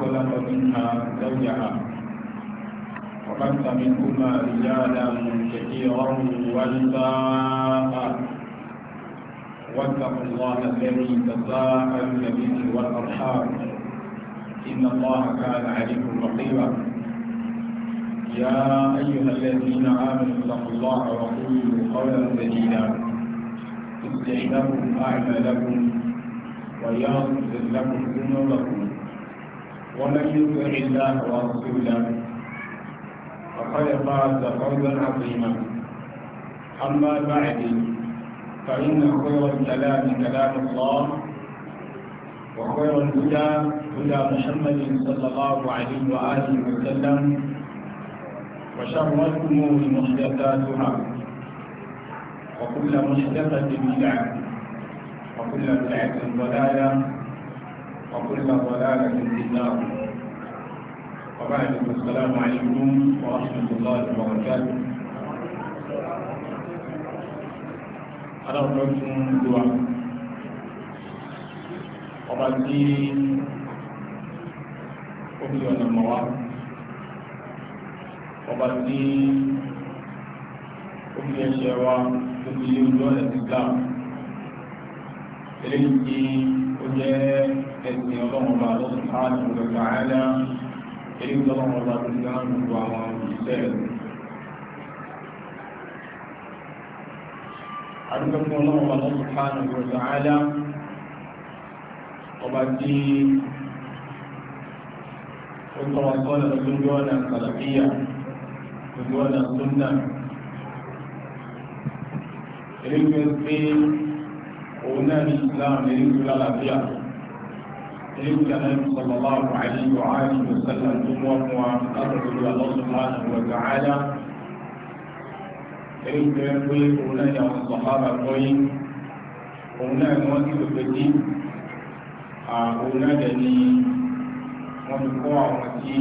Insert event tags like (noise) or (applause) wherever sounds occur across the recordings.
وخلق منها زوجها وبث منهما رجالا كثيرا ونساء واتقوا الله الذي تساءل به والارحام ان الله كان عليكم رقيبا يا ايها الذين امنوا اتقوا الله وقولوا قولا سديدا يصلح لكم اعمالكم ويغفر لكم ذنوبكم ومن يطع الله ورسوله فقد فاز فوزا عظيما اما بعد فان خير الكلام كلام الله وخير الهدى هدى محمد صلى الله عليه واله وسلم وشر الامور محدثاتها وكل محدثه بدعه وكل بدعه ضلاله وكل ضلالة في النار وبعد السلام عليكم ورحمة الله وبركاته أنا أقولكم دعاء وبعدي أبي أنا مواد وبعدي أبي أشياء أبي أبي أبي أبي أبي أبي ẹ̀sìn ọlọ́run bá lọ sí ààrùn ìrọ̀lá àádá èyí tọ́lọ́run bá ti dáhùn gbogbo àwọn ìṣẹ́ rẹ̀. àdúgbò fún ọlọ́run bá lọ sí ààrùn ìrọ̀lá àádá ọba tí ó tọ́wọ́ sọ́nà lójú ọ̀nà sàlàfíà lójú ọ̀nà súnnà èyí tó ń pé òun náà ní ìsìláàmù èyí tó lálàáfíà. ليكلم صلى الله عليه وآله وسلم ثم وأرجو الله سبحانه وتعالى èyí tẹ́ pé òun náà ni àwọn sọ̀hábà lọ́yí òun náà ni wọ́n ti lò pé tí òun náà dẹ̀ ni wọ́n ti kọ́ àwọn tí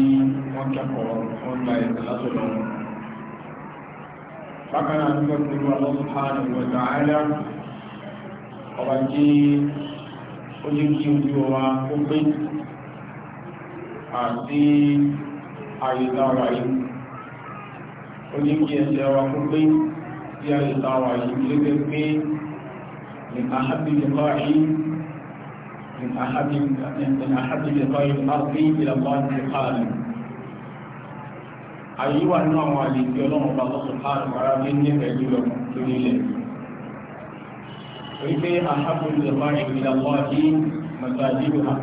wọ́n kẹ́kọ̀ọ́ wọ́n gba ẹ̀sẹ̀ látọ̀dọ̀ wọn bákan náà ní wọ́n ti lò Allah subhanahu wa ta'ala ọba tí ó jẹ́ kí ojú wa ó pé àti àyíkáwà yìí ó jẹ́ kí ẹsẹ̀ wa ó pé sí àyíkáwà yìí gẹ́gẹ́ pé ní àhábí lẹ́kọ́ yìí من أحد من أحد لقاء الأرض إلى الله قال أيها النوع الذي يلوم الله سبحانه وتعالى من يفعل لكم كل شيء wípé àhábùn ìjọba ìgbìyànwọ́ yìí mọ̀tàdínlùmá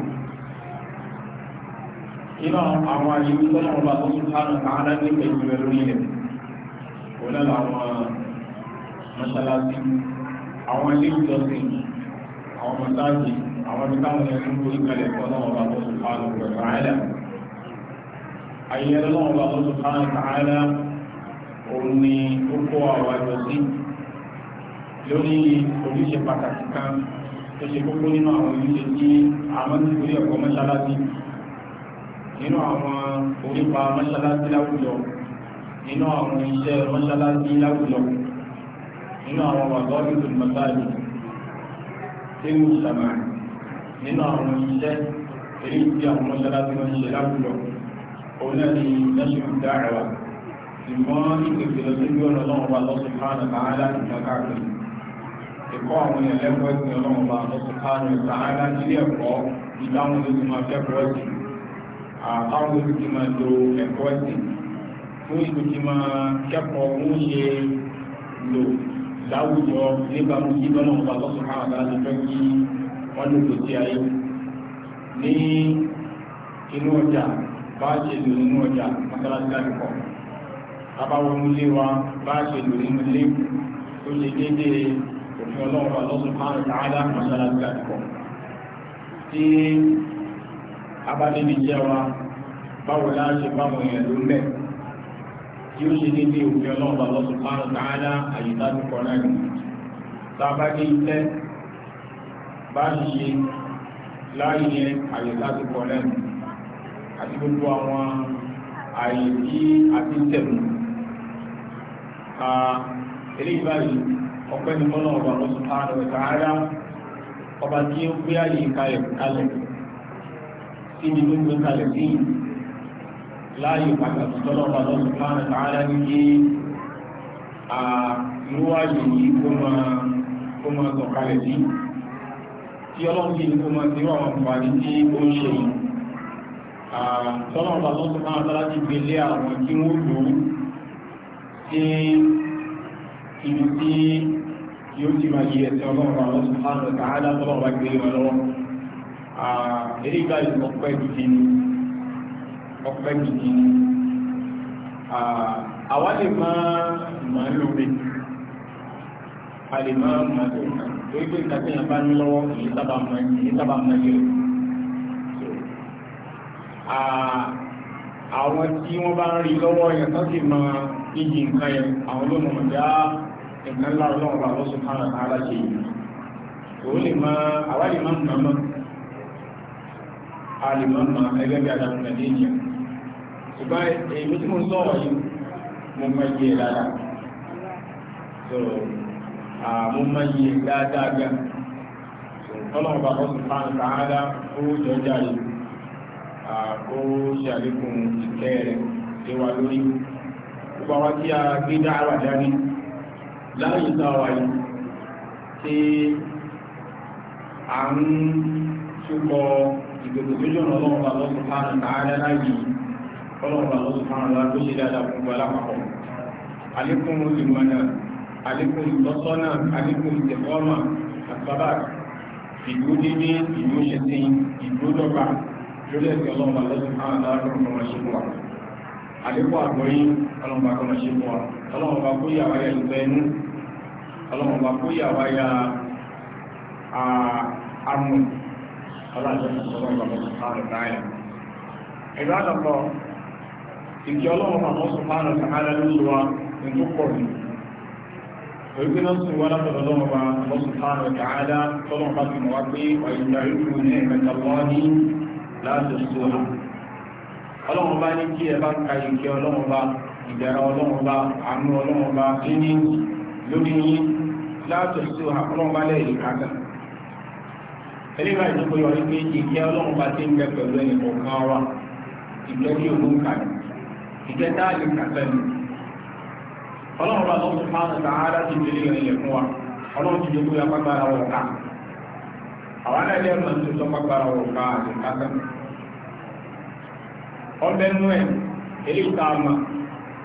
iná àwọn àyíkú tọ́lá ọba tó tún hánà káàdá ní pẹ̀lú rẹ̀ lórí ilẹ̀ òun láwọn mọ́ṣáláṣí àwọn ilé ìjọsìn àwọn mọ́ṣáláṣí àwọn ibi táwọn ẹni kalẹ̀ tọ́lá ọba tó tó tún hánà káàdá lórí ojúṣe pàtàkì kan tó ṣe kókó nínú àwọn ojúṣe tí àwọn ti torí ẹ̀kọ́ mọ́ṣáláṣí nínú àwọn orípa mọ́ṣáláṣí láwùjọ nínú àwọn iṣẹ́ mọ́ṣáláṣí láwùjọ nínú àwọn wàgọ́ọ̀lù tó mọ́ṣáláṣí tí ó ṣàmà nínú àwọn iṣẹ́ èyí tí àwọn mọ́ṣáláṣí wọn ṣe láwùjọ òun náà ni lẹ́ṣin dáhàwá ìmọ̀ ìpèsè lọ sí bí ọ̀nà lọ́wọ́ wa lọ́sùn fáwọn àgbà aláàbò káàkiri ẹ̀kọ́ àwọn èèyàn lẹ́kọ̀ọ́ ẹ̀sìn ọlọ́run bá lọ́sùn káàrin ìsàárá nílé ẹ̀kọ́ ìdáhùn ló ti máa kẹ́kọ̀ọ́ ẹ̀sìn àwọn ló ti máa lo ẹ̀kọ́ ẹ̀sìn fún ìlú ti máa kẹ́kọ̀ọ́ ń ṣe lò láwùjọ níbàámu sí lọ́nà bá lọ́sùn káàrin láti fẹ́ kí wọ́n lè kò sí ayé ní inú ọjà bá ṣe lò nínú ọjà mọ́sálásí láti kọ́ abáwọn ilé wa bá tó ṣe déédéé òfin ọlọ́run bá lọ́sùn máa ń tààdá mọ́ṣáláṣí àdìkọ́ tí abálébi jẹ́ wa báwo láti báwọn èèyàn ló ń bẹ̀ tí ó ṣe déédéé òfin ọlọ́run bá lọ́sùn máa ń tààdá àyíká àdìkọ́ náà ni àyè tí a ti tẹ̀lé eléyìí báyìí ọpẹ́ ni mọ́nà ọba lọ sí ààrẹ ọ̀tà ara ọba tí ó gbé àyè ìkalẹ̀ kalẹ̀ sí ni ló gbé kalẹ̀ sí láàyè pàtàkì tọ́lọ́ ọba lọ sí ààrẹ ọ̀tà ara ní kí àìrú àyè yìí kó máa sọ kalẹ̀ sí tí ọlọ́run sì ní kó máa ti rọ àwọn àǹfààní tí ó ń ṣe yìí tọ́lọ́ ọba lọ sí ara ti gbé lé àwọn tí wọ́n lò ó sí ibi tí tí ó ti máa yí ẹsẹ̀ ọlọ́run àwọn subhanahu wa ta'ala tọ́lọ́run bá gbé wọn lọ́wọ́ eré ìgbà yìí ọpẹ́ gidi ni ọpẹ́ gidi ni àwa lè máa máa lóore a lè máa máa tó nǹkan tó gbé nǹkan tí yẹn bá wọ́n bá ń rí lọ́wọ́ yẹn tó sì máa yíyí nǹkan yẹn àwọn ló dáa ìgbẹ́lá ọlọ́run bá lọ́sùn hàn ara ṣe yìí òun lè mọ àwárí máa ń mọ a lè mọ mọ ẹgbẹ́ bí adágún nàìjíríà ṣùgbọ́n èmi tí mo ń sọ̀rọ̀ yìí mo mọ iye dáadáa so mo mọ iye dáadáa gan ọlọ́run bá lọ́sùn hàn ara ó jọjá yìí ó ṣàlékún ìkẹ́ rẹ̀ ṣe wà lórí gbogbo àwọn tí a gbé dáhàwà dání láàyè sáwà yìí tí a ń túkọ ìgbòkòtójọ́ ọlọ́run bá lọ́sùn fáànù tààrẹ láàyè ọlọ́run bá lọ́sùn fáànù láàrẹ tó ṣe dáadáa fún gbọ́lá papọ̀ àlékún ìmọ̀ náà àlékún ìtọ́sọ́nà àlékún ìtẹ̀kọ́mà àtọ́bà ìlú dídí ìlú ṣẹ̀sìn ìlú dọ́gba lórí ẹ̀sìn ọlọ́run bá lọ́sùn fáànù láàrẹ ọmọ ṣe fún wa àlékún àgbọ̀yìn ọlọ́run bá ṣe fún wa ọlọ́run kó yàwá yẹn lọ ọlọ́mọba kó yà wá ya àmù ọlọ́mọba ìkẹ́ ọlọ́mọba subhanahu wa ta'ala lóòwà nínú pọ̀ ní orígbé náà tún wọ́n látọ̀dọ̀ ọlọ́mọba subhanahu wa ta'ala tọ́lọ́mọba ti mọ̀ wá pé wàyíjà ìlú ní ẹ̀mẹ́ta lọ́wọ́ ní láti sọ́nà ọlọ́mọba ní kí ẹ bá ka ìkẹ́ ọlọ́mọba ìdẹ̀ra ọlọ́mọba àánú ọlọ́mọba tí ní lórí yín látọ̀ sí ọlọ́run bá lẹ́yìn ìkàkà ẹni bá ìdókò yọ wípé ìkẹ́ ọlọ́run bá ti ń bẹ pẹ̀lú ẹnì kọ̀ọ̀kan wa ìkẹ́ ní òun kà ní ìkẹ́ tá a lè kàkà ní ọlọ́run bá lọ́sùn máa ń ta ara ti délé ìrìnlẹ̀ fún wa ọlọ́run ti dókò yọ agbára wọ̀ ká àwọn alẹ́ ẹ̀rọ ti sọ agbára wọ̀ ká àti kàkà ọbẹ̀ nú ẹ̀ eléyìí tá a mọ̀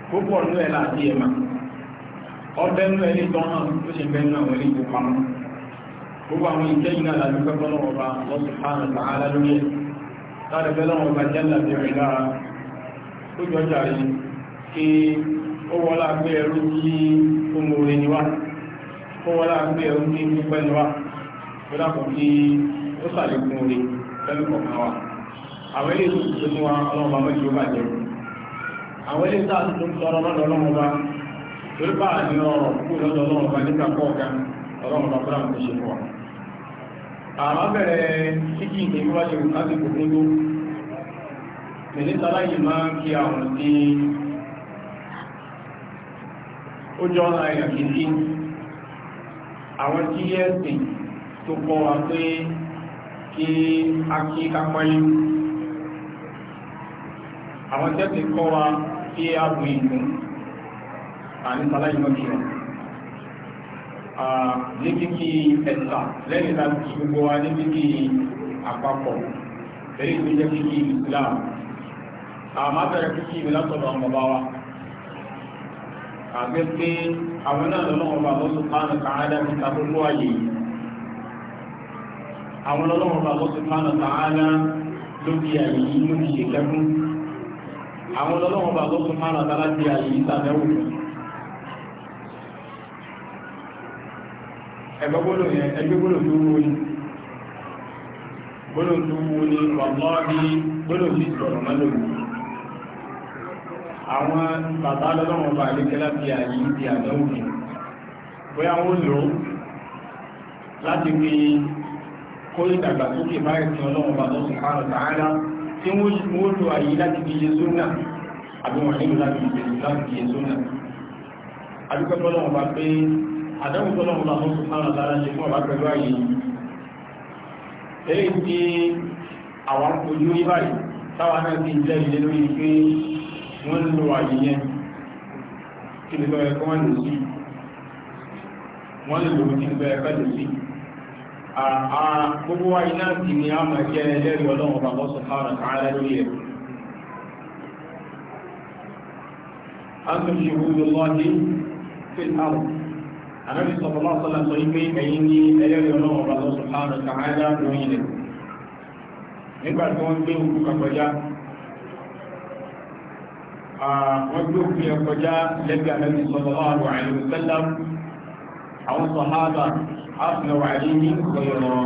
púpọ̀ ẹ̀ láti ẹ̀ máa ọbẹ̀nú ẹni tọ́nà tó ṣe bẹ̀nú àwọn ilé ìpamọ́ gbogbo àwọn ìkẹ́ iná láti pẹ́pọ́ lọ́wọ́ bá lọ́sù hàn tààrà lórí ẹ̀ láti pẹ́ lọ́wọ́ bá jẹ́lá bí rẹ̀ lára tó jọjà rí kí ó wọ́lá pé ẹrú tí ó mú orin ni wá ó wọ́lá pé ẹrú tí ó pẹ́ ni wá tó dàpọ̀ wa àwọn ilé ìtòkùn tó ní àwọn ilé ìtàkùn tó ń sọ̀rọ̀ lọ́dọ̀ ọlọ́mọba torípa ní ọ̀rọ̀ púpọ̀ lọ́dọ̀ ọlọ́run bá nígbà kọ́ọ̀kan ọlọ́run bá fúra mọ̀ ṣe fún wa àmá bẹ̀rẹ̀ síkì ní wá ṣe wù láti kò kúndó mínísà láyé máa ń kí àwọn tí ó jọ ọ̀nà ẹ̀yà kì sí àwọn tí ẹ̀sìn tó kọ́ wa pé kí a kí kápẹ́lú àwọn tẹ́sìn kọ́ wa kí a bù ìgbìmọ̀ àní sàlàyìmọ̀ kìrọ̀ ní kíkí ẹ̀sà lẹ́yìn láti gbogbo wa ní kíkí àpapọ̀ lẹ́yìn tó jẹ́ kíkí Islam àmátẹ̀rẹ̀ kíkí mi látọ̀dọ̀ ọmọ bá wa àgbẹ́ pé àwọn náà lọ́lọ́wọ́ bá lọ́sùn pánù káàdá fi ta gbogbo ayé àwọn lọ́lọ́wọ́ bá lọ́sùn pánù káàdá lóbi ayé yìí lóbi ṣèkẹ́kún àwọn lọ́lọ́wọ́ bá lọ́sùn pánù ẹgbẹ́ gbọ́lò yẹn ẹgbẹ́ gbọ́lò tó wú ní gbọ́lò tó wú ní wàmọ́rí gbọ́lò sí ìsọ̀rọ̀ mọ́lò àwọn bàbá lọ́lọ́wọ́ bá lékẹ́lá bí ààyè ti àdánwò bóyá wọ́n lò láti fi kó ìdàgbàsókè báyìí tí ọlọ́wọ́ bá lọ́sùn pàrọ̀ tààrà tí wọ́n lò ààyè láti fi yẹ sónà àbí wọ́n nílò láti fi yẹ sónà àdúgbẹ́fọ́lọ́wọ́ bá pé àdáwò tó lọ́wọ́ lọ́wọ́ tó fara lára ṣe fún ọ̀rá pẹ̀lú ààyè eré tí àwọn ojú rí báyìí táwa náà ti jẹ́ ilé lórí pé wọ́n ń lo ààyè yẹn kí ni lọ́yẹ kọ́ wọ́n lò sí wọ́n lè lò kí ni lọ́yẹ sí gbogbo wa iná sì ni a máa jẹ́ ẹlẹ́rìí ọlọ́wọ́ في الأرض ànábì sọ̀rọ̀lá sọ́lá sọ ipé ẹ̀yìn ní ẹlẹ́rìí ọlọ́run ọba lọ́sọ̀ láàrín sàáyá lórí ilẹ̀ nígbà tí wọ́n gbé òkú kọjá wọ́n gbé òkú yẹn kọjá lẹ́gbẹ̀ẹ́ ànábì sọ̀rọ̀lá àrùn àìlú sẹ́lá àwọn sọ̀hábà áfìnàwà àìlú kọyọ̀rọ̀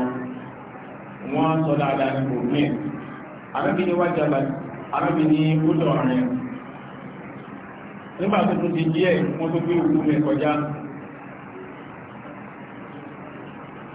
wọ́n sọ dáadáa ní òun yẹn ni wájà ànábì ni ó dọ̀rọ̀ rẹ̀ nígbà tó tún ti díẹ̀ wọ́n tó gbé òkú yẹn kọjá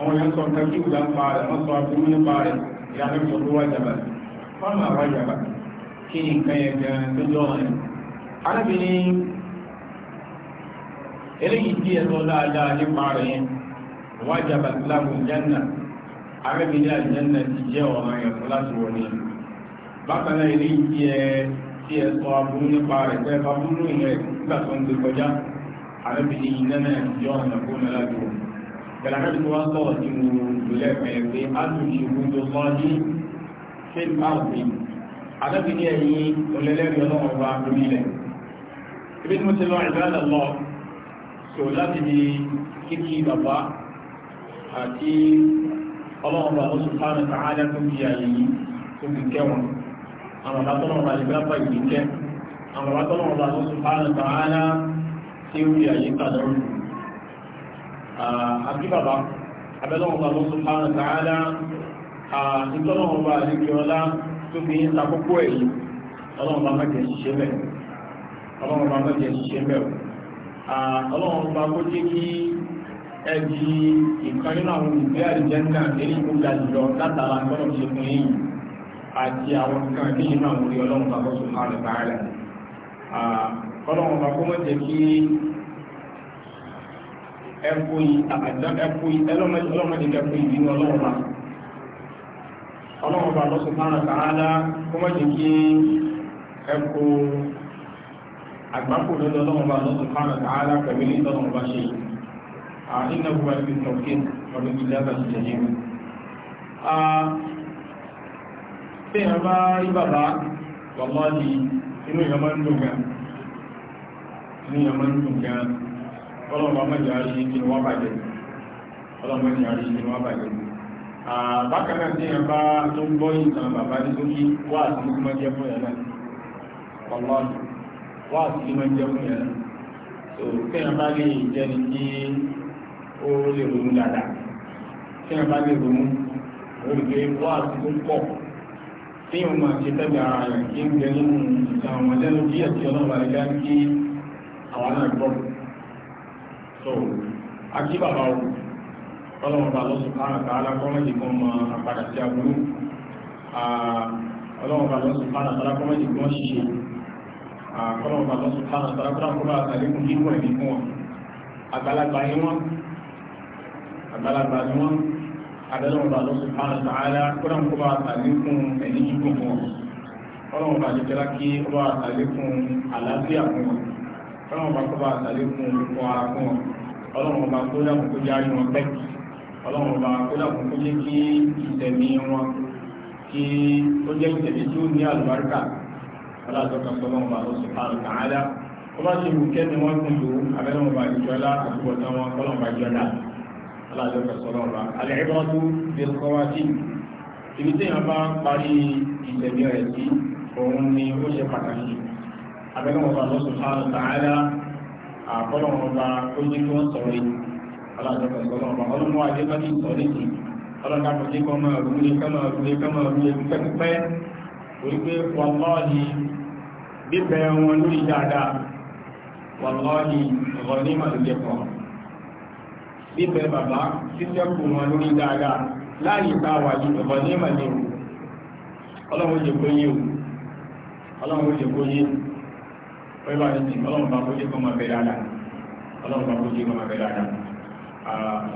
àwọn èèyàn sọ nǹkan kí ìgbà ń pa rẹ̀ wọ́n sọ àbúrú nípa rẹ̀ ìyàtọ̀ tó ló wá jàbà fọ́nà àwọn jàbà kí ni nǹkan yẹn gan tó jọ rẹ̀ arábìnrin eléyìí tí ẹ̀ lọ dáadáa nípa rẹ̀ yẹn wá jàbà láàbù jẹ́nà arábìnrin àjẹ́nà ti jẹ́ ọ̀ràn yẹn fún láti wọ ni bákan náà eléyìí tí ẹ tí ẹ sọ àbúrú nípa rẹ̀ pé bá búrú yẹn nígbà tó ń gbé kọjá arábìnrin yìí náà jọ ọ̀ràn yẹn fún láti wọ gbẹ̀rẹ̀ náà tí wọ́n sọ̀rọ̀ tí mo lulẹ̀ pẹ̀lú pé a tún ṣe gbogbo sọ́ ní faith outing adábi ní ẹ̀yìn olẹ́lẹ́rìí ọlọ́run ọba lórí ilẹ̀ ibi tí mo ti lọ ìbáradà lọ so láti di kíkí bàbá àti ọlọ́run ọba oṣù fáwọn sàádà tó fi àyè yìí tó fi kẹwọn àwọn bàbá tọ́lọ́run ọba ìgbà bá ìgbìkẹ́ Ah, àbí bàbá abẹ́lọ́wọ́n bá lọ́sọ hàn tààdá ah, ìtọ́lọ́wọ́n bá àdíkẹ́ ọlá tó fi ń takókó ẹ̀yìn ọlọ́wọ́n bá mẹ́jẹ̀ ṣiṣẹ́ bẹ̀ ọlọ́wọ́n bá mẹ́jẹ̀ ṣiṣẹ́ bẹ̀ ah, ọlọ́wọ́n bá kó jẹ́ kí ẹbí ìkan nínú àwọn olùgbé àdìjẹ́ńdà lórí ìgbà jùlọ látara tọ́lọ̀ ṣe fún yìí àti àwọn nǹkan tí nínú àwọn orí ọlọ́run bá lọ́sọ hàn tààdá ọlọ́wọ́n bá kó mẹ́jẹ̀ kí ẹkú yìí àgbàdo ẹkú yìí ẹlọ́mọdé ẹkú yìí nínú ọlọ́wọ́ba ọlọ́wọ́ba lọ́sùn máa ń sàádá kó má jẹ́ kí ẹkú àgbákò lọ́dọ̀ ọlọ́wọ́ba lọ́sùn máa ń sàádá pẹ̀lú ní ọlọ́wọ́ba ṣe àìnà gbogbo ẹgbẹ́ tọ̀kí ọdún ilé ẹgbẹ́ ti jẹ́ yìí tí a bá rí bàbá wàlọ́ọ̀dì inú ìyọmọ́ ń dùn gan ọlọ́mọ mẹ́jọ àríṣẹ́ kí wọ́n bàjẹ́ ọlọ́mọ mẹ́jọ àríṣẹ́ kí wọ́n bàjẹ́ àbákaná tí ẹ bá tó ń gbọ́ ìtàn bàbá ní tó kí wà sí ní mọ́ jẹ́ fún ẹ̀ náà ọlọ́dún wà sí ní mọ́ jẹ́ fún ẹ̀ náà tó kẹ́yàn bá lè jẹ́ ní kí ó lè ronú dáadáa kẹ́yàn bá lè ronú olùgbé wà sí tó pọ̀ ó máa ṣe tẹ́bí ara rẹ̀ kí tí so àti bàbá o ọlọ́mọba lọ́sùn káràkà alákọ́mọ́jì kan mọ àpàdà sí aburú ọlọ́mọba lọ́sùn káràkà alákọ́mọ́jì kan ṣiṣẹ́ ọlọ́mọba lọ́sùn káràkà alákọ́mọ́jì kan àtàlékún kíkọ́ ẹ̀mí fún wọn àgbàlagbà ni wọn àgbàlagbà ni wọn abẹ́lọ́mọba lọ́sùn káràkà alákọ́mọ́jì kan àtàlékún ẹ̀mí kíkọ́ fún wọn ọlọ́mọba àjẹjẹrá kí ó bá àtàlékún àlàáfíà fún wọn ọlọ́run bá kọ́ba àtàlẹ́ fún olùkọ́ ara fún wọn ọlọ́run bá kó dàkún kó járí wọn pẹ́ ọlọ́run bá kó dàkún kó jẹ́ kí ìtẹ̀mí wọn kí ó jẹ́ ìtẹ̀mí tí ó ní àlùbáríkà ọlọ́dọ̀kan sọlọ́run bá lọ́sùn àrùn kàádà ó bá ṣe wùkẹ́ ni wọ́n kún lòó abẹ́lẹ́wọ̀n bá ìjọlá àtúbọ̀tá wọn kọ́lọ́n bá jọlá alájọpẹ̀ sọ̀rọ̀ ọ̀la alẹ́gbọ́tú bẹ́ẹ̀kọ́wájì ibi tí wọ́n bá parí ìtẹ̀mí rẹ̀ sí òun ni ó ṣe pàtàkì abẹ́lẹ́wọ̀n Allah subhanahu wa ta'ala àbọ́lọ́wọ̀n bá ó ní kí wọ́n sọ̀rọ̀ yìí aláàtọ̀kọ̀ sọ̀rọ̀ bá ọlọ́mọ adébájú sọ̀rọ̀ yìí ọlọ́dàpọ̀ ní kọ́ máa rúlé kọ́ máa rúlé kọ́ máa rúlé pípẹ́pípẹ́ wípé wàlọ́ọ̀lì bíbẹ̀ wọn lórí dáadáa wàlọ́ọ̀lì ọ̀rọ̀ màlúlẹ́kọ̀ọ́ bíbẹ̀ bàbá sísẹ́kù wọn lórí dáadáa láàyè tá a wà yìí ọ̀rọ̀ màlúlẹ́kọ̀ọ́ ọlọ́run jẹ́ kó yé o ọlọ́run jẹ́ kó yé o pẹ̀lú àti ọlọ́run bá kó jẹ́ kọ́ máa bẹ̀rẹ̀ àdá ọlọ́run bá kó jẹ́ kọ́ máa bẹ̀rẹ̀ àdá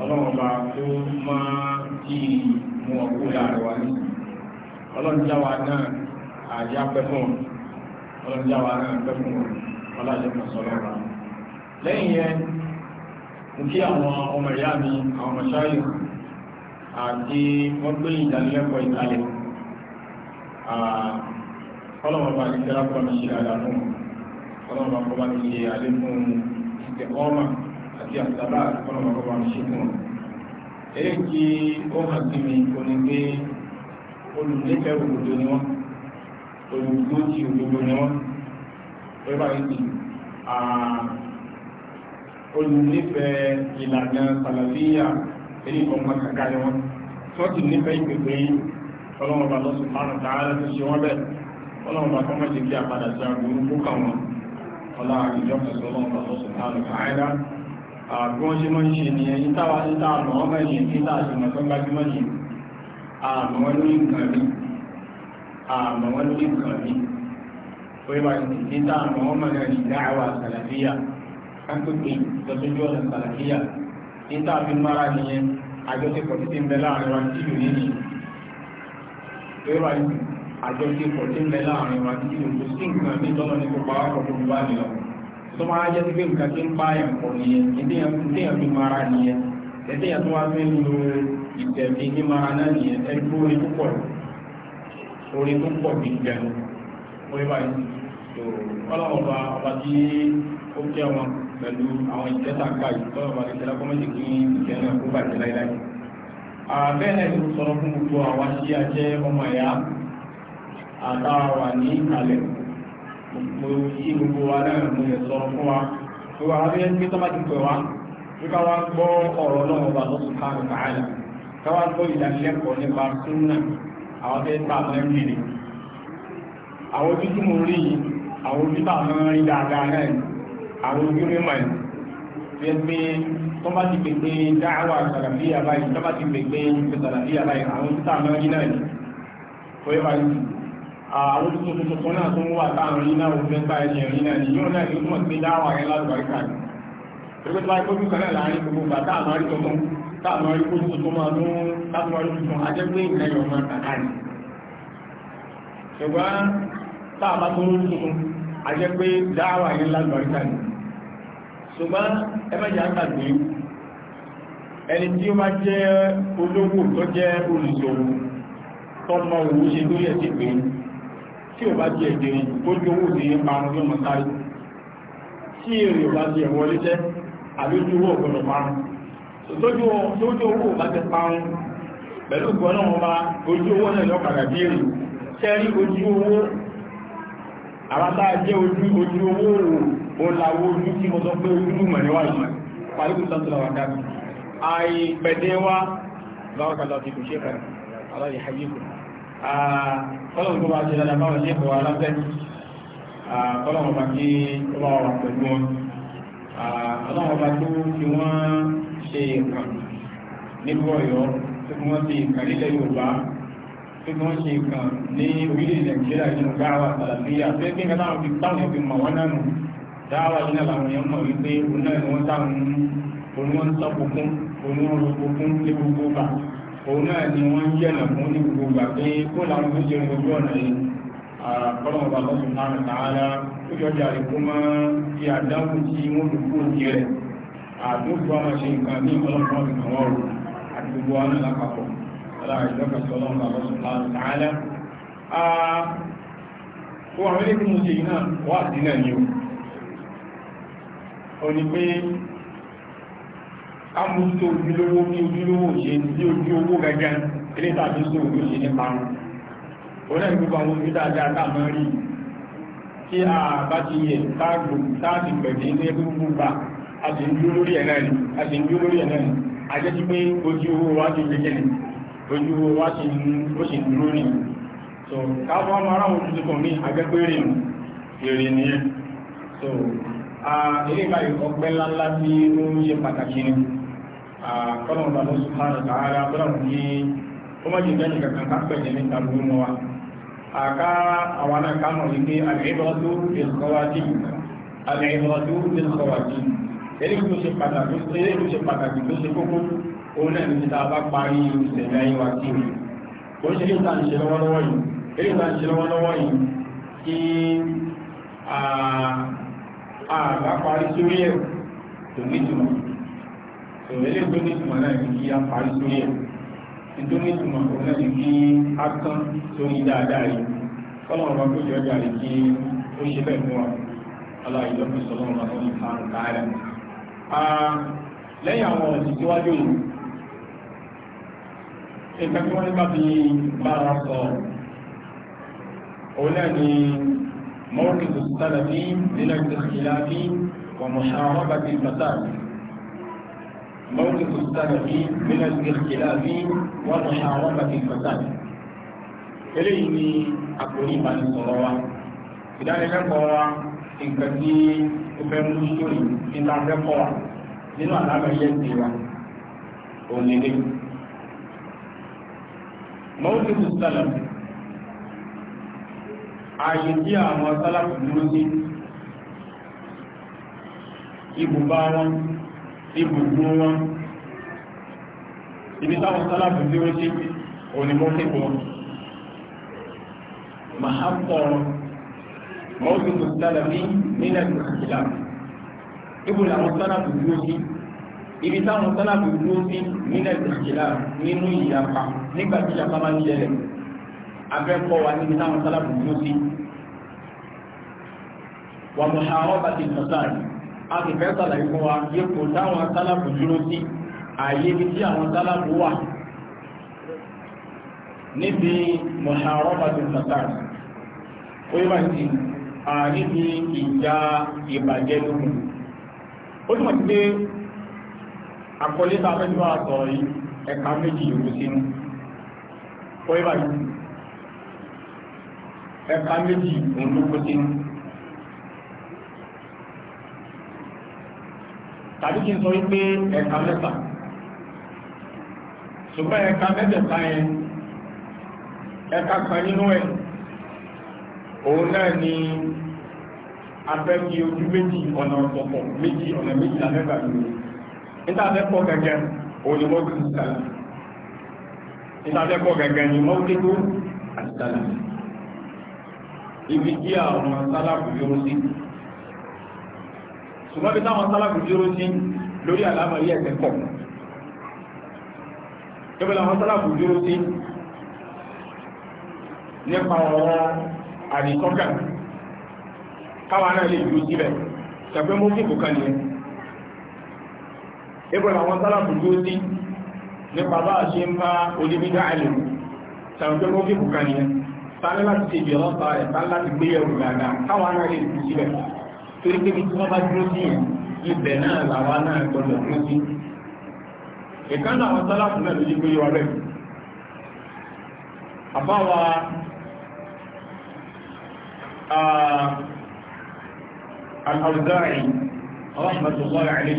ọlọ́run bá tó máa tí mú ọkú láàrẹ̀ wa ní ọlọ́run jáwa náà àjá pẹ́ fún ọlọ́run jáwa náà pẹ́ fún ọlájẹ́ kan sọ lọ́ra lẹ́yìn ní ṣe dáadáa fún wọn ọlọ́run ọkọ̀ bá ti ṣe àlékún ìtẹ̀ ọmọ àti àtàbà ọlọ́run ọkọ̀ bá ti ṣe fún wọn. èyí kí ó hàn sí mi kò ní pé olùdíkẹ́ òdodo ni wọ́n olùdó ti òdodo ni wọ́n pé báyìí ti olùnífẹ̀ẹ́ ìlànà sàlàfíà èyí ọmọ kàkà ni wọ́n tó ti nífẹ̀ẹ́ ìpèpè yìí ọlọ́run ọba lọ́sùn márùn-ún tààrà tó ṣe wọ́n bẹ́ẹ̀ ọlọ́run ọba kọ́mọ̀jì bí àpadà sí àgbòrú kó kà ọlá àjọ ìgbọ́lọ́pàá lọ́sùn láàrín àìdá àgbọ́n ṣe mọ́ ṣe ní ẹni táwà ní táà mọ́ ọmọ ẹ̀yìn tí táà ṣe mọ́ tó gbájúmọ́ yìí àmọ́ ní nǹkan rí àmọ́ ní nǹkan rí ó yẹ wáyé tí tí táà mọ́ ọmọ ẹ̀yìn dáàwà sàlàfíà kápẹ́pẹ́ lọ́sọ́jú ọ̀nà sàlàfíà tí àjọṣepọ̀ tí ń bẹ láàrin wa tí kò tó sí nǹkan ní tọ́lọ́ ní kópa wá kọ̀ọ̀kan tó bá mi lọ. tó máa jẹ́ pé nǹkan tí ń pa àyàn pọ̀ nìyẹn ìdíyàn fi mara nìyẹn ẹ̀díyàn tó wá fẹ́ lo ìtẹ̀mí ní mara náà nìyẹn ẹgbẹ́ orin púpọ̀ orin tó pọ̀ bí ìjẹun orí báyìí tó ọlọ́mọba ọba tí ó jẹ́ wọn pẹ̀lú àwọn ìjẹta káyì lọ́wọ́ bá lè tẹ́lá kọ́mẹ́jì kí ìjẹ́ náà kó bàjẹ́ láíláí. àbẹ́ẹ̀ sọ̀rọ̀ fún gbogbo àwa tí a jẹ́ ọmọ ẹ̀yà àtàwà ní ìkàlẹ̀ mo yí gbogbo wa náà mo yẹ sọ fún wa tó wà lábẹ́ ẹgbẹ́ tó bá ti pẹ̀ wá tó ká wá gbọ́ ọ̀rọ̀ náà wà lọ́sùn káàmì káàlà ká wá gbọ́ ìdánilẹ́kọ̀ọ́ nípa súnà àwọn tẹ́ tà mọ́ ń rìn àwọn ojú tí mo rí yìí àwọn ojú tà mọ́ ń rí dáadáa náà àwọn ojú rí mọ̀ ẹ̀ pé tó bá àwọn tó tó tuntun náà tó ń wà táwọn iná òfin gba ẹni ẹ̀rí náà ni yóò náà ní mọ̀ sí dáwà rẹ lálùbáríkà ni pẹ̀lú tó bá ikú ojú kan náà láàrin gbogbo gbà táàmù àrí tuntun táàmù àrí kó tuntun máa ló ń táàmù àrí tuntun ajẹ́gbé ìlẹ̀ yọ̀ máa kàkà ni ṣùgbọ́n táàmù tó lórí tuntun ajẹ́gbé dáwà rẹ lálùbáríkà ni ṣùgbọ́n ẹ má jẹ́ àgbàgbé ẹni tí ó bá jẹ́ olówó tó jẹ́ olùsòwò tọ́mọ òwú lórí ẹ̀sìn pé tí ò bá jẹ ìdèrè tó jówó ní parun ní ọmọ sáré tí èrè ò bá jẹ wọlé jẹ́ àlójúwò ọ̀gbọ̀dọ̀ parun tójú owó bá jẹ parun pẹ̀lú gbọ́nà ọba ojú owó náà lọ́kàrà bí èrè tẹ́rí ojú owó àwátá jẹ́ ojú ojú owó òun làwó ojú tí mo sọ pé ojú mọ̀ níwájú kọ́lọ̀n tó bá ṣe dáadáa báwọn ṣe ẹ̀kọ́ aláfẹ́ kọ́lọ̀n ọba kí ó bá wà pẹ̀lú wọn ọlọ́run ọba tó fi wọ́n ṣe ìkàn nílùú ọ̀yọ́ tó fi wọ́n ṣe ìkàn nílẹ̀ yorùbá tó fi wọ́n ṣe ìkàn ní orílẹ̀-èdè nàìjíríà nínú gáwà sàlàbíyà tó fi nǹkan táwọn fi táwọn èèyàn fi mọ̀ wọ́n náà nù dáwà yìí náà làwọn èèyàn mọ̀ wípé òun náà ni wọ́n táwọn òun wọn sọ òun náà ni wọ́n yẹ̀nà fún ní gbogbo ìgbà pé kó làwọn tó jẹ́ ojú ọ̀nà yìí àkọlọ́wọ́ bá lọ́sùn náà tààrà tó yọjà rẹ̀ kó máa fi àdáhùn tí wọ́n fi kúrò ní rẹ̀ àdókù ọmọ ṣe nǹkan ní ọlọ́pàá ọ̀sìn àwọn ọ̀rọ̀ àti gbogbo ọ̀nà lápapọ̀ aláàrẹ̀ lọ́kàtọ̀ ọlọ́run bá lọ́sùn náà kámútó ojúlówó bí ojúlówó ṣe ní ojú owó gẹ́gẹ́ ilé tàbí sí òun ṣe ní parun ó lẹ́yìn gbogbo àwọn ojú dáadáa táàmọ́ rí tí a bá ti yẹ táàgbò táàdì pẹ̀lú ní ẹgbẹ́ gbogbo gbà a sì ń dúró lórí ẹ̀ náà ni a sì ń dúró lórí ẹ̀ náà ni a jẹ́ sí pé ojú owó wa ti lè kẹ́lẹ̀ ojú owó wa ti ó sì dúró ni so káwọn ọmọ aráwọn ojú tuntun ní agẹ́gbẹ́ rìn èrè nìyẹn so ilé ìbáyìí ọgbẹ́ ńláńlá tí ó ń ṣe pàtàkì ni kọ́nà ọ̀nà ló sùn láàrín tààrà bọ́lọ̀mù ní ó mọ́ jìnbẹ́ nìkan kan ká pẹ̀lẹ̀ ní tàbí mọ́ wa àká àwọn náà ká mọ̀ wípé àbẹ̀rẹ̀bọ̀tú ìrìnkọ́wájì àbẹ̀rẹ̀bọ̀tú ìrìnkọ́wájì eléyìí tó ṣe pàtàkì tó ṣe pàtàkì tó ṣe kókó òun náà ní ta bá parí ìṣẹ̀lẹ̀ ni ó ṣe lè tàn ṣe lọ́wọ́lọ́wọ́ yìí eléyìí tàn ṣe lọ́wọ́lọ́wọ́ yìí kí àbá parí sórí ìrẹ̀lẹ̀ tó ní ìtumọ̀ náà ní kí a parí sórí ẹ̀ tó ní ìtumọ̀ náà ní kí a kán sórí dáadáa yìí kọ́lọ̀ ọba tó yọ ọjà rẹ̀ kí ó ṣe bẹ́ẹ̀ fún wa aláìlọ́pù sọ́lọ́ ọba tó ní ìfarun káàrà lẹ́yìn àwọn ọ̀sìn síwájú yìí nǹkan tí wọ́n ní bá fi sọ òun náà ni mọ́rùn-ún sálàbí nílẹ̀ ìtẹ̀síláàbí wà mọ̀ṣáwọ́ bá ti pàtàkì موقف السلف من الاختلاف ومحاربة الفساد eléyìí ni àkòrí ìbánisọ̀rọ̀ wa ìdánilẹ́kọ̀ọ́ wa nǹkan tí ó fẹ́ mú sórí níta fẹ́kọ̀ wa nínú àlámẹ́yẹ ti wa ònílé mọ́wútìtù sálàm ààyè tí àwọn sálàmù dúró sí ibùbá wọn ibùgbò wọn ibi táwọn sálàbù tí ó ṣe onímọ́kẹ́kọ̀ọ́ mahabba mọ́sùlùmí sálàbí nílẹ̀ ìsìlá ibù làwọn sálàbù tí ó ṣe ibi táwọn sálàbù tí ó ṣe nílẹ̀ ìsìlá nínú ìyapa nígbà tí ìyapa máa ń ṣẹlẹ̀ abẹ́kọ̀ wa níbi táwọn sálàbù tí ó ṣe wà mọ̀ṣàrọ́bà ti sọ̀tàrí a sì fẹ́ sàlàyé fún wa ipò táwọn sálàpù dúró sí ààyè ibi tí àwọn sálàpù wà níbi mọ̀ṣàrọ́bàtì sàtàr ó yíba sí àríbi ìjà ìbàjẹ́ lókun ó túnmọ̀ sí pé àkọlé tá a fẹ́ nípa sọ̀rọ̀ yìí ẹ̀ka méjì yòókù sínú ó yíba sí ẹ̀ka méjì sínú tàbí kí n sọ wípé ẹ̀ka mẹ́ta ṣùgbọ́n ẹ̀ka mẹ́tẹ̀ẹ̀ta yẹn ẹ̀ka kan nínú ẹ̀ òun náà ni afẹ́kí ojú méjì ọ̀nà ọ̀pọ̀ méjì ọ̀nà méjì afẹ́kà lórí nítafẹ́kọ̀ gẹ́gẹ́ olùmọ́gbé ìsàlá nítafẹ́kọ̀ gẹ́gẹ́ ni mọ́gbégbó àtìsàlá ibi tí àwọn sálàbù yóò sí ṣùgbọ́n bí táwọn sálàfù dúró sí lórí àlámọ̀rí ẹ̀sẹ̀ pọ̀ tóbi làwọn sálàfù dúró sí nípa ọ̀rọ̀ àdìsọ́kà káwa náà lè dúró síbẹ̀ ṣàpẹ́ mú kíkù kan nìyẹn ébò làwọn sálàfù dúró sí nípa bá a ṣe ń bá oníbídá àlèmù ṣàpẹ́ mú kíkù kan nìyẹn sáré láti ṣe ìbẹ̀rọ̀ sáré sáré láti gbé yẹ̀wò dáadáa káwa náà lè dúró síbẹ̀ torí pé tí wọ́n bá dúró sí yẹn ibẹ̀ náà làwa náà gbọdọ̀ dúró sí ìkan náà wọn sálàfù náà lójú pé yọ rẹ̀ àbáwa al-Awza'i rahmatullahi alayhi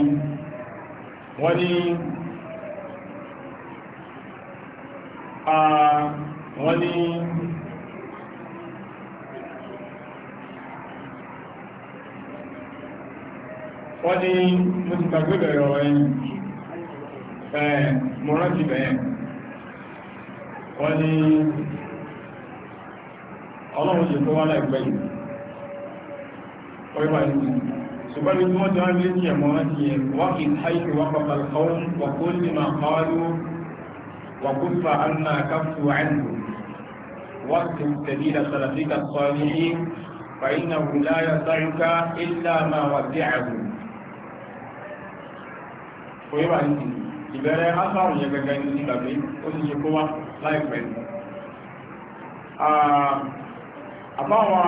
wọ́n ní mo ti gbàgbé bẹ̀rẹ̀ ọ̀rọ̀ ẹ̀yìn mo rántí bẹ̀ẹ̀ wọ́n ní ọlọ́run ṣe tó wá láìpẹ́ yìí ọ̀rẹ́bà yìí ṣùgbọ́n ní tí wọ́n ti rán létí ẹ̀mọ́ rántí ẹ̀ wá kì í háìkì wá pàpàlọ́run wà kó ní máa pàwálú wà kó fà á náà káfù àìlú واكتب سبيل سلفك الصالحين فإنه لا يسعك إلا ما ودعه kò yíba ní ìbẹ̀rẹ̀ asáàrùn yẹ gẹ́gẹ́ ní ìgbàgbé ó sì ṣe kó wá láìpẹ́ àbáwọn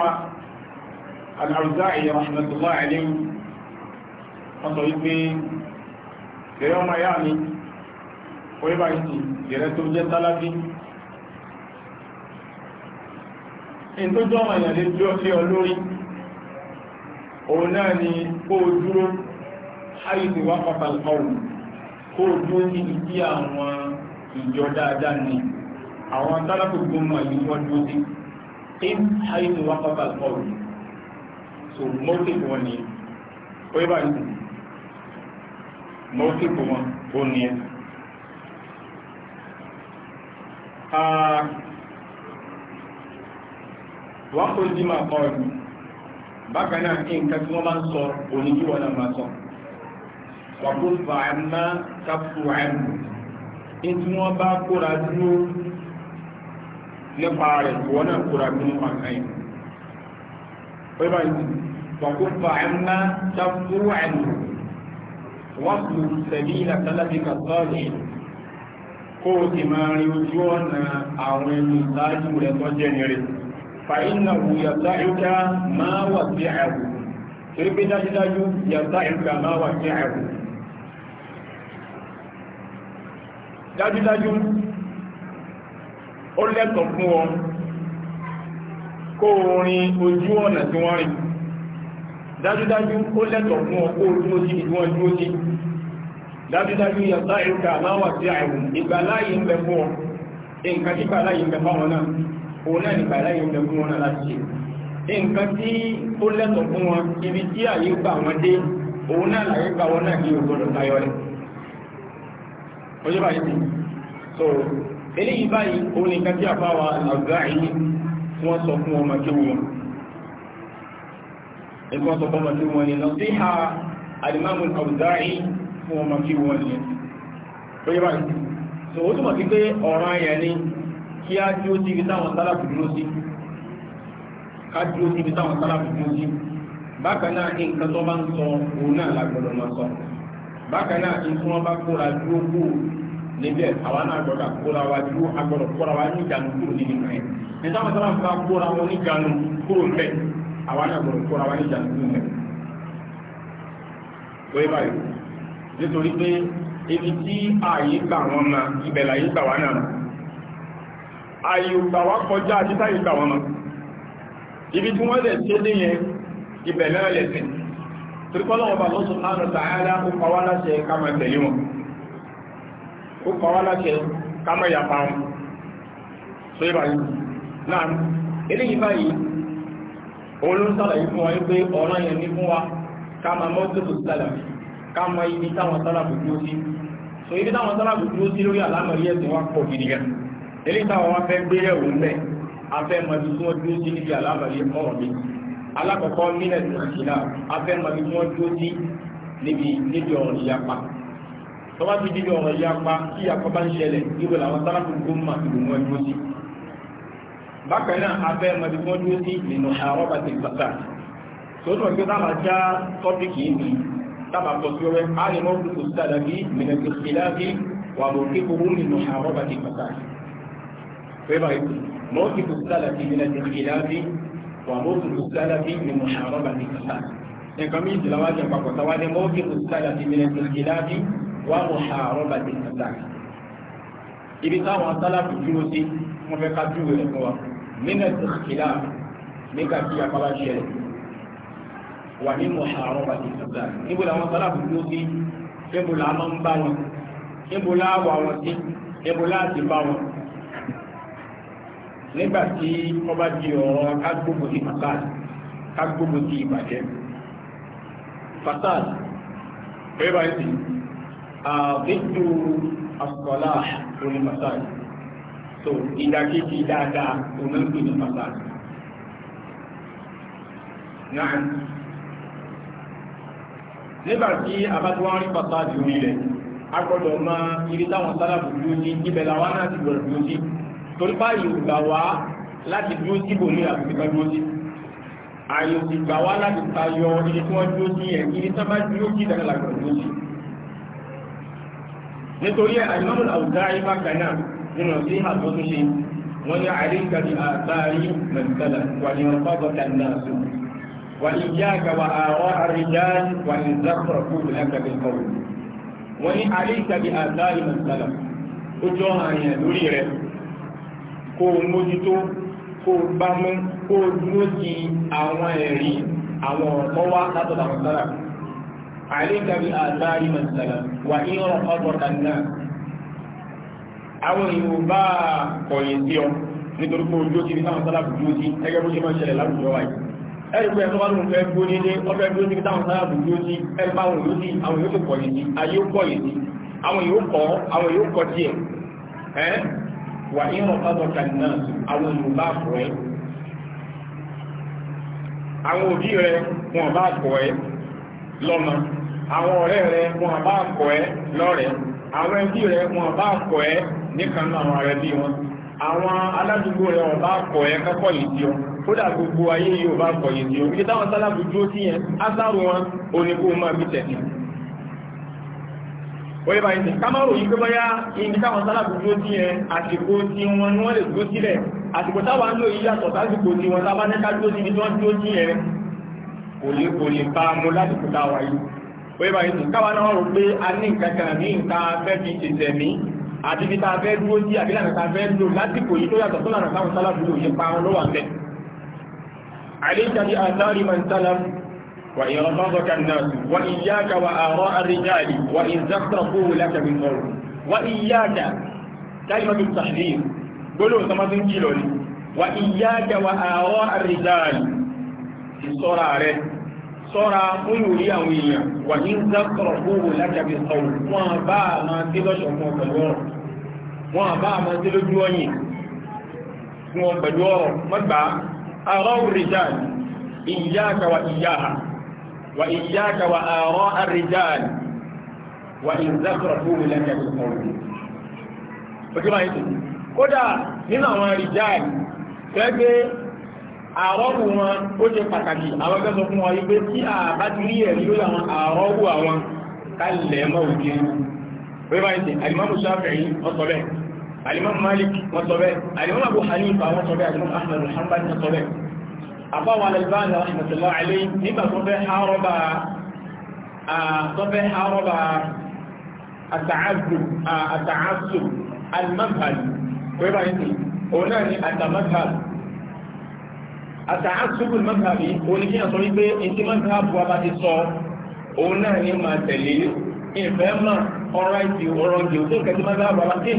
alàrùzáì rahmatullah alim wọ́n sọ wípé ìrẹ́ ọmọ ìyá mi kò yíba ní ìrẹ́ tó jẹ́ tálábí in tó jọ́ ọmọ ìyàlẹ́ lórí òun náà ni kó dúró kó o dúró ní ìdí àwọn ìjọ dáadáa ni àwọn tálákò gbọmọ yìí wọ́n dúró sí in haitu wakaba kọlu so mọ́tìkù wọn ni ó yẹ báyìí mọ́tìkù wọn ó ní ẹ wọ́n kò dí máa kọlu bákan náà nǹkan tí wọ́n máa ń sọ òní kí náà máa sọ wàkóso àmà kápsù àmì ìtí wọ́n bá kóra dúró nípa rẹ̀ wọ́n náà kóra dúró pàkà yìí wọ́n bá yìí wàkóso àmà kápsù àmì wọ́n kò sẹ̀lí ìlàtàlábí kàtọ́ọ̀lì kó o ti máa rí ojú ọ̀nà àwọn ẹni ìsáájú rẹ̀ tó jẹ́ nìrè fàínà wù yàtá máa wà sí àwù torí pé dájúdájú yàtá ìka máa wà sí àwù dájúdájú ó lẹ́tọ̀ fún ọ kó rin ojú ọ̀nà tí wọ́n rìn dájúdájú ó lẹ́tọ̀ fún ọ kó dúró sí ìdí wọn dúró sí dájúdájú yàtá ìrúkà aláwà sí àìwò ìgbàláyé ń bẹ fún ọ nǹkan tí gbàláyé ń bẹ fáwọn náà òun náà ó lẹ́tọ̀ fún wọn ibi tí àyè wọn dé òun náà làyè wọn náà kí ògbọ́dọ̀ tayọ rẹ̀ ó yẹ báyìí so eléyìí báyìí òun nìkan tí àfáwà àgbáyé tí wọ́n sọ fún ọmọ kí wọn ẹ̀kọ́ sọ fún ọmọ kí wọn ni lọ sí ha alimamu àgbáyé fún ọmọ kí wọn ni ó yẹ báyìí so ó túnmọ̀ sí pé ọ̀ràn ayẹ̀ ni kí á dúró sí ibi táwọn sálàfù dúró sí ká dúró sí ibi táwọn sálàfù dúró sí bákan náà nǹkan tó bá ń sọ òun náà lágbọ́dọ̀ máa sọ bákan náà tí wọ́n bá kóra dúró kú níbẹ̀ àwa náà gbọ́dọ̀ kóra wa dúró agbọ́dọ̀ kóra wa ní ìjánu kúrò nínú rẹ̀ nígbà wọn sábà fún wa kóra wọn ní ìjánu kúrò mẹ́ àwa náà gbọ́dọ̀ kóra wa ní ìjánu kúrò mẹ́. wọ́n bá yìí nítorí pé ibi tí ààyè gbà wọn ma ibẹ̀ láyé gbà wá náà ààyè gbà wá kọjá àti táyè gbà wọn ma ibi tí wọ́n lẹ̀ ṣe tìrìkọ́lọ́wọ́ bá lọ́sọ̀ náà tààrà ó kọwá láṣẹ kama tẹ̀lé wọn ó kọwá láṣẹ kama yàpa wọn so yíba yìí náà eléyìí báyìí olóńtàlà yìí fún wa yìí pé ọ̀rọ̀ yẹn ní fún wa kama mọ́tòtò sálà kama ibi táwọn sálà kò dúró sí so ibi táwọn sálà kò dúró sí lórí àlámọ̀rí ẹ̀sìn wa pọ̀ gidi gan eléyìí táwọn wa fẹ́ gbé ẹ̀wò ń bẹ̀ afẹ́ mọ̀ ibi tí wọ́n dúró sí níbi àlámọ̀rí ọ̀rọ̀ méjì alákọ̀ọ́kọ́ mílẹ̀ tó ti là afẹ́mọ̀ bí wọ́n dúró sí níbi níbi ọ̀rọ̀ ìyapa tó bá ti níbi ọ̀rọ̀ ìyapa tí ìyapa bá ń ṣẹlẹ̀ níbo làwọn sáláàtù gómìnà ìlú wọn dúró sí bákan náà afẹ́mọ̀ bí wọ́n dúró sí nínú àrọ́bà ti pàtà tó náà gbé táwọn já tọ́pìkì yìí tábà pọ̀ sí ọwẹ́ àrẹ̀mọ́ kò sí dàdàbí mìnàkì ìlàbí wà ló kékeré nínú àrọ́bà ti pàtà pé báyìí mọ́ kí kò sí dàdàbí mìnàkì ìlàbí وموقف السلف من محاربة الفساد نكمل دلوات فقط وهذا موقف السلف من الانقلاب ومحاربة الفساد ibi táwọn sálàfù dúró sí wọ́n fẹ́ ká dúró rẹ̀ fún wa mínẹ̀tì ìlà nígbà tí apára ṣẹlẹ̀ wà ní mọ̀ṣàárọ̀ wà ní ìsọ̀tà níbo làwọn sálàfù dúró sí níbo làwọn bá wọn níbo láàwọ̀ àwọn sí níbo láti bá wọn nígbà tí wọ́n bá di ọ̀rọ̀ agbógo ti fasad agbógo ti ìbàjẹ́ fasad pé báyìí sí àbíjú asọ́lá oní fasad so ìdákéjì dáadáa onígbè ní fasad náà nígbà tí abájúwọ́n rí fasad orí rẹ̀ a gbọ́dọ̀ mọ ibi táwọn sálábùdú ní ibẹ̀ làwọn náà ti gbọ́dọ̀ dúró sí torí báyìí ò gbà wá láti dúró sí bòlí àbúkítà dúró sí ààyè ò sì gbà wá láti tayọ ibi tí wọ́n dúró sí ẹ̀ ibi tí wọ́n bá dúró sí ìdájọ́ làgbà dúró sí nítorí àìmọ́nù àwùjá ibà kanáà nínú sí àtọ́ tó ṣe wọ́n ní àríkà ní àtàrí mẹ́tẹ́lá wà ní ọ̀pá bọ́tà náà sọ wà ní ìyá àgbà àwọn àríjá wà ní zákọ̀rọ̀ kúrò lágbàgbé kọ̀wé wọ́n ní àríkà ní àtàrí mẹ́tẹ́lá ó jọ àyàn lórí rẹ̀ kó o mójútó kó o bá mú kó o dúró di àwọn ẹ̀rí àwọn ọ̀tọ́ wá látọ̀dọ̀ àwọn sára àìlèkà bí àtàrí màsàlà wà ní ọ̀rọ̀ ọ̀bọ̀ta náà àwọn èèyàn bá kọ̀yìn sí ọ nítorí pé ojú ti fi táwọn sára dúró sí ẹgẹ́ bó ṣe máa ń ṣẹlẹ̀ láwùjọ wáyé ẹ̀rì pé ẹ̀tọ́ bá lóun fẹ́ gbó nílé ọfẹ́ dúró sí fi táwọn sára dúró sí ẹ̀rì bá wọn lóṣì àwọn yóò kọ̀yìn sí ayé ó kọ̀yìn sí àwọn yóò kọ́ àwọn yóò kọ́ tiẹ̀ wà ìrọ̀ ọdọ̀kà náà àwọn olùbá fọ́ ẹ àwọn òbí rẹ wọn bá kọ́ ẹ lọ́mọ àwọn ọ̀rẹ́ rẹ wọn bá kọ́ ẹ lọ́rẹ̀ẹ́ àwọn ẹbí rẹ wọn bá kọ́ ẹ níkanú àwọn ààrẹ bí wọn àwọn aládùúgbò rẹ wọn bá kọ́ ẹ kọ́kọ́ yìí tí ó kódà gbogbo ayé yóò bá kọ́ yìí tí ó oye bá ìsìn ká yìí pé bọ́yá ibi táwọn sálàbù tó tí ẹ àsìkò tí wọn ni wọ́n lè dúró sílẹ̀ àsìkò táwọn ń lò yí yàtọ̀ sásìkò tí wọn tábá nẹ́ká dúró síbi wọ́n dúró sí ẹ kò lè kò lè bá mú lásìkò táwa yìí oye bá ìsìn káwa náà rò pé a ní nǹkan ní nǹkan fẹ́ fi ṣèṣẹ̀ mí àti ibi tá fẹ́ dúró sí àbí lànà fẹ́ lò lásìkò yìí tó yàtọ̀ sọ́nà وإن رفضك الناس وإياك وآراء الرجال وإن زخرفوه لك من قول وإياك كلمة التحذير قلوا سمزن كيلوني وإياك وآراء الرجال الصورة عليه صورة قيولي أوية وإن زخرفوه لك من قول وما ما تلوش أموك الورق وما ما تلوش جواني وما بدور مدبع آراء الرجال إياك وإياها وإياك وآراء الرجال وإن زخرفوا لك بالقول فكما يقول kódà nínú àwọn rìjáàlì fẹ́gbé àrọ́bù wọn ó ṣe pàtàkì àwọn ẹgbẹ́ sọ fún wọn wípé tí àbá ti rí ẹ̀rí lórí àwọn àrọ́bù àwọn kálẹ̀ mọ́ òjé wípé ìsẹ̀ alimamu Shafi'i wọ́n sọ bẹ́ẹ̀ Malik wọ́n sọ Abu Hanifa wọ́n sọ bẹ́ẹ̀ alimamu Ahmad àbáwọn Al-Albani rahimahullah alayhi nígbà tó fẹ́ hárọ́bà tó fẹ́ hárọ́bà àtàásù al-madhhab pé báyìí sí òun náà ni àtàmadhhab àtàásù al-madhhab yìí òun ni kí n sọ wípé etí madhhab wa bá ti sọ òun náà ni máa tẹ̀lé ìfẹ́ mọ̀ ọ̀rọ̀ ìdí ọ̀rọ̀ ìdí òkè nǹkan tí madhhab wa kí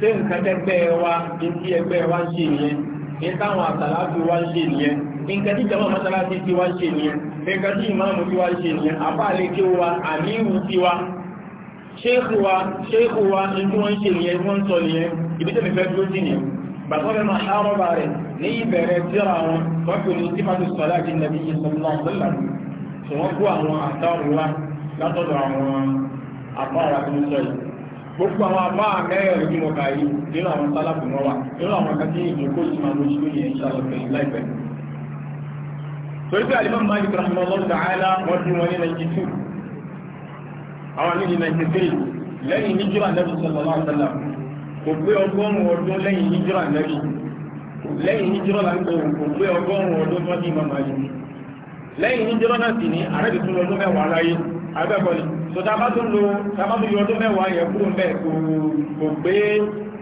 tí nǹkan tẹ́gbẹ́ wa ibi ẹgbẹ́ wa ń ṣe nìyẹn ní táwọn àtàlá fi wá ń ṣe nìyẹn nǹkan tí jama mọ́sálásí ti wá ń ṣe nìyẹn nǹkan tí ìmáàmù ti wá ń ṣe nìyẹn àbáàlé kí wa àmírù ti wa ṣéèkù wa ṣéèkù wa ní tí wọ́n ń ṣe nìyẹn wọ́n ń sọ nìyẹn ibi tẹ́mi fẹ́ dúró sí nìyẹn bàtọ́rẹ́ máa ṣàrọ́bà rẹ̀ ní ìbẹ̀rẹ̀ síra wọn wọ́n pè ní sípàtì sọ́lá àti nàbí ìṣọ́lá ọ̀sọ́lá tí wọ́n kó àwọn àtàrù wa gbogbo àwọn àbá mẹ́rẹ̀ẹ̀rin bí mo kà yìí nínú àwọn sálàbù náà wà nínú àwọn akẹ́kẹ́ ìjókòó yìí máa lóṣù lóye ìṣàlọ̀ pẹ̀lú láìpẹ́ torí pé àlìmọ́ máa yìí rahmà lọ́wọ́ ta'ala wọ́n bí wọn ní 92 àwọn ní 93 lẹ́yìn níjírà nẹ́bí sallallahu alaihi wasallam kò pé ọgọ́rùn-ún ọdún lẹ́yìn níjírà nẹ́bí lẹ́yìn níjírà láńpẹ́ kò pé ọgọ́rùn-ún ọdún àbẹ́bọ̀lì tó dábá tó lo dábá tó yọ ọdún mẹ́wàá yẹ kúrò mẹ́ kò pé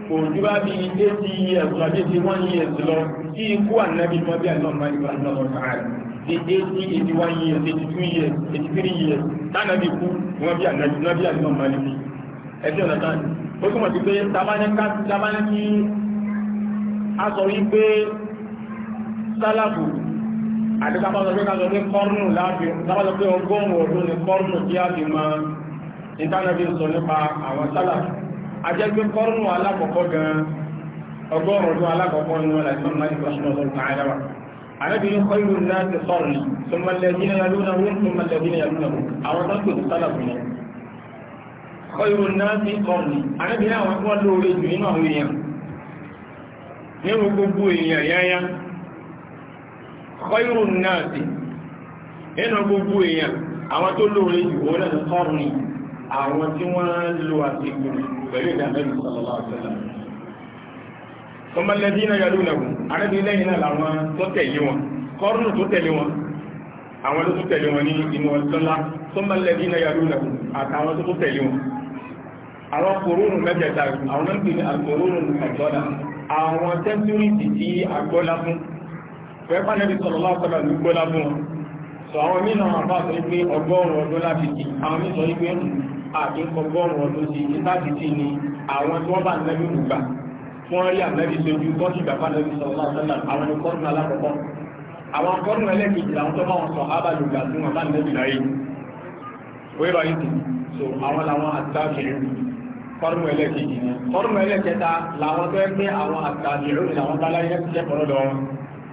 kò jú bá bí ilé ti ẹ̀sùn àbí ti wọ́n yí ẹ̀sùn lọ tí ikú ànábì mọ́ bí àlọ́ máa yípa lọ́wọ́ sàárì di eighty eighty one years eighty two years eighty three years tánàbì kú wọ́n bí ànábì náà bí àlọ́ máa yípa ẹ̀sìn ọ̀nà tán ó túmọ̀ sí pé tábánẹ́ká tábánẹ́kí a sọ wípé sálàbù àti kápásọ̀ pé kápásọ̀ pé kọ́rùnù láti kápásọ̀ pé ọgọ́rùn ọdún ni kọ́rùnù tí a fi máa ìtànàbí sọ nípa àwọn sálà ajẹ́ pé kọ́rùnù alákọ̀ọ́kọ́ gan ọgọ́rùn ọdún alákọ̀ọ́kọ́ ni wọ́n láìsàn máa ìfọ́sùn ọdún tààrà wa àrẹ́bí ní kọ́rùnù náà ti sọ̀rọ̀ ní sọmọlẹ́bí ní yàlúnà wọn sọmọlẹ́bí ní yàlúnà wọn àwọn tó ń pè sálà fún yẹn kọ́rùnù náà ti sọ̀rọ̀ ní àrẹ́bí ní àwọn tó wọ́n lóore jù nínú àwọn khairun nasi nínú gbogbo èèyàn àwọn tó lóore jù wọ́n náà kọ́rùn ní àwọn tí wọ́n lo àsìkò pẹ̀lú ìdàmẹ́lì sallallahu alaihi wasallam kọmọlẹ́dínà yàlú lẹ́kùn arẹ́bìnlẹ́yìn náà làwọn tó tẹ̀lé wọn kọ́rùn tó tẹ̀lé wọn àwọn tó tẹ̀lé wọn ní inú ọ̀sánlá kọmọlẹ́dínà yàlú lẹ́kùn àtàwọn pẹ̀lú nẹ́bí sọ̀rọ̀ lásọ̀rọ̀ ní gbọ́lá fún wọn sọ àwọn mínà àbá sọ pé ọgọ́rùn ọdún láti kì àwọn mí sọ pé àti ọgọ́rùn ọdún sí ìtàkì sí ni àwọn tí wọ́n bá nẹ́bí gbà wọ́n rí ànẹ́bí sojú tọ́jú ìgbàpá nẹ́bí sọ̀rọ̀ lásọ̀rọ̀ àwọn ni kọ́rùn alákọ̀ọ́kọ́ àwọn kọ́rùn ẹlẹ́kejì làwọn tó bá wọn sọ ábà lùgbà tí wọ́n bá nẹ́bí láyé wíwá yìí so àwọn làwọn àtàkìrì kọ́rùn ẹlẹ́kejì ni kọ́rùn ẹlẹ́kẹta làwọn tó ẹgbẹ́ àwọn àtàkìrì làwọn bá láyé ẹ̀kẹ́ pọ̀lọ́dọ̀ wọn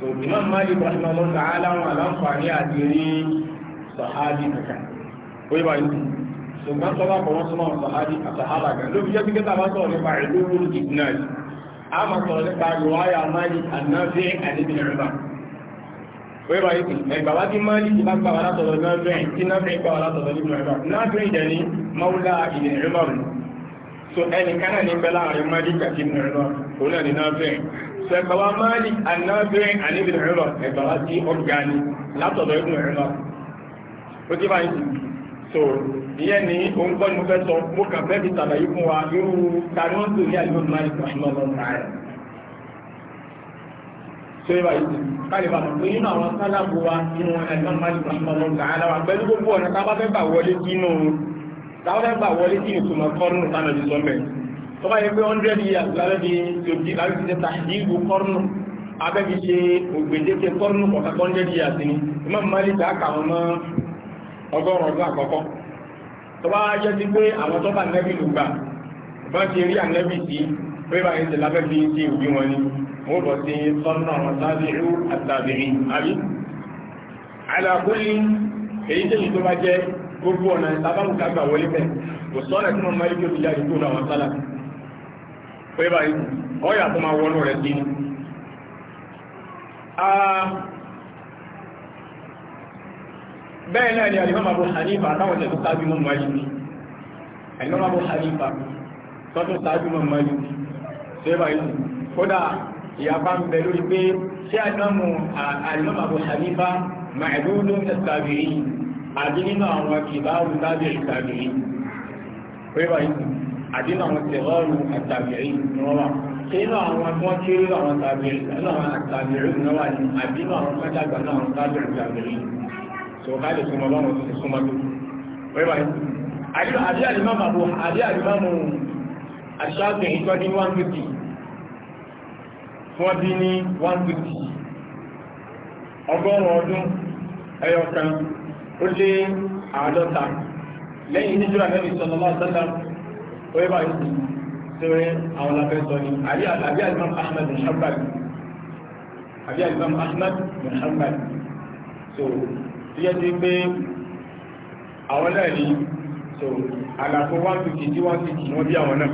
so Imam Malik rahimahullah ta'ala wọn aláǹfààní àti rí sàhádì kankan ó yẹ báyìí ṣùgbọ́n sọ́lá kọ̀ wọ́n súnmọ́ sàhádì àtàhálà gan ló fi jẹ́ pípẹ́ tàbá sọ̀rọ̀ nípa ìlú ìdínàì a máa sọ̀rọ̀ nípa ìwáyà Malik ànáfẹ́ àdébìnrin wọ́n yóò yìí ẹgbà wá bí máa bá gbà wà látọ̀dọ̀ náà náà bẹ́ẹ̀ sẹ̀gbàwá máàlì anábìrin àníbìrin ìrọ̀ ẹ̀gbàwá sí ọ̀gáni látọ̀dọ̀ ìgbìmọ̀ ìrọ̀ ó ti bá ń sìn so ìyẹn ni òun kọ́ ni mo fẹ́ sọ mo kàn fẹ́ fi tàbàyí fún wa irú tani wọ́n tó ní àlùmọ́ máàlì fún àlùmọ́ ọ̀nà ààrẹ so ìwà yìí káàlì bá tó nínú àwọn sálábù wa nínú ẹ̀gbọ́n máàlì fún àlùmọ́ ọ̀nà ààrẹ wa pẹ̀lú gbogbo ọ̀nà táwọn fẹ́ gbà wọlé sínú táwọn fẹ́ gbà wọlé sínú tòmọ̀kọ́rùn-ún tó bá yẹ pé 100 years lábẹ́bí yòókì lábẹ́bí ṣe tàṣíìbù kọ́rùnù abẹ́bí ṣe ògbèdéke kọ́rùnù kọ̀ọ̀kan 100 years ni Imam Malik àkà wọn mọ́ ọgọ́rùn ọdún àkọ́kọ́ tó bá yẹ sí pé àwọn tó bá nẹ́bí lù gbà bá ti rí ànẹ́bí sí pé bá yẹ sí lábẹ́bí ṣe òbí wọn ni wọ́n bọ̀ sí sọ́nà àwọn tábìrú àtàbìrí àbí àlàkúlì pé báyìí ọ̀yà tó máa wọnú rẹ̀ sí ni bẹ́ẹ̀ náà ni alimọ́mà bó hanifa táwọn tẹ̀ tó sáájú mọ́ máyìí alimọ́mà bó hanifa tó tó sáájú mọ́ máyìí pé báyìí kódà ìyàpá ń bẹ lórí pé ṣé àdánmù alimọ́mà bó hanifa màdúdú tẹ̀sàbìrì àdínínà àwọn kìbáwù tábìrì tàbìrì pé báyìí àdínà àwọn tẹ̀lọ́rù àtàbírí ni wọ́n wà nínú àwọn tí wọ́n kéré àwọn tàbírí nínú àwọn àtàbírí ni wọ́n wà ní àdínà àwọn mẹ́tàgbà náà àwọn tàbírí tàbírí tó ká lè súnmọ́ lọ́wọ́ tó ti súnmọ́ tó wẹ́wà yìí àdí àdìmọ́mù àbò àdí lẹ́yìn níjúra mẹ́rin sọ̀tọ̀lọ́ oye bá yìí sórí àwọn labẹ́ sọ ni àbí alimam ahmed muhammad àbí alimam ahmed muhammad so yíyẹ ti pé àwọn náà ni so àlàfo tí one fifty àwọn náà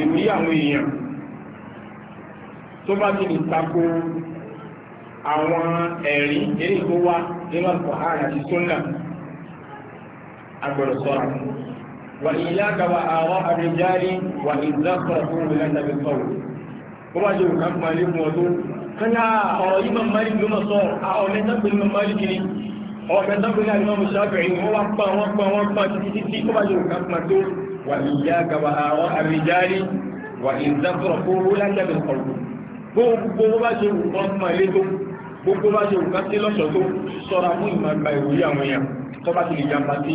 ni pé tó bá ti lè tako àwọn ẹ̀rí eré tó wá nínú Al-Qur'an àti Sunnah agbọ̀dọ̀ sọ́ra wà iyyaka wa ara'a ar-rijali wà ìdákọ̀rọ̀ fún mi lẹ́nu tàbí sọ̀rọ̀ ó bá jẹ́ òkà fún alẹ́ fún ọdún kányà ah, ọ̀rọ̀ yìí máa mari ló máa sọ àwọn mẹ́ta pé máa mari kiri ọ̀rọ̀ mẹ́ta pé láti máa mùsàfẹ́ yìí wà iyyaka fún mi tàbí gbogbo bá ṣe wù kán mọ ilé tó gbogbo bá ṣe wù kán sí lọ́sọ̀ tó sọ́ra fún ìmọ̀gbà ìwòye àwọn èèyàn tó bá ti lè jàǹbá sí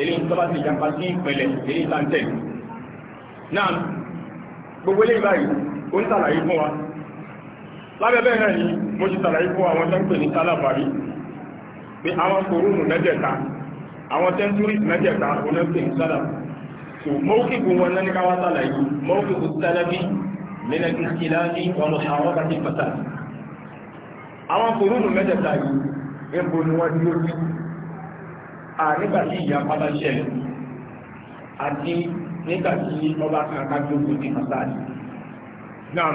eléyìí tó bá ti lè jàǹbá sí ìpìnlẹ̀ eléyìí tá ń tẹ̀. náà gbogbo eléyìí báyìí ó ń ṣàlàyé fún wa lábẹ́ bẹ́ẹ̀ náà ni mo ti ṣàlàyé fún àwọn tó ń pè ní sálàbàrí pé àwọn kòrónù mẹ́tẹ̀ẹ̀ta àwọn tẹ́ntúrì mẹ́tẹ̀ẹ̀ta من الاختلاف ومحاربة الفساد àwọn kòrónù mẹ́tẹ̀ta yìí epo ni wọ́n dúró sí ànígbàtí ìyá pátá ṣẹlẹ̀ àti nígbàtí ọba kankan tó kò ní fasáàdì náà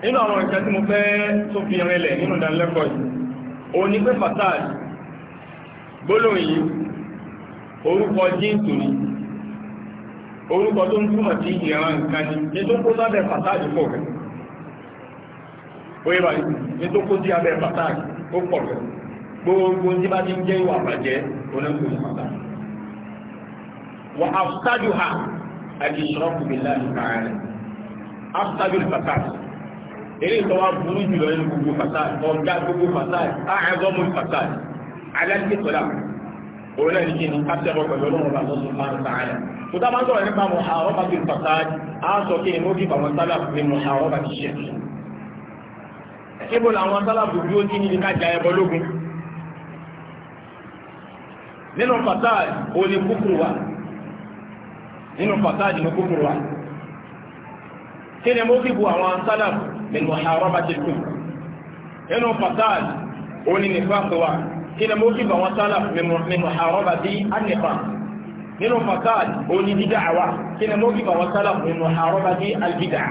nínú àwọn ìkẹ́ tí mo fẹ́ tó fi rinlẹ̀ nínú ìdánilẹ́kọ̀ọ́ yìí o ní pé fasáàdì gbólóhùn yìí orúkọ jíǹtù ni orúkọ tó ń túmọ̀ sí ìran nǹkan ni ní tó kó lábẹ́ pàtàkì pọ̀ rẹ̀ ó yẹ́bà ní tó kó sí abẹ́ pàtàkì ó pọ̀ rẹ̀ gbogbo tí bá ti ń jẹ́ ìwà àbàjẹ́ onígun pàtàkì wà áfítàjù ha àti ìṣọ́kù mi láti káàrẹ̀ áfítàjù pàtàkì eré ìtọ́wà burú jùlọ nínú gbogbo pàtàkì ọ̀gá gbogbo pàtàkì ààrẹ gọ́mù pàtàkì alẹ́ òun náà ní kí ni kápẹ́bọ̀ pẹ̀lú ọlọ́run bá lọ́sùn máa ń sàárẹ̀. tó dá máa ń sọ̀rọ̀ nípa mọ̀ àwọn bá ti fàtàájì á sọ kí ni mọ́kì bàwọn sálàbù ní mọ̀ àwọn bá ti ṣẹ̀. síbo làwọn sálàbù bí ó ti ní ká ja ẹbọ lógun. nínú fàtàájì ó ní kúkúrú wa nínú fàtàájì ní kúkúrú wa. kí ni mọ́kì bu kí ni mọ́kìfà wọn sálà min muharabati an-nifaq nínú fasad òní dídá àwa kí ni mọ́kìfà wọn sálà min muharabati al-bid'a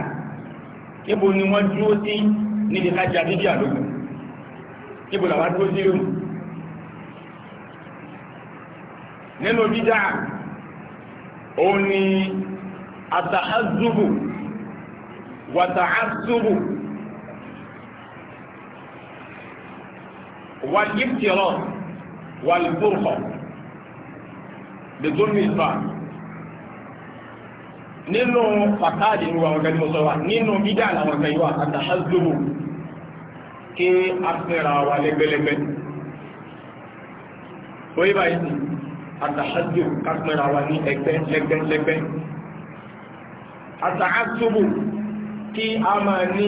ibo ni wọ́n dúró sí níbi kájà bíbí àlógún ibo làwọn dúró sí lónìí nínú dídá òní àtàhàzùbù wàtàhàzùbù والابتراء والبرخة لظلم الإسلام nínú fàtàdì ní àwọn ọ̀gá ni mo sọ wa nínú bídà àwọn ọ̀gá yìí wà àtàhàzùrù kí a fẹ́ra wa lẹ́gbẹ̀lẹ́gbẹ̀ orí báyìí sí àtàhàzùrù ká fẹ́ra wa ní ẹgbẹ́ lẹ́gbẹ̀lẹ́gbẹ̀ àtàhàzùrù kí a máa ní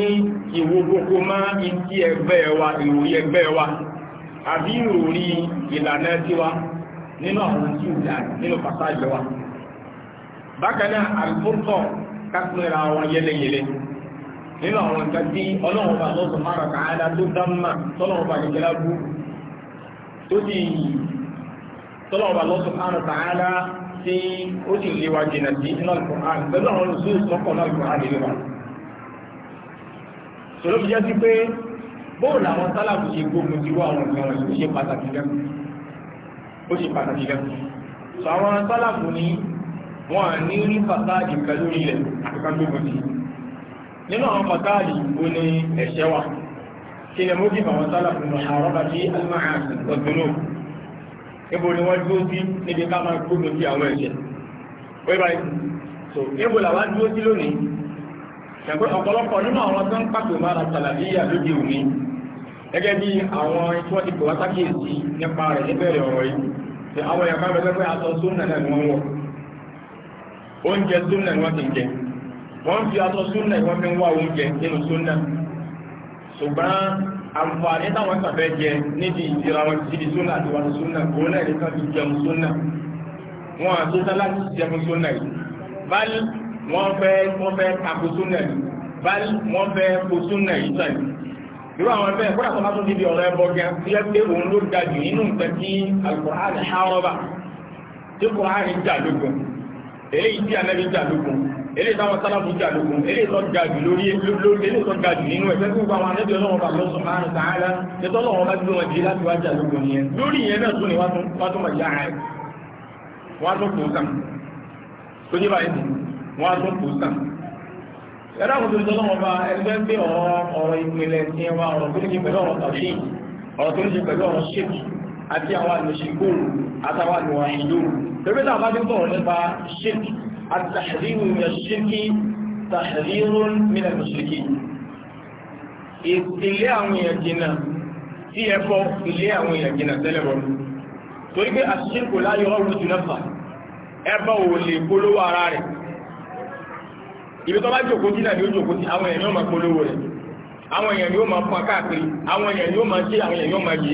ìwo gbogbo máa ń ti ẹgbẹ́ wa ìwòye ẹgbẹ́ wa àbí ìròrí ìlànà tiwa nínú àwọn tí ò dá nínú pàtàkì wa bákan náà àlùfóòtọ kásìmẹ́ra wọn yẹlẹyẹlẹ nínú àwọn nǹkan tí ọlọ́run bá lọ́sọ̀ márùn ká ádá tó dámà tọ́lọ́run bá gẹ́gẹ́lá bú tó sì tọ́lọ́run bá lọ́sọ̀ márùn ká ádá tí ó sì léwa jìnà sí iná pẹ̀lú àwọn olùsú ìsọ́kọ̀ náà bóòlù àwọn sálàbù ṣe gbógun ti wá àwọn nǹkan wọ̀nyí ṣe pàtàkì lẹ́kù ó ṣe pàtàkì lẹ́kù sọ àwọn sálàbù ní wọn à ní rí fàtáàdì kan lórí ilẹ̀ àfikà gbógun ti nínú àwọn fàtáàdì ó ní ẹ̀ṣẹ̀ wà kí ni mójú àwọn sálàbù ní àrọ́bà sí alimáhà ọ̀dùnú níbo ni wọ́n dúró sí níbi ká máa gbógun ti àwọn ẹ̀ṣẹ̀ wọ́n ibà so níbo làwọn dúró sí lónìí ṣẹ̀gbọ́n ọ̀pọ̀lọpọ̀ nínú àwọn tó ń pàtó mára tàlàbíyà lóde òní gẹ́gẹ́ bí àwọn ìtọ́ ìpò wátákìsí nípa rẹ̀ níbẹ̀rẹ̀ ọ̀rọ̀ yìí tí àwọn ẹ̀ka bẹ̀rẹ̀ pé aṣọ súnà náà ni wọ́n wọ̀ oúnjẹ súnà ni wọ́n ti jẹ wọ́n fi aṣọ súnà ni wọ́n fi ń wá oúnjẹ nínú súnà ṣùgbọ́n àǹfààní táwọn ìsàfẹ́ jẹ níbi ìdíra wọn ti di súnà àti wọn súnà kò náà ní kan fi jẹun súnà wọn àti sálá ti jẹun súnà yìí báyìí wọ́n fẹ́ wọ́n fẹ́ takò súnà yìí báyìí wọ́n fẹ́ kó súnà yìí sàn yìí irú àwọn ẹgbẹ́ kódà tó bá tún dídí ọ̀rọ̀ ẹbọ gẹ tí ẹ pé òun ló ga jù nínú nǹkan tí alukur'an ṣàrọ́bà tí kur'an jà lógun eléyìí tí anabi jà lógun eléyìí táwọn sálábù jà lógun eléyìí tó ga jù lórí eléyìí tó ga jù nínú ẹgbẹ́ gbogbo àwọn anabi ọlọ́wọ́ bá lọ sùn máa ń sàárà tẹ́tọ́ lọ́wọ́ bá gbé wọn jí láti wá jà yẹn lórí yẹn náà tún ni wọ́n tún kù sàn ẹ̀rọ àwọn òṣèlú tọ́lọ́mọ bá ẹgbẹ́ gbé ọ̀rọ̀ ìpìlẹ̀ ti wa ọ̀rọ̀ tó ní ṣe pẹ̀lú ọ̀rọ̀ tàbí ọ̀rọ̀ tó ní ṣe pẹ̀lú ọ̀rọ̀ ṣèkì àti àwọn àlùṣìgbòrò àtàwọn àlùwà ìdòrò lórí náà bá dé bọ̀rọ̀ nípa ṣèkì àti tàṣíríwò ìyẹ̀ṣẹ́kì tàṣíríwò mílẹ̀ lọ́ṣẹ́kì ilé àwọn èèyàn jìnnà tí ẹ fọ́ ilé àwọn èèyàn jìnnà tẹ́lẹ̀ bọ̀ torí pé àṣìṣe kò láyọ̀ ọ̀rùn jù náà fà ẹ bá òun lè polówó ara rẹ̀ ibi tó bá jòkó sí náà ni ó jòkó sí àwọn èèyàn yóò máa polówó rẹ̀ àwọn èèyàn yóò máa pọn káàkiri àwọn èèyàn yóò máa ṣe àwọn èèyàn yóò máa yé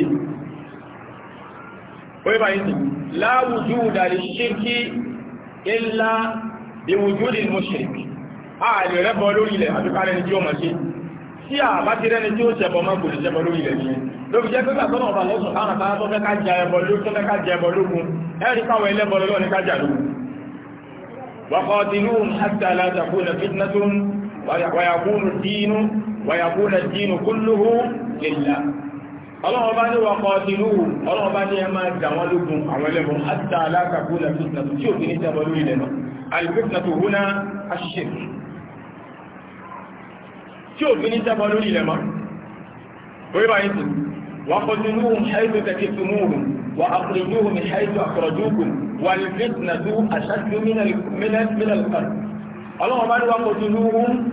ó yẹ báyìí láwùjú dàlí ṣíkí ńlá ìwùjú ní mùṣírikí ààrẹ rẹ bọ lórí ilẹ̀ àti kárẹ́ni tí ó máa ṣe tí a bá ti rẹ́ni tí ó ṣẹbọ máa kò lè ṣẹbọ lórí ilẹ̀ yẹn lóbi jẹ́ pípa tọ́nà ọ̀bà lọ́sùn láwọn àtàwọn tó fẹ́ ká jẹ ẹbọ lókun ẹ̀rí káwọn ẹlẹ́bọ lọ́wọ́ ní ká jà lókun وقاتلوهم حتى لا تكون فتنة ويكون الدين ويكون الدين كله لله الله بعد وقاتلوهم الله بعد يما دولكم عملهم حتى لا تكون فتنة شو في نتا بلولنا الفتنة هنا الشرك شو في نتا بلولنا ويبعي تنسي وقتلوهم حيث تكتموهم وأخرجوه من حيث أخرجوكم والفتنة أشد من من من القتل اللهم بارك وقتلوهم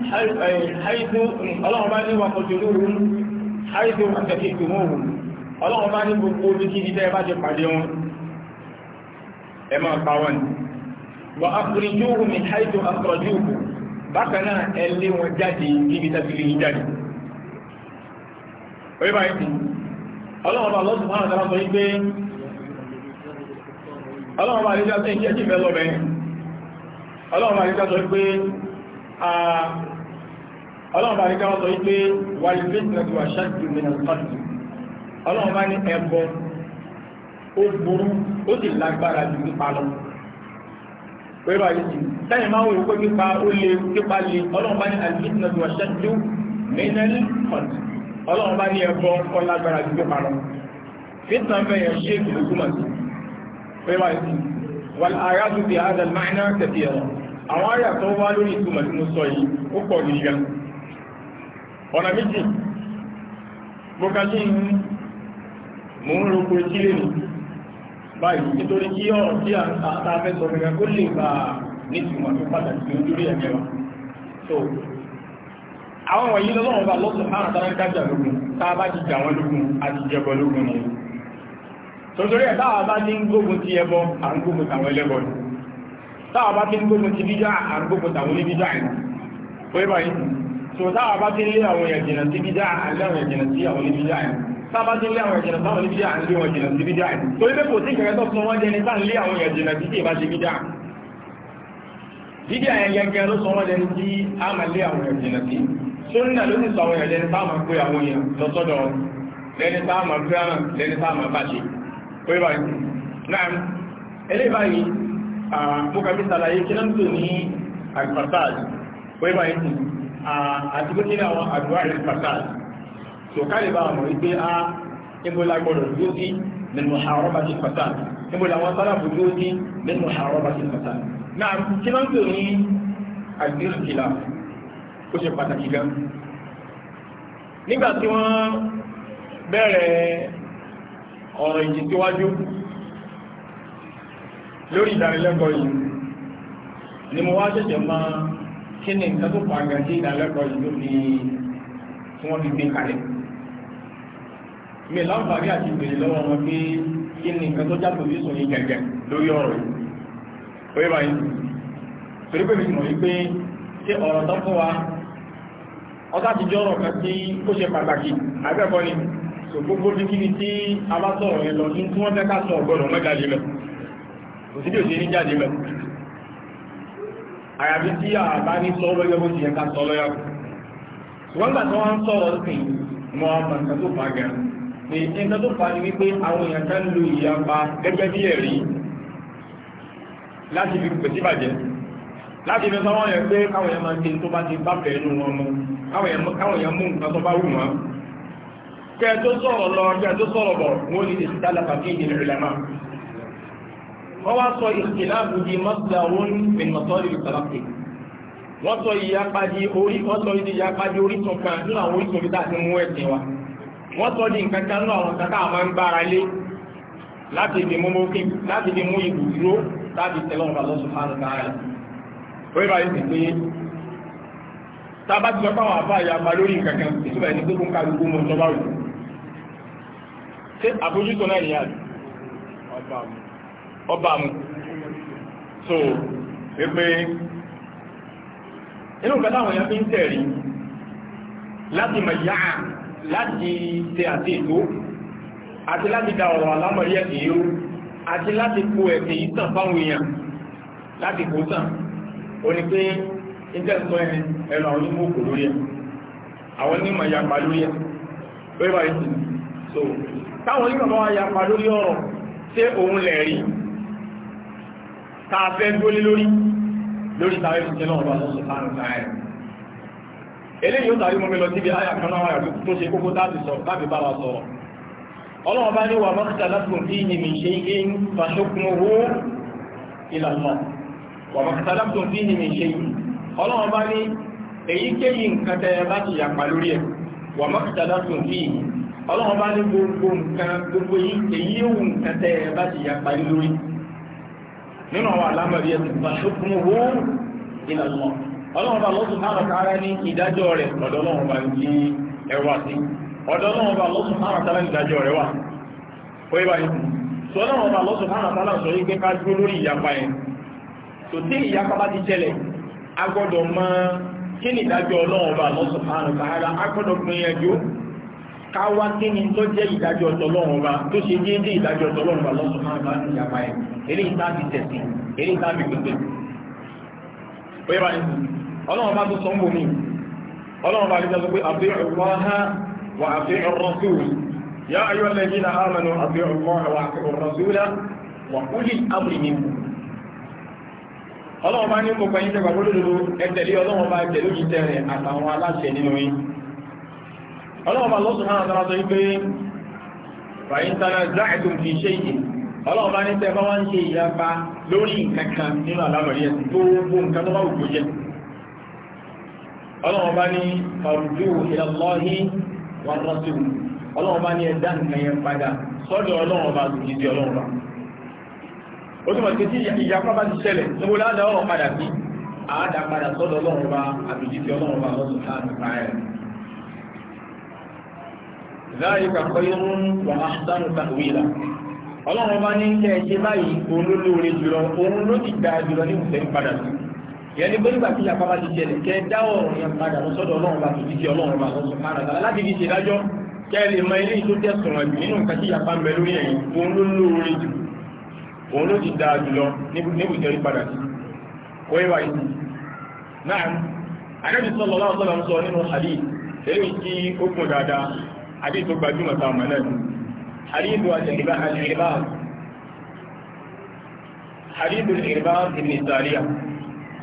حيث اللهم بارك وقتلوهم حيث أنتكتموهم اللهم بارك بقولك كتابات القديم إما قوان وأخرجوه من حيث أخرجوكم بكنا اللي وجدي في تبليغ جدي ويبقى ọlọ́run bá lọ́sùn máa tàbí sọ pé ọlọ́run bá lẹ́jọ́ tẹ́ ìjẹ́jì fẹ́ lọ́bẹ̀ ọlọ́run bá lẹ́jọ́ sọ pé ọlọ́run bá lẹ́jọ́ sọ pé wà ní fẹ́sìnàtí wà ṣáàtì mìíràn pàtì ọlọ́run bá ní ẹbọ ó burú ó sì lágbára jù nípa lọ pẹ̀lú àyè sẹ́yìn máa wò pé pípa ó lè pípa lè ọlọ́run bá ní àlùfẹ́sìnàtí wà ṣáàtì mìíràn pàtì ọlọ́run bá ní ẹbọ ọlágbára ju pé parọ́ fitna ń bẹ̀yẹ̀ ṣe ìlúkúmọ̀ sí pé wá sí wọn ará tó ti àádọ́ máìnà tẹ̀tì ẹ̀rọ àwọn ará tó wá lórí ìtumọ̀ tí mo sọ yìí ó pọ̀ ní ìgbà ọ̀nà méjì mo ka sí mo ń roko etí lẹ́nu báyìí nítorí kí ọ̀rọ̀ tí a fẹ́ sọ fún kó lè bá nítumọ̀ tó pàtàkì lórí ẹ̀mí àwọn wọ̀nyí lọ́wọ́n bá lọ́sùn hàn àtàrà ń kájà lógún táa bá ti jà wọn lógún àti jẹbọ lógún ni tòtòrí ẹ̀ táwa bá ti ń gbógun ti ẹbọ à ń gbógun tàwọn ẹlẹ́bọ ni táwa bá ti ń gbógun ti bídá à ń gbógun tàwọn oníbídá ni wọ́n bá yìí tó táwa bá ti lé àwọn èèyàn jìnà sí bídá à ń lé àwọn èèyàn jìnà sí àwọn súnà ló ń sọ àwọn èèyàn lẹ́ni táàmà pé àwọn èèyàn lọ́sọ́dọ̀ lẹ́ni táàmà fẹ́ràn lẹ́ni táàmà bàṣe pé báyìí náà ẹlẹ́ báyìí àmúkàbí sàlàyé kí náà tó ní àgbàsáàdì pé báyìí àti pé kí àwọn àdúrà rẹ̀ tó kárí bá àwọn wípé a ìbúlá gbọdọ̀ dúró sí nínú àrọ́bà sí pàtàkì ìbúlá wọn sálàbù dúró sí nínú àrọ́bà sí pàtàkì náà kí náà tó ní àgbẹ̀rù ó ṣe pàtàkì gan nígbà tí wọ́n bẹ̀rẹ̀ ọ̀rọ̀ ìjì síwájú lórí ìdánilẹ́kọ̀ọ́ yìí ni mo wá ṣẹ̀ṣẹ̀ máa kí ni nǹkan tó pàgà sí ìdánilẹ́kọ̀ọ́ yìí lórí tí wọ́n fi gbé kalẹ̀ mi láǹfààní àti ìbèrè lọ́wọ́ wọn pé kí ni nǹkan tó jáde òbí sùn yìí gẹ̀gẹ̀ lórí ọ̀rọ̀ yìí pé báyìí torí pé mi mọ̀ wípé ṣé ọ̀rọ̀ tó fún wa ọ̀tá ti jọ ọ̀rọ̀ kan tí ó ṣe pàtàkì àgbẹ̀kọ́ ni so gbogbo ní kí ni tí a bá sọ̀rọ̀ yẹn lọ ní tí wọ́n fẹ́ ká sọ ọ̀gbọ́dọ̀ mọ́ jáde mẹ́ kò sí ní jáde mẹ́ àyàfi tí a bá ní sọ lọ́yọ́ bó ti yẹ ká sọ lọ́yọ́ ṣùgbọ́n gbà tí wọ́n ń sọ̀rọ̀ sí mọ́ ọmọ nǹkan tó fà gan ni nǹkan tó fà ní wípé àwọn èèyàn kan lu ìyapa gẹ́gẹ́ bí ẹ̀rí láti fi sọ́wọ́n yẹn pé káwọn yẹn máa ń ṣe tó bá ti bá fẹ́ inú wọn mu káwọn yẹn mú nǹkan tó bá wù wọn. kẹ tó sọ̀rọ̀ lọ kẹ tó sọ̀rọ̀ bọ̀ wọ́n ní ìsìtá lápapọ̀ ìdí ìrìlẹ̀mà. wọ́n wá sọ ìsìláàbù di mọ́sàlùmí min masọ́lì ìsàlàpì. wọ́n sọ ìyapadi orí wọ́n sọ ìyapadi orísun kan nínú àwọn orísun bí táà ti mú wọ́n sọ di nǹkan kan nínú àwọn kankan àwọn ń bára lé láti fi mú ibùdó láti tẹ̀lé ọ̀rọ̀ Allah subhanahu wa ta'ala orí báyìí sì pé tá a bá ti sọ fáwọn àbá ìyapa lórí nǹkan kan ìtumọ̀ ẹni tó kún ká gbogbo mọ̀ sọ́bà rẹ̀ ṣé àbójútó náà nìyà ọba mu so pépé inú nǹkan táwọn èèyàn fi ń tẹ̀rí láti mọ̀ yá láti tẹ àti ètò àti láti da ọ̀rọ̀ alámọ̀rí ẹ̀sìn yìí àti láti kó ẹ̀sìn yìí fáwọn èèyàn láti kó tàn ó ní pé ìtẹ́sọ́ ẹnu àwọn onímọ̀ òkú lórí ẹ̀ àwọn onímọ̀ yapa lórí ẹ̀ lórí báyìí sí so táwọn onímọ̀ bá wá yapa lórí ọ̀rọ̀ ṣé òun lẹ̀ rí táa fẹ́ gbólé lórí lórí tàbí ìṣẹ́ náà bá lọ́sọ̀ láàrín láàrín eléyìí ó tàbí mọ́mí lọ síbi àyà kan náà àyàkú tó ṣe kókó láti sọ láti bá wa sọ̀rọ̀ ọlọ́run bá ní wà mọ́kítà lásìkò tí ìyìn mi ṣe wọ́n mọ̀kàtàlá tó bí ní ṣe yìí ọlọ́run bá ní èyíkéyìí nǹkan tẹ́ bá ti lórí ẹ̀ wọ́n mọ̀kàtàlá tó bí bá ní gbogbo nǹkan gbogbo èyí ewu nǹkan tẹ́ bá ti lórí nínú àwọn alámọ̀rí ẹ̀ tó bá na owó ìlànà ọlọ́run bá lọ́sùn márùn kára ní ìdájọ́ rẹ̀ bá lọ́sùn márùn kára ní ìdájọ́ tò tí ìyapa bá ti ṣẹlẹ̀ a gbọ́dọ̀ mọ kí ni ìdájọ ọlọ́run bá lọ́sọ̀ márùn kára a gbìyànjú ká wá kí ni tó jẹ́ ìdájọ́ bá tó ṣe déédéé ìdájọ́ ọlọ́run bá lọ́sọ̀ bá ti yàpa ẹ̀ eré ìta ti eré ìta gbèsè. bá ọlọ́run bá tó ń bá ti sọ pé wà náà àmàlù wà wà kúlì àbùrì ọlọ́wọ́n bá ní gbogbo ẹ̀yin tẹ́gbà lódodo ẹ̀tẹ̀lé ọlọ́wọ́n bá tẹ̀lé òṣìṣẹ́ rẹ̀ àtàwọn aláṣẹ nínú yín ọlọ́wọ́n bá lọ́sùn náà tọ́ra sọ pé fàyín tara záàtùn fi ṣe yìí ọlọ́wọ́n bá ní tẹ́gbà ẹ̀dá nǹkan yẹn padà sọ́dọ̀ ọlọ́wọ́n bá tòkìtì ọlọ́wọ́n bá ó túnmọ̀ sí tí ìyapa bá ti ṣẹlẹ̀ níbo ládàá ọ̀rọ̀ padà sí àádá padà sọ́dọ̀ ọlọ́run bá àbìjí ti ọlọ́run bá lọ́sùn láti pa ẹ̀ láàrín kàkọ́ irun wà á dánú tàwílà ọlọ́run bá ní kẹ́ ṣe báyìí olólóore jùlọ òun ló ti gbà jùlọ ní ìfẹ́ padà sí yẹni pé nígbà tí ìyapa bá ti ṣẹlẹ̀ kẹ́ dá ọ̀rọ̀ yẹn padà sọ́dọ̀ ọlọ́run bá àbìjí ti ọlọ́run bá lọ́sùn láti fi ṣèdájọ́ kẹ́ lè mọ ilé tó tẹ̀sùn ẹ̀jù nínú nǹkan tí ìyapa ń bẹ lórí ẹ̀yìn òun ló lóore jù òun ló ti dáa jùlọ níbùjẹ́ rí padà sí oye wa yìí náà anábì sọ́lọ́ láwọn sọ́lọ́ ń sọ nínú hadith èyí tí ó kún dáadáa hadith tó gbajúmọ̀ sáwọn mọ̀ náà hadith wa jẹ̀lìbá àjẹ̀lìbá حديث الإرباط بن السارية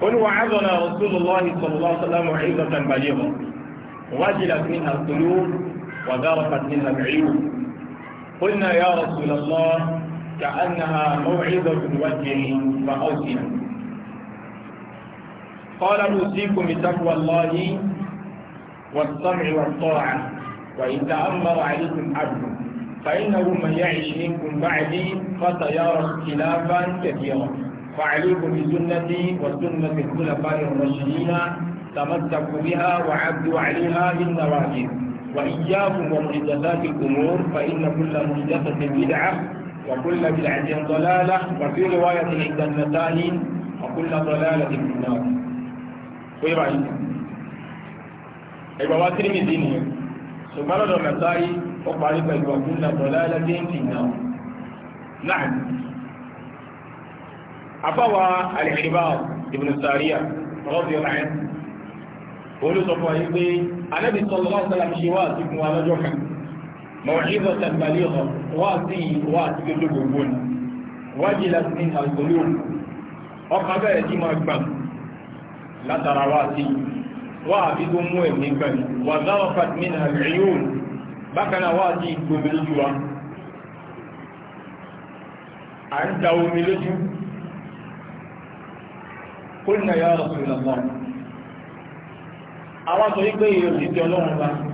قل وعظنا رسول الله صلى الله عليه وسلم عظة بليغة منها القلوب وذرفت منها العيون قلنا يا رسول الله كأنها موعظة وجه فأوصنا قال أوصيكم بتقوى الله والسمع والطاعة وإن تأمر عليكم عبد فإنه من يعيش منكم بعدي فسيرى اختلافا كثيرا فعليكم بسنتي وسنة الخلفاء الراشدين تمسكوا بها وعبدوا عليها بالنواجذ وإياكم ومحدثات الأمور فإن كل محدثة بدعة وكل بدعة ضلالة وفي رواية عند النسائي وكل ضلالة في النار وي باي ايوا واترمي ديني سبحان الله النسائي وقال لك وكل ضلالة في النار نعم أفوى الحباب ابن السارية رضي الله عنه olùsọ̀fọ̀ yìí pé anábì sallallahu alaihi wasallam ṣe wá sí fún alájọ́ موعظة بليغة واسي واسي لبوبون وجلت منها القلوب ọkàbẹ̀ ẹ̀dí máa gbàm látara wá sí wá àbígbó mú ẹ̀mí gbàm wà záwọ́ fatmin al-ayun bákanáà wá sí gbogbo lójú wa a ń da omi lójú kó nà yá Rasulullah àwọn sọ wípé èrò ìjọ lọ́wọ́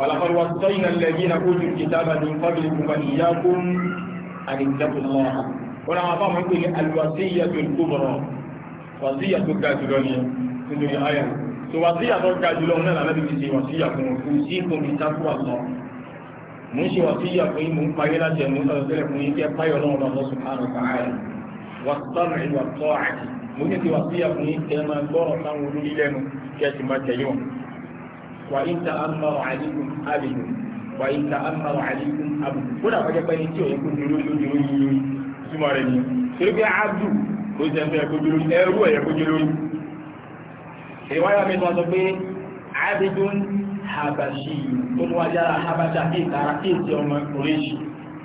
ولقد وصينا الذين اوتوا الكتاب من قبلكم واياكم ان اتقوا الله هنا اعطاهم يقول الوصية الكبرى وصية كاتلونيا كنت في آية وصية كاتلونيا لا نبي في وصية كنوسيكم بتقوى الله مش وصية كنوسيكم بقيلة جنوسة وسلكم يكي يقايا الله الله سبحانه وتعالى والصنع والطاعة مجد وصية كنوسيكم بقيلة جنوسة وسلكم يكي يقايا الله سبحانه وإن تأمر عليكم أبد وإن تأمر عليكم أبد kódà kọjá pé ní tí òye kó dúró ló dúró lórí súnmọ́ rẹ̀ ni torí pé abdu ó jẹ́ fẹ́ kó dúró ẹrú ẹ̀yẹ kó dúró ìwáyà mi sọ pé abidun habashi tó mú wájà habasha kí ìtara kí ìtì ọmọ kòrèjì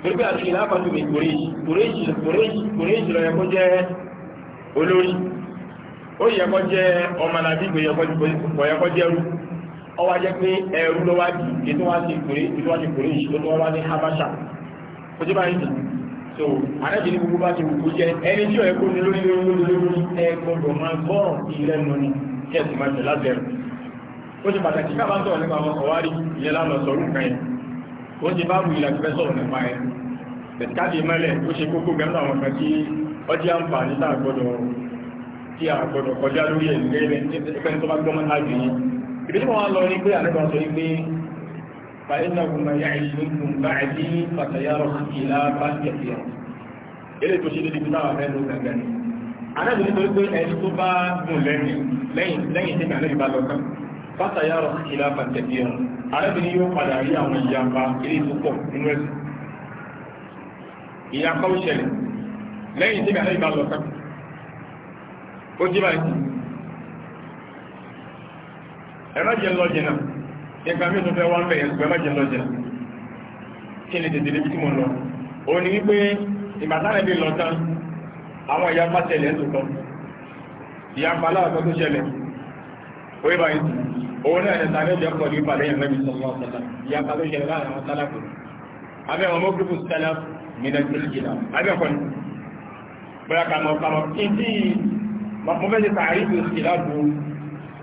torí pé àti ìlàkọ̀tù mi kòrèjì kòrèjì kòrèjì kòrèjì lọ yẹ kó jẹ́ olórí ó yẹ kó jẹ́ ọmọ nàbí kò yẹ kó jẹ́ ẹrú ọwọ́ ajẹ́ pé ẹ̀rú ló wá di ètò wá sí ìkórè ètò wá sí ìkórè ìṣòro tó wá ní habasha kò jẹ́ báyìí dì so adájọ́ ní gbogbo bá ti wùkú jẹ́ ẹni tí ọ̀ẹ́ kó ní lórí lórí lórí ẹ gbọdọ̀ máa gbọ́rọ̀ ìrẹ́nu ni kẹ́ẹ̀sì máa tẹ̀ láti ẹ̀rù ó ṣe pàtàkì ká bá ń sọ̀rọ̀ nípa àwọn ọ̀wárí ìyẹn lánàá sọ̀rọ̀ nǹkan yẹn ó ṣe bá wù ìlànà fẹ́ sọ̀rọ̀ nípa ẹ̀ tẹ̀síkáàdì mẹ́lẹ̀ ó ṣe kókó gẹ́gẹ́ àwọn kan tí ọjọ́ àǹfààní tá a gbọ́dọ̀ kọjá lórí ẹ̀ ibi tí wọ́n lọ ní pé àrẹ́bà sọ ní pé fàílà ọmọ ya ìṣẹ́gun báyìí fàtàyàrọ̀ ìlà bá ń kẹfì ẹ̀ ilé tó ṣe lè dìbò náà mẹ́rin gàgà ni àrẹ́bà ní pé ẹni tó bá gùn lẹ́yìn lẹ́yìn tí kàlẹ́ ìbá lọ kan fàtàyàrọ̀ ìlà bá ń kẹfì ẹ̀ ẹ̀mẹ́jẹ̀ lọ́jìnà ẹgbà mí tó fẹ́ wọ́n bẹ̀rẹ̀ ẹgbẹ̀mẹ́jẹ̀ lọ́jìnà kí ni tètè níbi tí mo lọ o ní wípé ìbátánẹ̀ bí lọ tán àwọn ìyapa tẹ̀lẹ̀ ńtòkọ́ ìyapa aláàbọ̀ tó ṣẹlẹ̀ orí báyìí owó náà ẹ̀ta ní ọjọ́ pọ̀ ní ìpàdé ìrẹ́bí sọ́lọ́ ọ̀sọ̀lá ìyapa tó ṣẹlẹ̀ láàrin àwọn sálàkù abẹ́ ọmọ gúrùpù sálà mìíràn tó lè jìlá abẹ́ ọkọ̀ ni bóyá kàmọ̀ kàmọ̀ kí n tí mo fẹ́ ti tààrí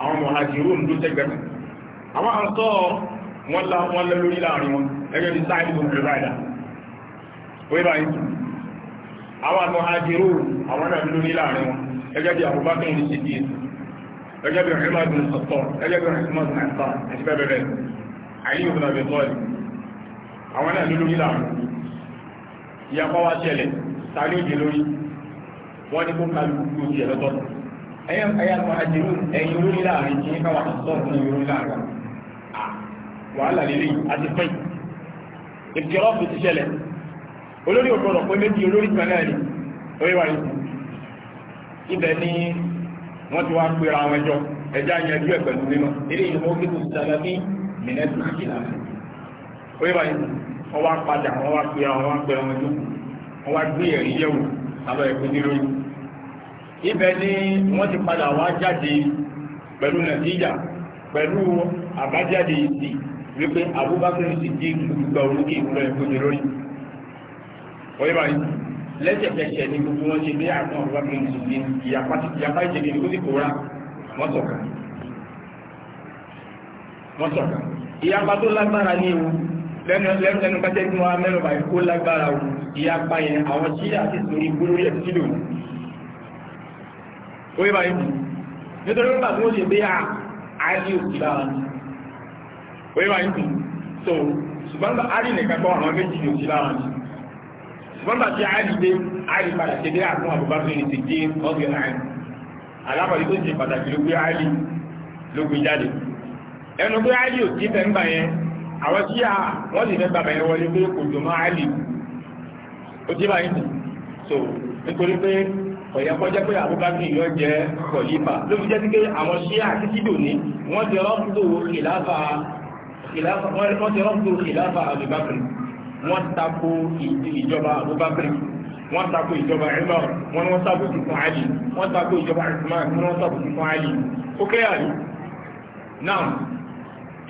àwọn mọ̀hajirun ló tẹ́gbẹ̀ẹ́ àwọn àtọ́ wọn la wọn lẹ lórí láàrin wọn ẹgbẹ́ bí sáà ìlú ìrìnàdà orí báyìí àwọn mọ̀hajirun àwọn náà lórí láàrin wọn ẹgbẹ́ bí àbúbákan ní ṣe díẹ̀ ẹgbẹ́ bí ọ̀hìnmá ìbùn sọ̀tọ̀ ẹgbẹ́ bí ọ̀hìnmá ìbùn àìsàn àti bẹ́ẹ̀ bẹ́ẹ̀ àyíyí òbí náà bẹ̀ tọ́ọ̀lì àwọn náà lórí láàrin ìyapa wá ṣẹlẹ̀ ta ní òjè lórí wọ́n ní kó kálukú ojú ẹ̀ lọ́tọ̀ọ̀tọ̀ ẹ̀yẹ́ ayàtọ̀ àjẹ́rù ẹ̀yìn orí láàrin kí ká wà sọ́ọ̀tún orí láàrin wàhálà lílé àti pẹ́ ìfìrọ́pù ti ṣẹlẹ̀ olórí òkúrọ̀ pé méjì olórí kan náà ni orí wà ní ibẹ̀ ni wọ́n ti wá pèrà àwọn gbé ẹ̀rí yẹ̀wò sábẹ́ ẹ̀kú nílóyún ibẹ̀ ni wọ́n ti padà wá jáde pẹ̀lú nàìjíríà pẹ̀lú àbájáde ìsì wípé Abubakar sì di gbogbo olókè ìpínlẹ̀ ìpínlẹ̀ lórí oye báyìí lẹ́sẹ̀kẹsẹ̀ ni gbogbo wọn ṣe bí àwọn Abubakar sì di ìyapa ìṣẹ̀lẹ̀ tó ti kóra wọ́n sọ̀kà wọ́n sọ̀kà ìyapa tó lágbára ní ewu lẹ́nu lẹ́nu kájẹ́ tí wọ́n á mẹ́rọ̀ báyìí kó lágbára ìyapa ó yẹ báyìí nítorí wọ́n bá tí wọ́n lè gbé àárí òkú lára ní ó yẹ báyìí tí so ṣùgbọ́n bá àárí nìkan kọ́ àwọn méjì òkú lára ní ṣùgbọ́n bá tí àárí dé àárí padà ṣe dé àtún àbúbá tó lè ti dé ọgbẹ̀ àárí alábàárí tó ṣe pàtàkì ló gbé àárí ló gbé jáde ẹnu yẹn àwọn tí wọ́n lè fẹ́ yẹn wọlé pé kò mọ́ ó so nítorí ọ̀yẹ́ kọjá pé àbúkákì yọ jẹ́ kọ̀lífà ló fi jẹ́ sí pé àwọn ṣíà títí dòní wọ́n ti rọ́pùtò ìlàfà àbúbákì wọ́n tako ìjọba àbúbákì wọ́n tako ìjọba ẹ̀mọ́ wọn wọ́n sábò ti fún àlì wọ́n tako ìjọba ìsìmáà wọn wọ́n sábò ti fún àlì ó kẹ́ àlì náà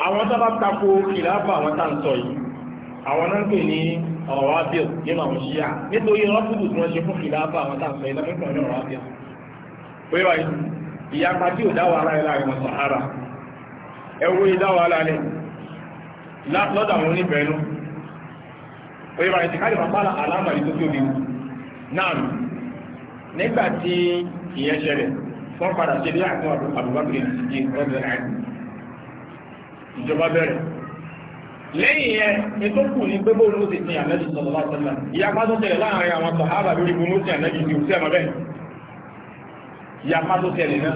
àwọn sábà tako ìlàfà àwọn tá ń sọ yìí àwọn náà ń pè ní ọ̀rọ̀ abíọ̀ nínú àwọn ṣíyà nítorí rọ́pùtù tí wọ́n ṣe fún ìlàbà àwọn táàmù ẹ̀dá ní ọ̀rọ̀ abíọ̀ pé wáyé ìyapa tí ò dáwà ara ẹ̀ láàrin wọn ẹwọ́ ìdáwà ara rẹ̀ lọ́dà wọn ní bẹ̀rù ti káàdì tó tóbi náà nígbà tí ìyẹn ṣẹlẹ̀ padà ṣe bí àkọ́ ìjọba bẹ̀rẹ̀ lẹ́yìn yẹn ni tó kù ní pé bóòlù ti sin àmẹ́jì sọ̀rọ̀ látọ́lá ìyapa tó tẹ̀lẹ̀ láàrin àwọn sọ̀hábà lórí gbogbo sí àmẹ́jì sí òsì àmọ́ bẹ́ẹ̀ ìyapa tó tẹ̀lẹ̀ náà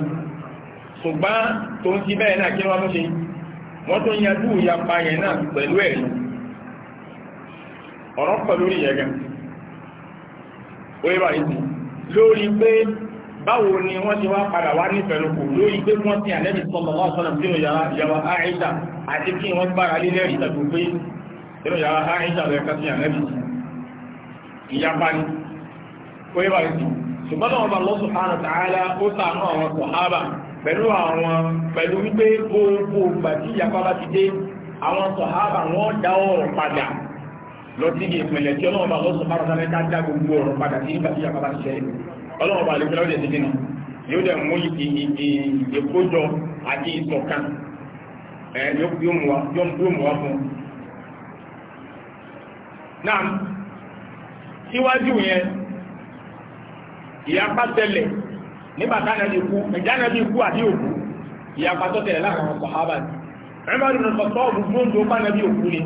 ṣùgbọ́n tó ń ti bẹ́ẹ̀ náà kí wọ́n tó ṣe wọ́n tó yanjú ìyapa yẹn náà pẹ̀lú ẹ̀rí ọ̀rọ̀ pẹ̀lú ìyẹ̀gẹ̀ lórí pé báwo ni wọ́n ti wá padà wá lórí pé wọ́n ti sínú yàrá yàrá àti kí wọ́n gbára pé sínú yàrá rẹ̀ ká sí ìyapa ni ó báyìí ṣùgbọ́n náà bá ó àwọn ti dé àwọn wọ́n dá ọ̀rọ̀ padà lọ sí ìpìlẹ̀ tí bá ká dá gbogbo ọ̀rọ̀ padà sí ìgbà tí ìyapa bá ọlọ́wọ́ bá lè fi lọ́dẹ̀ sí kínú yóò dẹ̀ mú ìkójọ àti ìṣọ̀kan yóò mú wá fún náà síwájú yẹn ìyapa tẹ́lẹ̀ nígbà tánàbí ikú ìjánàbí ikú àti òkú ìyapa tó tẹ̀lẹ̀ láàrin ọkọ̀ harvard ẹgbẹ́ ìrìnà sọ́ọ̀bù gbóǹdó pánàbí òkú ni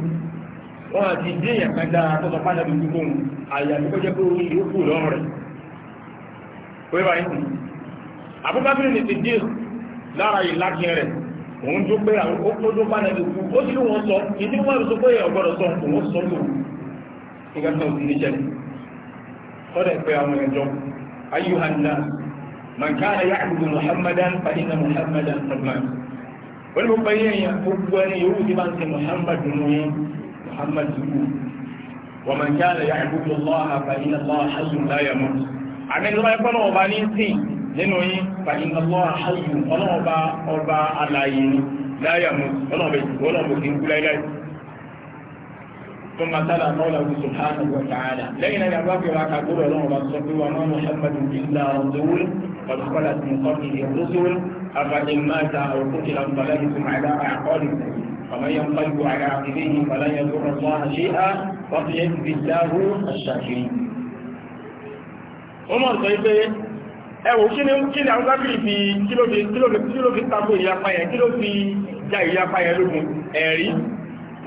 wọ́n àti ìdíyàn kan dára tó sọ pánàbí ikú tóun àyàfi kó jẹ́ pé orí ìyókù lọ́rùn pé báyìí nù abúgbàbìrì ní ti díè lára ìlákin rẹ̀ òun tó pé àwọn òkúdó bá nàbí kú ó sì wọ́n sọ ìdí wọ́n rí sọ pé ọgbọ́dọ̀ sọ òun sọ lò nígbà tó ti níjẹ́ sọ́dẹ̀ pé àwọn ẹ̀jọ́ ayúhanna mankana ya'budu muhammadan fa muhammadan salman wọ́n mú bá yẹn yẹn gbogbo ẹni yòówù tí bá ń ṣe muhammadu ní muhammadu wa mankana ya'budu allaha fa inna allaha hayyun la yamut àmẹ́tọ́lá ẹ̀kọ́ náà ọba ní sìn nínú yín fàyín ọlọ́ àṣàyù ọlọ́ọba ọba alààyè ni láyàmú ọlọ́ọba ìdìbò ọlọ́ọba òkè ń kú láíláì ثم تلا قوله سبحانه وتعالى لئن لم يكن كقول الله رسول وما مات او قتل انقلبتم على اعقابكم ومن ينقلب على عقبيه فلن يضر الله شيئا وسيجزي الله الشاكرين Umar sọ pé ẹwọ kí ni kí ni àwọn sábìrì fi kílò fi tako ìyapa yẹn kílò fi ja ìyapa yẹn lógun ẹ̀rí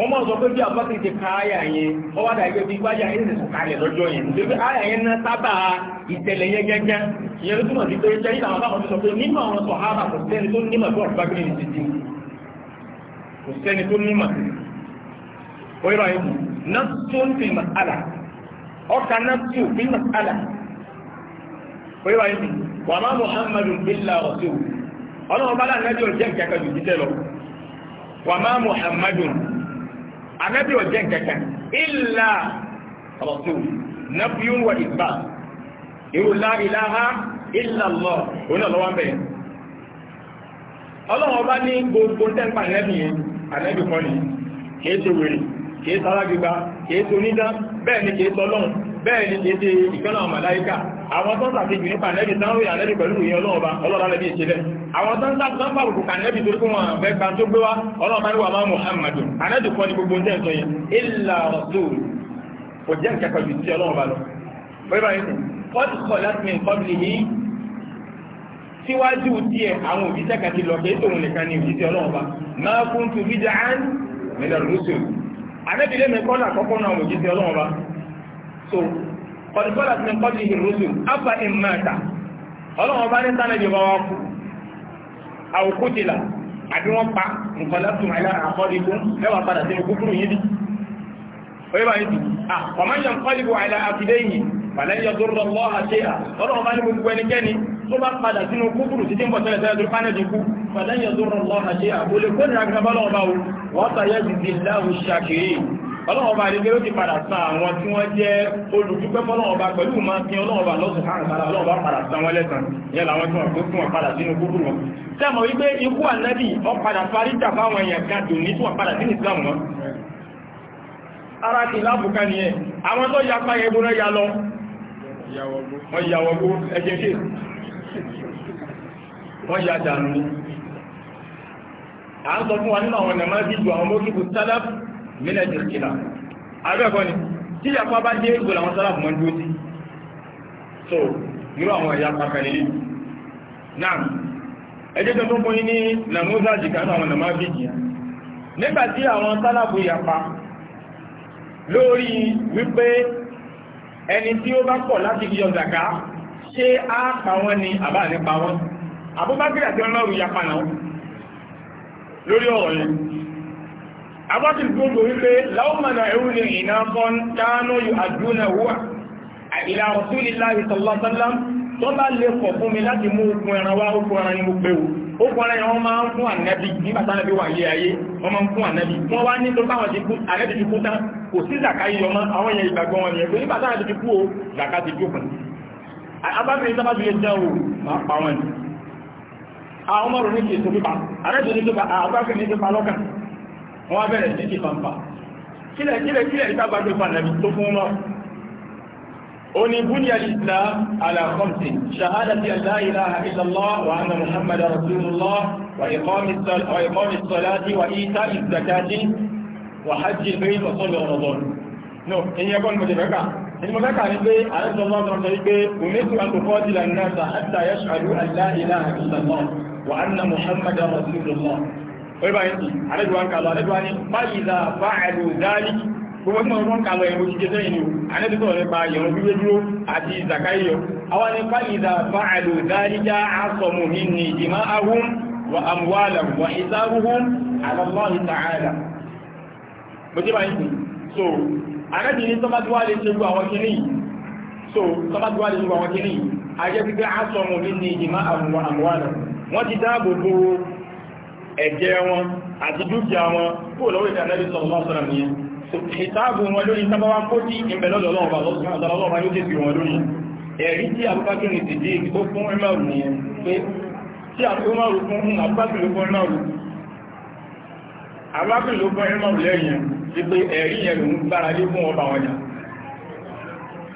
Umar sọ pé bí àbákì ti ka àyà yẹn ó wá dà gẹ́gẹ́ bí gbájà yẹn ti sọ̀kalẹ̀ lọ́jọ́ yẹn lórí àyà yẹn ná sábà ìtẹ̀lẹ̀ yẹn gẹ́gẹ́ ìyẹn ló túmọ̀ sí pé jẹ́ ìlànà bá wọn sọ pé nínú àwọn sọ̀hábà kò sẹ́ni tó nímọ̀ bí ọ̀rọ̀ bákì ní ti kò sẹ́ni tó nímọ̀ ó yọrọ yẹn nọ́ọ̀tún fi mọ̀ àlà ọ̀ka nọ́ọ̀tún fi mọ̀ àlà pé wáyé ni wà má muhammadu illa rasul ọlọ́run bá láàrin ẹjọ́ jẹ́ kẹ́kẹ́ jù títẹ́ lọ wà má muhammadu anabi wa jẹ́ kẹ́kẹ́ illa rasul nabiyun wa ìgbà irú la ilaha illa allah oní bẹ́ẹ̀ ọlọ́run bẹ́ẹ̀ ni kéde ìkẹ́nà màláíkà àwọn tó ń sàfihàn nípa nẹ́bí sanwó-ìyà nẹ́bí pẹ̀lú ìyẹn ọlọ́ọ̀ba ọlọ́ọ̀lá nẹ́bí ìṣẹ̀lẹ̀ àwọn tó ń sàfihàn pàrùkù kà nẹ́bí torí fún wọn bẹ́ẹ̀ kan tó gbé wá ọlọ́ọ̀bá ní wàmá Muhammadu anẹ́bí kan ní gbogbo ǹjẹ́ ìsọyìn ilà rasul kò jẹ́ nǹkan pẹ̀lú ti ọlọ́ọ̀ba lọ. bẹ́ẹ̀ báyìí kọ́ọ̀tù kọ́ láti mi kọ́ mi yìí síwájú díẹ̀ àwọn òjíṣẹ́ kan ti lọ kí ètò òun nìkan ni òjíṣẹ́ ọlọ́ọ̀ba máa kún tu bíjà án mílíọ̀nù rúṣù. àdébìlẹ́mi kọ́lá àkọ́kọ́ náà òjíṣẹ́ ọlọ́ọ̀ba so kọ̀dùkọ́lá ti ní kọ́dù ìrúsù afa ìmáta ọlọ́wọ́n bá ní sánàbí bá wá kú àwòkútìlà àbí wọ́n pa nǹkan látùn àìlà àkọ́dìkún ẹwà padà sí ìkúkúrú yìí oye bá yìí à ọmọ yẹn kọ́dìkú àìlà àkìdé yìí pàlẹ́ yẹ tó rọ̀ lọ́ha ṣe à ọlọ́wọ́n bá ní gbogbo ẹnikẹ́ni tó bá padà sínú kúkúrú títí ń bọ̀ tẹ́lẹ̀ tẹ́lẹ̀ tó pánà dínkù pàlẹ́ yẹ tó rọ̀ lọ́ha ṣe à olè kó ní agbábọ́lọ́wọ́ bá wọ́n tàyẹ́ jù ọlọ́run ọba àdégbé ó ti padà san àwọn tí wọ́n jẹ́ olùdúpẹ́ fọlọ́run ọba pẹ̀lú máa fi ọlọ́run ọba lọ́sùn hàn sára ọlọ́run ọba padà san wọ́n lẹ́sàn yẹn làwọn tí wọ́n kó fún wọn padà sínú kúrú wọn. sẹ́mọ̀ wípé ikú ànábì ó padà parí jà fáwọn èèyàn kan dùn ní tí wọ́n padà sínú Islam wọn. ara ti lábùkà nìyẹn àwọn tó ya pa ẹgbẹ́ náà ya lọ. wọ́n ya wọgbó ẹ̀jẹ̀ kí wọ́n ya dànù. à ń sọ fún wa nínú àwọn ẹ̀nàmọ́ mílẹ̀ ti ìlà abẹ́ẹ̀kọ́ ni tí ìyàpá bá dé ìgbò làwọn sálàfù mọ́ dúró sí so irú àwọn ẹ̀yà pàkàlì yìí náà ẹjẹ́ tó tó fún yín ní lamuza jìkan àwọn nàmá bíjì nígbà tí àwọn sálàfù ìyàpá lórí wípé ẹni tí ó bá pọ̀ láti yọ zàká ṣé á abájú gbogbo wípé láwọ́mọ̀nà ẹ̀rùn ìná kan dáánú yóò àdúnà wà ìlà ọ̀tún ìlà ìsọ̀lọ́sọ́lá tó bá lè pọ̀ fún mi láti mú okun ẹran wá okun ẹran ni mo pé o okun ẹran wọn máa ń fún ànẹ́bí nígbàtà ànẹ́bí wà yé ayé wọn máa ń fún ànẹ́bí wọn wá ní tó báwọn ti kú ànẹ́bí ti kú tán kò sí zàká yíyọ mọ́ àwọn èèyàn ìgbàgbọ́ wọn yẹn pé nígbàtà ànẹ́bí lọ́kàn wọ́n bẹ̀rẹ̀ sí ti pàmpà kílẹ̀ kílẹ̀ kílẹ̀ ìtàgbàjọ pàdàbí tó fún mọ́ ó ní bunyal islam ala khamsi shahadati an la ilaha illallah wa anna muhammadar rasulullah wa iqamis salati wa ita'iz zakati wa hajji bayt wa sawmi ramadan no ìyẹn kọ́ ni pé àrẹ́sọ̀ lọ́dọ̀ sọ wípé umitu an tuqatila an-nasa hatta yashhadu an la ilaha illallah wa anna muhammadar rasulullah wai ba yanzu alaihi wa kaza alaihi wa ni fa'iza fa'alu dhalik gbogbo ẹgbẹ́ ọdún kalọ̀ ẹ̀rọ jíjẹ sẹ́yìn ni àlẹ́bí sọ̀rọ̀ nípa yọ̀rọ̀ wíwé dúró àti ìzàkáyọ̀ àwọn ni fa'iza fa'alu dhalika asọ̀mù ní ní ìjìmá ahun wa amwalam wa isaruhum ala Allah ta'ala mo jẹ́ báyìí sí so àrẹ́bí ní tọ́bátúwá lè ṣe gbọ́ àwọn kìíní so tọ́bátúwá lè ṣe gbọ́ àwọn kìíní àjẹ́ pípẹ́ asọ̀mù ní ní ìjìmá ahun wa amwalam wọ́n ti dáàbò bo ẹ̀jẹ̀ wọn àti dúkìá wọn kó lọ́wọ́ ìta nẹ́bí sọ ọmọ sọ́rọ̀ nìyẹn ìtaàbù wọn lórí tábáwá kó tí ìbẹ̀lọ́lọ́lọ́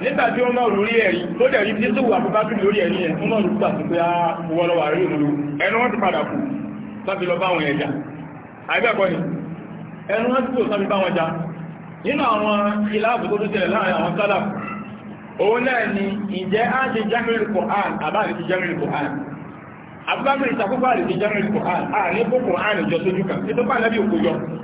nígbàtí ó mọ̀rù rí ẹ̀rí tó dẹ̀rí tí tó wà búkákì lórí ẹ̀rí ẹ̀ fún mọ̀rù gbà pé ah, á wọ́lọ́wà rí òun ẹnu wọ́n ti padà kù láti lọ bá àwọn ẹ̀jà àìbẹ́ẹ̀kọ́ ni ẹnu wọn tí ó sábí bá wọn já nínú àwọn ìlàbù tó tẹ́lẹ̀ láàrin àwọn sálà òun náà ni ìjẹ́ á ṣe jẹ́mìrì Kùránì àbáàrí ti jẹ́mìrì Kùránì àbúgbàmìrì ìtàkùnfà àrí ti jẹ́mìrì Kùránì àrí fún Kùránì jọ sójú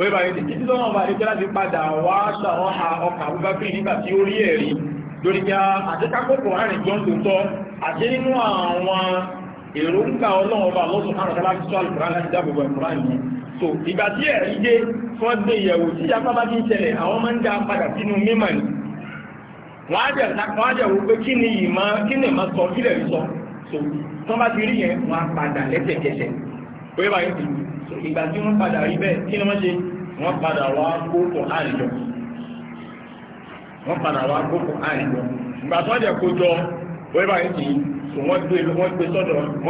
orí bàbá ìdíjì tí lọ́nà bàbá ìdíjì láti padà wá ṣàwọn ọkà abúgbàkiri nígbà tí ó rí ẹ̀rí lórí bí àtẹ́kákòkò àrìn jọ ń tòótọ́ àti nínú àwọn èròǹgbà ọlọ́run ọba lọ́sùn fún àwọn aláṣọ alùpùpù láti dáàbòbò ẹ̀kúrá yìí so ìgbà tí ẹ̀rí dé fún ọdún ìyẹ̀wò tí apá bá ti ń ṣẹlẹ̀ àwọn máa ń dá padà sínú mímọ̀ ni wọ́n á jẹ́ wò pé kí ni ìmọ̀ kí ni ìmọ̀ sọ kí lè rí sọ so tí wọ́n bá ti rí yẹn wọ́n á padà lẹ́sẹ̀kẹsẹ̀ pé báyìí ìgbà tí wọ́n padà rí bẹ́ẹ̀ kí ni wọ́n ṣe wọ́n padà wá kókò àìjọ wọ́n padà wá kókò àìjọ ìgbà tó jẹ́ kójọ wẹ́bà ìsì wọ́n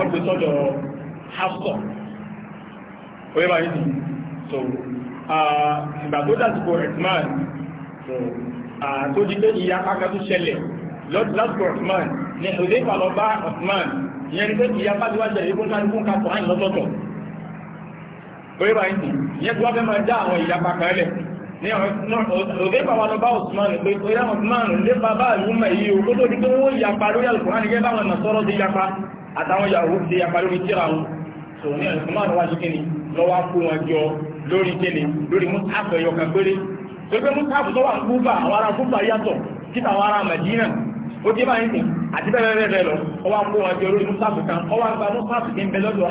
gbé sọ́dọ̀ hafsọ̀ wẹ́bà ìsì so ìgbà tó dásìkò ẹ̀tìmáà tó di pé ìyá pàkà tó ṣẹlẹ̀ lásìkò ẹ̀tìmáà ní òdé ìpàlọ́bá ọ̀tìmáà yẹn ni pé ìyá pàdíwájẹ̀ ìgbóntánigún kapọ̀ àìlọ́tọ̀tọ̀ bóyá ìsìn yẹn tí wọ́n fẹ́ máa dá àwọn ìyapa kan lẹ̀ ní òkè bàbá lọ bá Usman pé ó yá Usman lé bàbá ìlú mẹ́ yìí o kó tó di pé wọ́n yapa lórí Al-Qur'an ní gẹ́gẹ́ àwọn nàṣọ́rọ́ ti yapa àtàwọn yahoo ti yapa lórí tíra wọn so ní Usman wá sí kíni lọ́wọ́ kó wọn jọ lórí kíni lórí mùsàfù ẹ̀yọ kan péré tó pé mùsàfù tó wà ń kúfà àwọn ará kúfà yàtọ̀ kíta àwọn ará Madina ó dé báyìí sìn àti bẹ́ẹ̀ bẹ́ẹ̀ lọ ọwọ́ kó wọn jọ lórí mùsàfù kan ọwọ́ àgbà mùsàfù ti ń bẹ lọ́dọ̀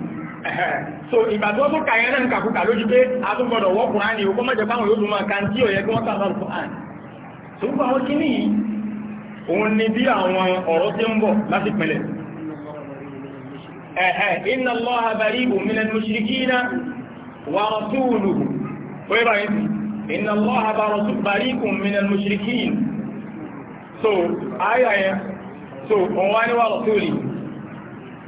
so ìgbàgbọ́ tó kàyẹ náà ń kàkúkà lójú pé a tún gbọdọ̀ wọ́ kùránì ó kọ́ mọ́jẹ̀ báwọn yóò tún máa kan tí ò yẹ kí wọ́n kà lọ́rùn kùránì tó ń bá wọn kí nìyí òun ni bí àwọn ọ̀rọ̀ tí ń bọ̀ láti pinlẹ̀ ẹ̀ẹ́ inna Allaha bari'un minal mushrikina wa rasuluhu ó yẹ báyìí so ayà yẹn so òun wá ní wa rasuluhu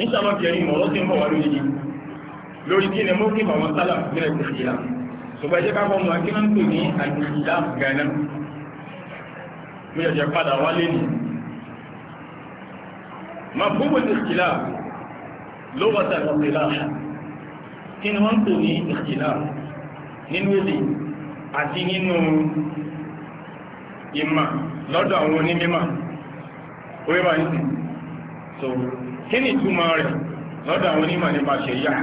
inshallah ti ẹ̀yìn ọ̀rọ̀ tí ń bọ̀ wá lórí yìí lórí kí ni mo kí bàwọn sálà nílẹ̀ tó fi yà ṣùgbọ́n ẹjẹ́ ká fọ́mù akínà ń pè ní àdìsílá gánà mi ẹ̀jẹ̀ padà wá lé ní ma gbogbo ìsìlá ló wà tàbí ìsìlá kí ni wọ́n ń pè ní ìsìlá nínú èdè àti nínú ìmà lọ́dọ̀ àwọn onímímà orí wà ní so kí ni ìtumọ̀ rẹ̀ lọ́dọ̀ àwọn onímọ̀ nípa ṣẹ̀yà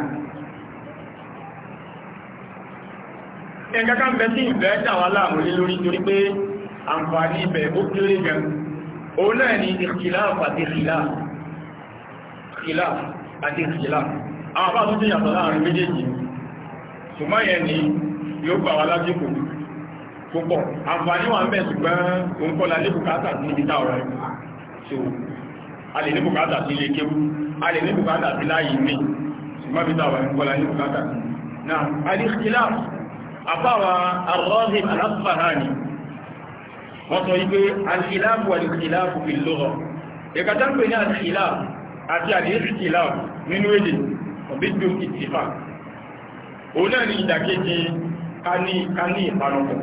ẹ̀kẹ́kẹ́ ń bẹ sí ìfẹ́ dàwà láàmúlé lórí torí pé àǹfààní ibẹ̀ ó kéré gan òun náà ni ìkìláàf àti ìkìláàf àti ìkìláàf àwọn àbá tó jẹ́ yàtọ̀ láàrin méjèèjì ṣùgbọ́n yẹn ni yóò gbà wá lásìkò púpọ̀ àǹfààní wà ń bẹ ṣùgbọ́n òun kọ́ lálébùkátà níbi táwọn rẹ̀ a lè ní bùkátà sí ilé kéwú a lè ní bùkátà sí láyé mi ṣùgbọ́n bí táwọn ìkọlá ní bùkátà sí náà alìkìlá àbáwa arọ́hìn aláfàhánì wọ́n sọ wípé alìkìláàbù alìkìláàbù fi lọ́rọ̀ ìkàtà ń pè ní alìkìláàbù àti alìkìláàbù nínú èdè ọ̀bíjú ìtìfà òun ni ìdàkejì ká ní ìpanupọ̀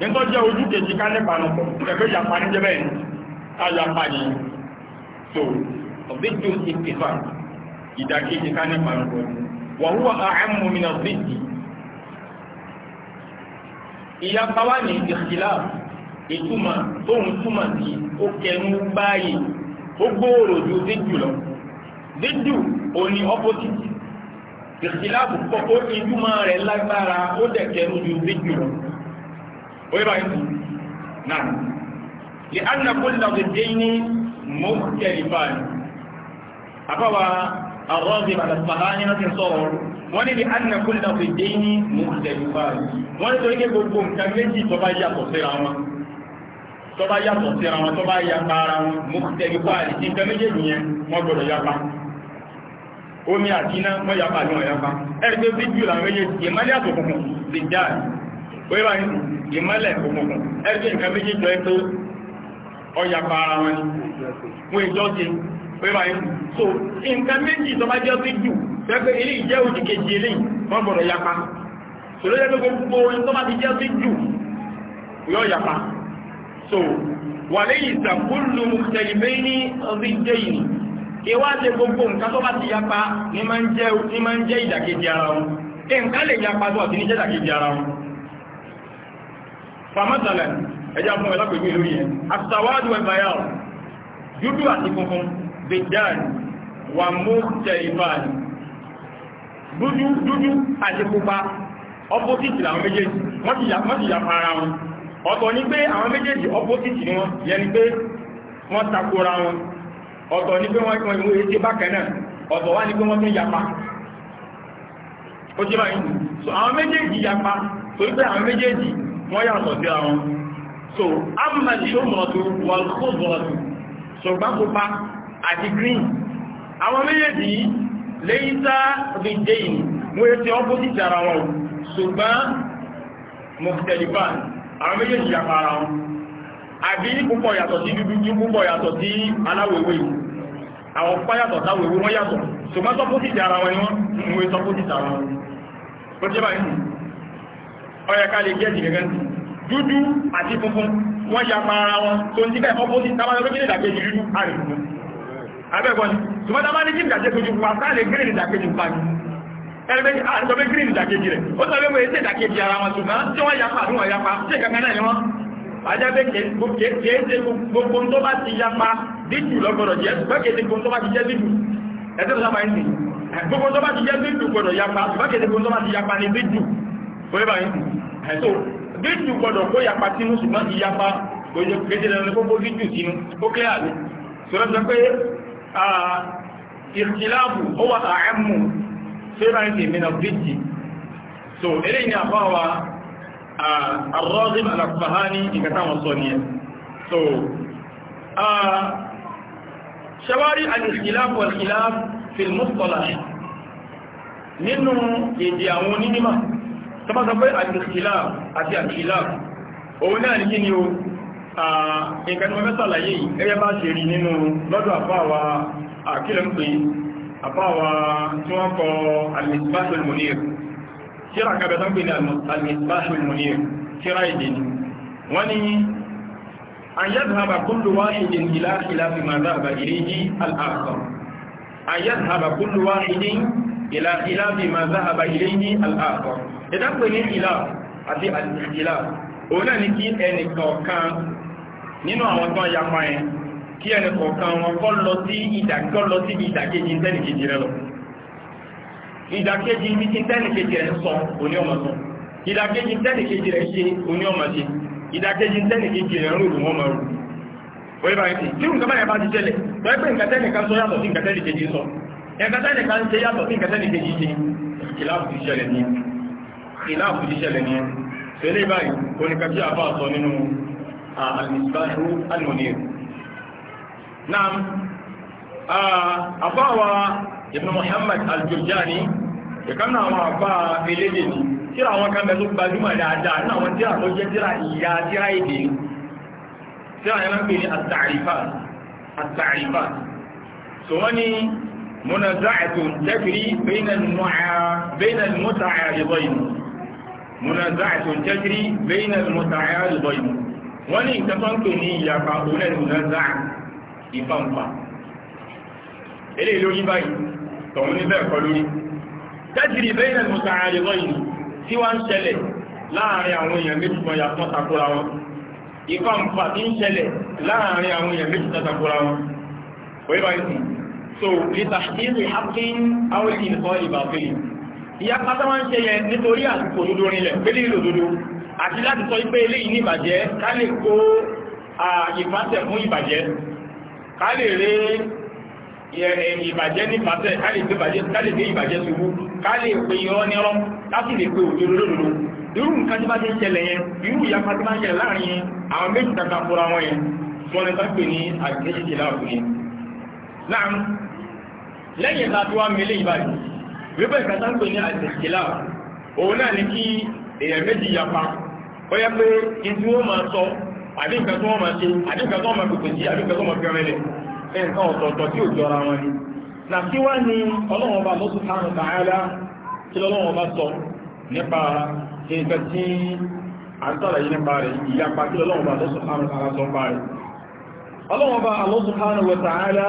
nítọ́jẹ́ ojú kejì ká ní ìpanupọ̀ ìtẹ̀kẹ́ ìyàpá ní jẹ́ bẹ́ẹ̀ ayapa ni so ọ̀bẹ́jọ́ ìpèfà ìdákejì ká nípa ń gbọ́n wàhúwà àámú mi náà bíjì ìyapa wà ní ìṣìlá ìtumọ̀ tóun túmọ̀ sí ó kẹnu báyìí ó gbòòrò ju dídù lọ dídù ò ní opposite ìṣìláàbù kọ́kọ́ ìjúmọ́ rẹ̀ lágbára ó dẹ̀ kẹnu ju dídù lọ. ó yẹ báyìí náà. لأن كل ضدين مختلفان أبوا الراغب على الصهاينة نفس الصور ولأن كل ضدين مختلفان ولذلك يقولون كمجي تبايا تصيرهما تبايا تصيرهما تبايا قارهما مختلفان إن كمجي نيان مجرد يقع omi àti iná wọ́n yapa àti wọ́n yapa ẹgbẹ́ fíjú làwọn méjèèjì ìmọ́lẹ̀ àtòkùnkùn lè dáa ó yẹ́ bá ní ìmọ́lẹ̀ òkùnkùn ẹgbẹ́ nǹkan méjèèjì ọ̀ẹ́tọ́ ọyàpá ara wọn ni wọ́n ìjọ́ ti pẹ́bà yìí so nǹkan méjì tó bá jẹ́ sí jù pẹ́pẹ́ ilé ìjẹ́ òjì kejì ilé wọ́n gbọ́dọ̀ yapa so ló jẹ́ pé gbogbo orin tó bá ti jẹ́ sí jù yọ yapa so wà lẹ́yìn ìsàkúlù tẹ̀lìmẹ́ ní ọdún jẹ́ yìí ìwádìí gbogbo nǹkan tó bá ti yapa ní máa ń jẹ́ ìdàkejì ẹjá fún ẹlápẹ̀lú lórí ẹ̀ asàwádù ẹ̀bàyà dúdú àti funfun bèjáàrì wà mú tẹ̀lifáàrì dúdú dúdú àti pupa ọpọ́sìtì làwọn méjèèjì wọ́n ti yàpa ara wọn ọ̀tọ̀ ní pé àwọn méjèèjì ọpọ́sìtì wọn yẹni pé wọ́n takora wọn ọ̀tọ̀ ní pé wọ́n ìwé etí bákanáà ọ̀tọ̀ ní pé wọ́n tún yàpa ó wọ́n yàtọ̀ sí ara so amma ṣòmọ̀tò wọn kó bọ̀ọ̀tò ṣùgbọ́n pupa àti green àwọn méjèèjì lẹ́yìntà rìdẹ́yìn wọ́n yẹ́ tí wọ́n bó ti tara wọn ṣùgbọ́n mọ̀tẹ̀lìbà àwọn méjèèjì yàpá ara wọn àbí púpọ̀ yàtọ̀ sí dúdú tí púpọ̀ yàtọ̀ sí aláwẹ̀wẹ̀ àwọn pupa yàtọ̀ sáwẹ̀wẹ̀ wọ́n yàtọ̀ ṣùgbọ́n tọ́pọ̀ ti tara wọn ni wọ́n mú dúdú àti funfun wọ́n ya pa ara wọn tó ń tíbẹ̀ opposite tábàlẹ̀ lókè ìdàkejì dúdú àrẹ̀ funfun abẹ́gbọ́n ni ṣùgbọ́n tábà ní kí ìdàkejì funfun wà sáàlẹ̀ green ìdàkejì ń pàdé ẹgbẹ́ àtọ́bẹ́ green ìdàkejì rẹ̀ ó sọ wípé ṣe ìdàkejì ara wọn ṣùgbọ́n tí wọ́n yapa àdúwọ̀n yapa ṣe kankan náà ni wọ́n ajábẹ́ kéèkéé gbogbo tó bá ti yapa dídù lọ́gbọ̀dọ̀ jẹ́ gbọ́kèdè gbogbo tó bá ti jẹ́ dídù ẹ̀sẹ̀ tó sábà ń sìn gbogbo tó bá ti jẹ́ dídù gbọ́dọ̀ yapa gbọ́kèdè gbogbo tó bá ti yapa ni dídù bíjù gbọdọ̀ kó yapa sínú ṣùgbọ́n ìyapa gbèdé lẹ́nu kó kó bíjù sínú ó kẹ́ àlè sọ́rọ́ sọ pé ìrìnláàbù ó wà àámù fẹ́ráìtì mìíràn bíjì so eléyìí ni àbáwa àrọ́zìm alàfàhání ìkàtàwọn sọ ni so àwọn onímọ̀ tọ́bá sọ pé àtìkìlá àti àtìkìlá òun náà ní kí ni o nǹkan tí wọ́n fẹ́ sàlàyé ẹgbẹ́ bá ṣe rí nínú lọ́dọ̀ àfáwà àkílẹ̀ ń pè àfáwà tí wọ́n kọ al-Misbahul Munir tíra kan bẹ̀tọ́ ní al ìdápẹ́ ní ìlà àti ìlà òun náà ni kí ẹnì kọ̀ọ̀kan nínú àwọn tán yapa yẹn kí ẹnì kọ̀ọ̀kan wọn kọ́ lọ sí ìdàkọ́ lọ sí ìdàkejì tẹ́nìkejì rẹ lọ ìdàkejì ibi tí tẹ́nìkejì rẹ sọ òní ọmọ sọ ìdàkejì tẹ́nìkejì rẹ ṣe òní ọmọ ṣe ìdàkejì tẹ́nìkejì rẹ rúrù wọn mọ̀ rú oríbàáyìí tí ní ilá àfújíṣẹ́lẹ̀ ni fẹ́lẹ̀ báyìí oníkàbí àbá sọ nínú alìsìbáṣú alìmọ̀nìyàn náà àbáwa ibn Muhammad al-Jurjani ìkánná àwọn àbá elédè ni tíra àwọn kan mẹ́lú gbajúmọ̀ dáadáa ní àwọn tíra tó jẹ́ tíra ìyá tíra èdè tíra yẹn ń pè ní at-ta'rifat at-ta'rifat so munaza'atun tajri bayna al-muta'aridayn wọ́n ní nǹkan tó ń pè ní ìyapa òun ẹ̀rù munaza'a ìfàǹfà eléyìí lórí báyìí tọ̀hún ní bẹ́ẹ̀ kọ lórí tajri bayna al-muta'aridayn tí wọ́n ń ṣẹlẹ̀ láàrin àwọn èèyàn méjì kan yàtọ̀ takora wọn ìfàǹfà tí ń ṣẹlẹ̀ láàrin àwọn èèyàn méjì kan takora wọn wọ́n yẹ báyìí so lítàkì ìrìn àpín àwọn ìkọ́ ìbàfẹ́ yìí ìyá pátá wọ́n ń ṣe yẹn nítorí àsìkò òdodo rinlẹ̀ pélé ìlò òdodo àti láti sọ pé eléyìí ní ìbàjẹ́ ká lè kó ìfàṣẹ̀ fún ìbàjẹ́ ká lè ré ìbàjẹ́ ní ìfàṣẹ̀ ká lè gbé ìbàjẹ́ ṣubú ká lè pe irọ́ nírọ́ láti lè pe òdodo lódodo irú nǹkan tí bá ti ń ṣẹlẹ̀ yẹn irú wípé ìkàtàkùn ní àtẹ̀kìlá òun náà ní kí èèyàn méjì yapa pé ìdí wọn máa sọ àbí nǹkan tó wọn máa ṣe àbí nǹkan tó wọn máa pèpè sí àbí nǹkan tó wọn máa nǹkan ọ̀tọ̀ọ̀tọ̀ tí ò jọra wọn ni. nà kí wá ní ọlọ́wọ́n bá lọ́sùn táwọn tààlà kí lọ́wọ́n bá sọ nípa nǹkan tí à ń nípa rẹ̀ ìyapa kí lọ́wọ́n bá lọ́sùn táwọn tààlà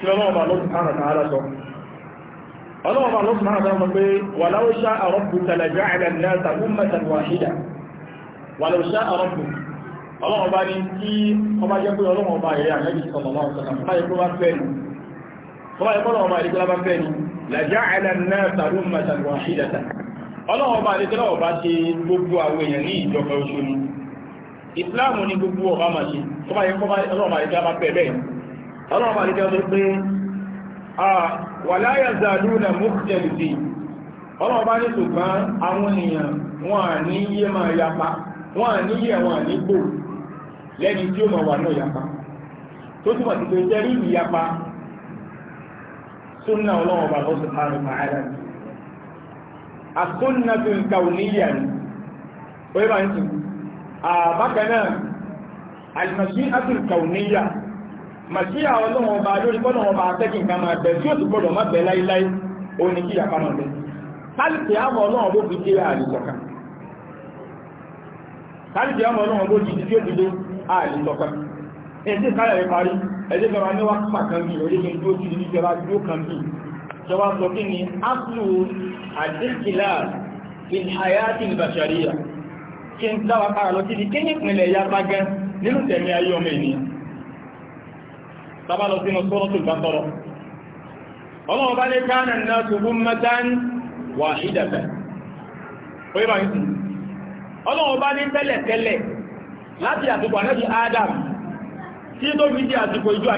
tí ọlọ́ọ̀bà ló sùhánà tààrà sọ ọlọ́ọ̀bà ló sùhánà tààrà pé walau sha'a rabbuka laja'ala an-nasa ummatan wahida walau sha'a rabbuka ọlọ́ọ̀bà ní kí ọba jẹ́ pé ọlọ́ọ̀bà ìrẹ́ àjẹ́jì sọmọ̀mọ́ bá fẹ́ ni ọba máa ṣe ọlọ́ọ̀bà ní kẹ́ọ̀tọ́ pé wà láyà zàdú na mọ́kùtẹ̀lùfì ọlọ́ọ̀bá ní ṣùgbọ́n àwọn èèyàn wọ́n à ní yé máa yapa wọ́n à ní yé wọ́n à ní gbò lẹ́ni tí ó máa wà náà yapa tó túnmọ̀ sí pé jẹ́rí ìyapa súnà ọlọ́ọ̀bà lọ́sùn àrùn màtíyà ọlọ́run ọba lórí bọ́lọ̀ ọba atẹ́kì nǹkan máa bẹ̀ tí ó ti gbọ́dọ̀ má bẹ̀ láíláí òun ni kí ìyàpá náà bẹ̀ kálìtì àmọ́ ọlọ́run bó fi dé àlìsọ̀kan kálìtì àmọ́ ọlọ́run bó ti tí ó fi dé àlìsọ̀kan ẹ̀sì kálẹ̀ rẹ̀ parí ẹ̀sì kọ̀ọ̀rọ̀ ní wá pàkan bí orí mi tó ti ní ìjọba tó kan bí ìjọba sọ kí ni áflù àdékìlá ìhàyàtì ìbàṣàríyà bàbá lọ sínú sọ́rọ̀ tó bá sọ́rọ̀ ọlọ́wọ́ bá ní káàna náà tó bú mẹ́tàn wà ìdàbẹ̀ ọlọ́wọ́ bá ní tẹ́lẹ̀tẹ́lẹ̀ láti àsìkò ànábì Adam tí tó fi di àsìkò ní ti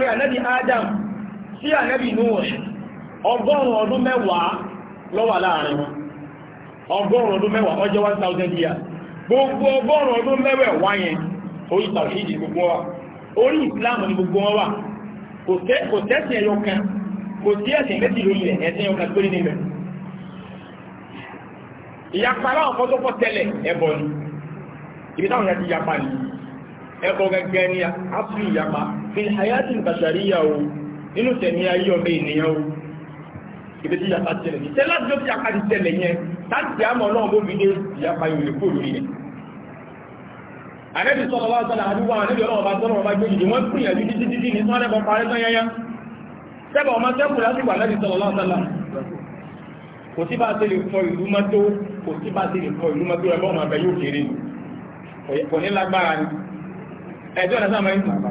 sàlàyé fún wa sí ànẹ́bì inú rẹ̀ ọgọ́rùn ọdún mẹ́wàá lọ́wà láàrin wọn ọgọ́rùn ọdún mẹ́wàá ọjọ́ 1000 years gbogbo ọgọ́rùn ọdún mẹ́wàá wáyẹn orí tàwíìdì gbogbo wa orí ìsìláàmù ni gbogbo wọn wà kò tẹ́sìn ẹyọ kan kò sí ẹ̀sìn méjì lórí rẹ̀ ẹ̀sìn ẹyọ kan péré níbẹ̀ ìyapa aláwọ̀ fọ́tọ́pọ̀ tẹ́lẹ̀ ẹbọ ni ibi táwọn yà ti yapa ni ẹbọ gẹ́gẹ́ ni a tún ìyapa fi hayati bàṣàríyà o nínú tẹ̀mí ayé ọmọ ènìyàn o ibi tí yàtá tẹ̀lẹ̀ ní tẹ́lá tí ó ti yàtá ti tẹ̀lẹ̀ yẹn láti àmọ́ náà bó fi dé ìyàpá yòó lè kó lórí yẹn àrẹ́bí sọ́nà wá sọ́nà àdúgbò àrẹ́bí ọlọ́wọ́ bá sọ́nà ọba gbé ìdí wọ́n pín ìyàjú títí títí ní sọ́nà ẹ̀kọ́ parí tán yányá sẹ́bọ̀ ọmọ sẹ́kù láti wà lẹ́bí sọ́nà wá sọ́nà kò sí bá ti lè fọ ìlú mọ́tò kò sí bá ti lè fọ ìlú mọ́tò ẹ̀bọ́ ọmọ abẹ yóò kéré kò ní lágbára ni ẹjọ́ ìdásá máa ń sàbà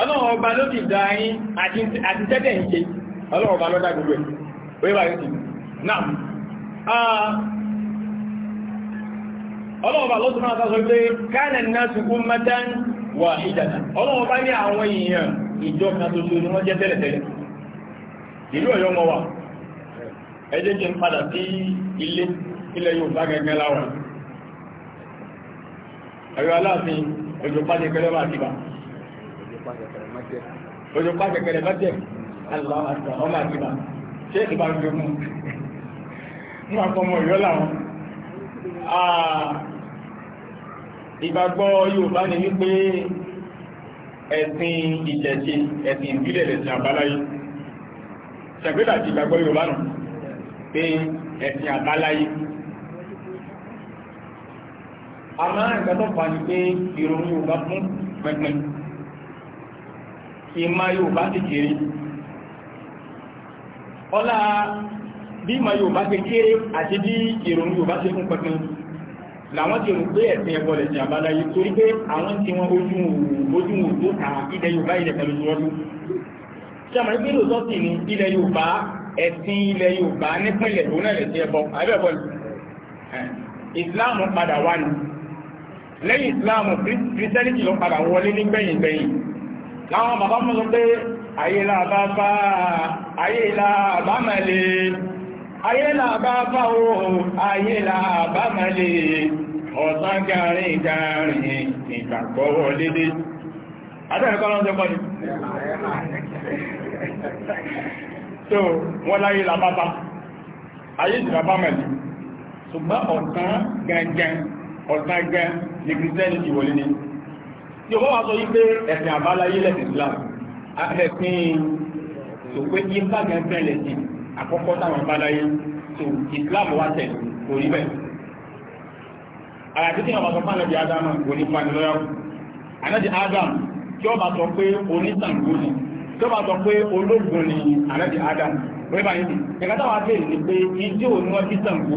ọlọ́run ọba ló ti dá yín àti tẹ́tẹ̀ ń ṣe ọlọ́run ọba ló dá gbogbo ẹ̀ wọ́n yíwá yóò ti náà ah, ọlọ́run ọba ló tún náà sọ pé káàlẹ̀ náà ti kún mẹ́tán wà ìjàdá ọlọ́run ọba ní àwọn èèyàn ìjọ kan tó ṣe ni wọ́n jẹ́ tẹ́lẹ̀tẹ́lẹ̀ ìlú ọ̀yọ́ ojú pa kẹ̀kẹ́rẹ́ má jẹ́ aláwọ̀ àti ọmọ àgbà ṣé ìbá ń dogun mú àpọmọ ìyọ́ làwọn ìgbàgbọ́ Yorùbá ni wípé ẹ̀sìn ìjẹ̀ṣe ẹ̀sìn ìbílẹ̀ lẹ̀sìn àbáláyé ṣẹ̀gbẹ́lá ti ìgbàgbọ́ Yorùbá nù pé ẹ̀sìn àbáláyé àmọ́ ìgbàtọ̀fà ni pé ìròyìn Yorùbá fún pẹ̀pẹ̀ ìmọ̀ Yorùbá ti kéré ọlá bí ìmọ̀ Yorùbá ti kéré àti bí ìrònú Yorùbá ti kún pẹ̀kún làwọn ti rò pé ẹ̀sìn ẹ̀kọ́ lẹ̀ sí àbáláyé torí pé àwọn tí wọ́n ojú ojú tó ta ilẹ̀ Yorùbá ilẹ̀ pẹ̀lú ìwọ́dún sọmọ ní pẹ̀lú sọ́ọ̀tì ní ilẹ̀ Yorùbá ẹ̀sìn ilẹ̀ Yorùbá nípìnlẹ̀ tó náà lẹ̀ sí ẹ̀bọ àbẹ̀bọ̀ Islam padà wá ní lẹ́yìn Islam Christianity ló padà wọlé nígbẹ̀yìn gbẹ̀yìn láwọn bàbá mọ́ sọ pé ayélá bàbá ayélá bàmẹ́lẹ̀ o ayélá bàmẹ́lẹ̀ ọ̀sán gàrin gàrin ìgbàgbọ́wọ́ lédé adẹ́rẹ́kọ́ lọ́nà jẹ́kọ́ ni so wọ́n láyé làbábá ayé ìjìnà bàmẹ́lẹ̀ ṣùgbọ́n ọ̀sán gàngàn ọ̀sán gàn ní kìrìsìtẹ́nì ìwọlé ni yóò wá sọ yí pé ẹ̀sìn Islam ẹ̀sìn tó pé bá àkọ́kọ́ táwọn tó Islam wá tẹ̀ kò bẹ́ẹ̀. àyàtí tí wọn sọ fún ànábì Adam kò ní fani Adam tí wọn bá sọ pé onísàngó ni tí wọn bá sọ pé ológun ni Adam wọ́n bá ẹ̀ka táwọn ni pé ijó ni wọ́n ti sàngó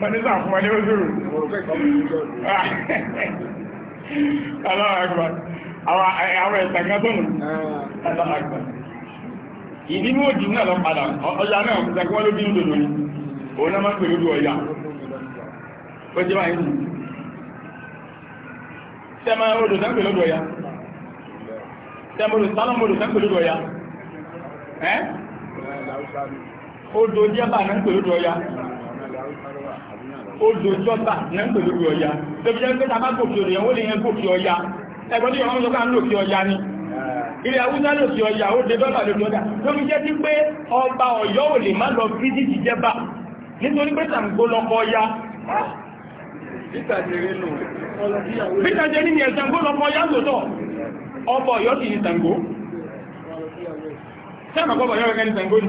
mọ́nísà fún wọn ní òṣèrò aláàgbà àwọn ẹ̀sàgbà tọ́nù aláàgbà ìdí mú òjì náà lọ padà ọjà náà ìsàgbà wọn ló bí ń dòdò ní òun náà má pè lórí ọjà ó jẹ́ báyìí tẹ́mà odò tẹ́mà lórí ọjà tẹ́mà odò tẹ́mà lórí ọjà ẹ́ odò jẹ́ bà náà pè lórí ọjà odò jọba náà ń pèlú ọya tóbi jẹ́ pé tàbá gòkè òdò yẹn ó lè yẹn gòkè ọya ẹgbọ́n tí yọ wọ́n sọ́kà ń lòkè ọya ni ah. ilẹ̀ awúsá lòkè ọya ó dé dọ́là lòkè ọya tóbi jẹ́ sí pé ọba ọ̀yọ́ ò lè má lọ fíjìjì jẹba nítorí pé Ṣàngó lọ́kọ ọya bítàjẹ́rí ni ẹ̀sàngó lọ́kọ ọya lòtọ̀ ọba ọ̀yọ́ sì ni Ṣàngó sẹ́mọ̀kọ́ ọ̀yọ́ rẹ̀ ní Ṣàngó ni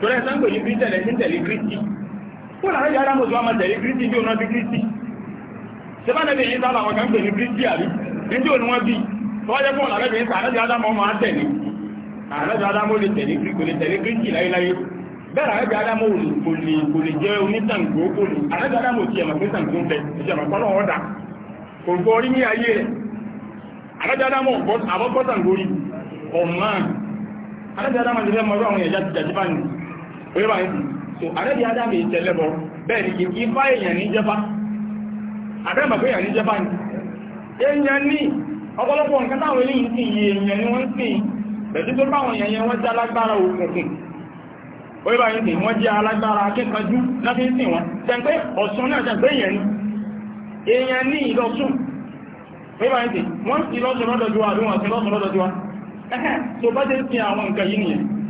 torí ẹ̀sán pè ní kírísítẹ̀lẹ̀ sí tẹ̀lé kírísítì kó làwọn ìyá arámọ̀ tó wá máa tẹ̀lé kírísítì bí òun bí kírísítì sẹ́fánẹ́bì yìí sábà wọn pè ní kírísítì àbí níbi òun wọn bí tọ́wọ́ jẹ́ fún ọ̀làbẹ̀bẹ̀ yìí sàánẹ́bì adámọ̀ máa tẹ̀lé àlọ́jọ́ adámọ̀ lè tẹ̀lé kírísítì láyéláyé bẹ́ẹ̀ àrẹ́bẹ̀ adámọ̀ kò lè kò lè jẹ́ onítàǹgbò kò lè àrẹ́bẹ̀ adámọ̀ ti ẹ̀mọ̀ pé tàǹgbò ń bẹ ìjọba kọ́nà ọ̀dà kò gbọ́ orí ní ayé rẹ̀ àrẹ́bẹ̀ adámọ̀ àbọ́gbọ́tàǹgbò rí ọ̀mọ́ àrẹ́bẹ̀ adámọ̀ ti fẹ́ mọ́rọ́ àwọn ẹ̀yà ti jàjíbá nìí orípa ẹ̀sì so àrẹ́bí adámi ìtẹ̀lẹ́bọ̀ bẹ́ẹ̀ ni kìí bá èèyàn ní jẹba àbẹ́màgbé èèyàn ní jẹba ni èèyàn ní ọ̀pọ̀lọpọ̀ nǹkan táwọn eléyìí sí iye èèyàn ni wọ́n sì bẹ̀tí tó báwọn èèyàn yẹn wọ́n jẹ́ alágbára òkùnkùn orípa ẹ̀sì wọ́n jẹ́ alágbára akẹ́kọ̀ọ́jú láti sìn wọn tẹ̀pé ọ̀sán náà tẹ̀pé èèyàn ni èèyàn ní ìlọsùn orípa ẹ̀sì wọ́n sì lọ́sùn lọ́dọ̀ ju wa àbí wọn sì lọ́sùn lọ́dọ̀ ju wa ẹ̀hẹ́ tó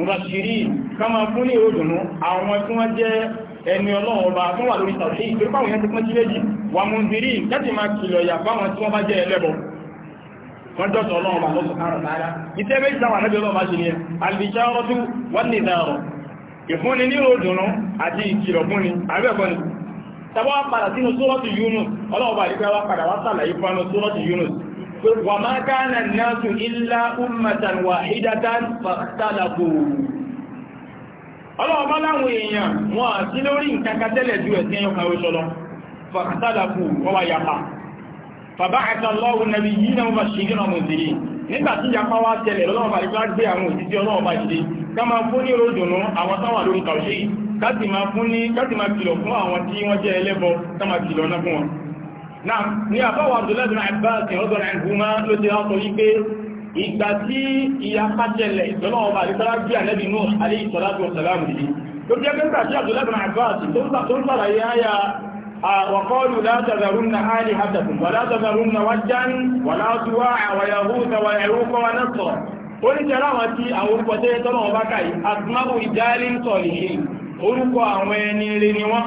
mùbàṣírí kama fún ní ìròdùnú àwọn tí wọ́n jẹ́ ẹni ọlọ́run ọba tó wà lórí tàbí ìtorí pàwọn yẹn ti pọ́n sí méjì wà mú bìírí láti máa kìlọ̀ yà fáwọn tí wọ́n bá jẹ́ ẹlẹ́bọ wọ́n dọ̀tọ̀ ọlọ́run ọba lọ́sùn kárọ̀ lára iṣẹ́ méjì táwọn anábì ọlọ́run bá ṣe ni ẹ alìbìṣà ọrọ̀ tó wọ́n ní ìdáàrọ̀ ìfúnni ní ìròdùnú àti ìkìlọ̀ fúnni tàbí wọ́n padà sínú sórọ́tù Yunus ọlọ́run ọba padà wá sàlàyé fún wà máa káànà náàtù ilá ummatan wahidatan fàtàlàkù ọlọ́ọ̀bá láwọn èèyàn wọ́n àti lórí ìkàkàtẹ́lẹ̀ ju ẹ̀sìn ẹyọkà oṣọlọ fàtàlàkù wọ́n wá yapa fàbáhàtà lọ́wọ́ nàbí yìí náà bá ṣe gínà mọ̀sílì nígbà tí yapa wá tẹ̀lẹ̀ lọ́wọ́ náà ní àbáwọ̀ abdullahi abbas ọ̀dọ̀rọ̀ àìhùnmá ló ti rán torí pé ìgbà tí ìyapa ṣẹlẹ̀ lọ́nà ọba àdìsára bí ànẹ́bì nù alẹ́ ìsọ̀lájú ọ̀sàlámù yìí tó jẹ́ pé nígbà tí abdullahi abbas ولا تذرن وجا ولا سواع ويغوث ويعوق ونصر orí jẹ́ láwọn tí àwọn orúkọ tẹ́yẹ tọ́lọ̀ ọba káyìí asmáwò ìjálí àwọn ẹni rẹ̀ ni wọ́n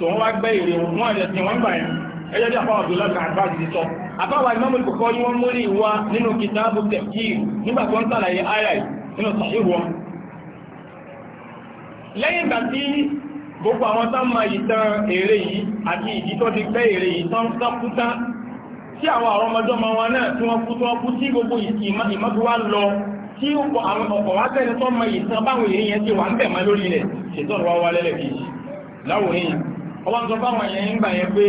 tó wọ́n wá gbẹ́ èrè wọn ẹ̀rẹ̀ tí wọ́n gbà yẹn ẹjọ́ tí àfáwà tó lọ́gbà àgbà ti sọ àfáwà ìmọ̀mù ìkọ̀kọ́ yí wọ́n múlì wá nínú kìtàbù tẹ̀kíì nígbà tó ń sàlàyé ayáì nínú sàhíhù wọn lẹ́yìn ìgbà tí gbogbo àwọn tán ma ìtàn èrè yìí àti ìdí tó ti gbẹ́ èrè yìí tán sápútá tí àwọn àwọn ọmọdé ọmọ wọn náà tí wọ́n kú tí wọ́n kú tí gbogbo ìmọ̀tí wá lọ tí àwọn ọkọ̀ wá tẹ́ni tó ma ìtàn báwọn èrè yẹn ti wà ń bẹ̀ mọ́ lórí rẹ̀ ṣètò ọ̀rọ̀ wa wálẹ́lẹ̀ kìí láwòrán yìí ọlọ́run sọ fáwọn èèyàn ń gbà yẹn pé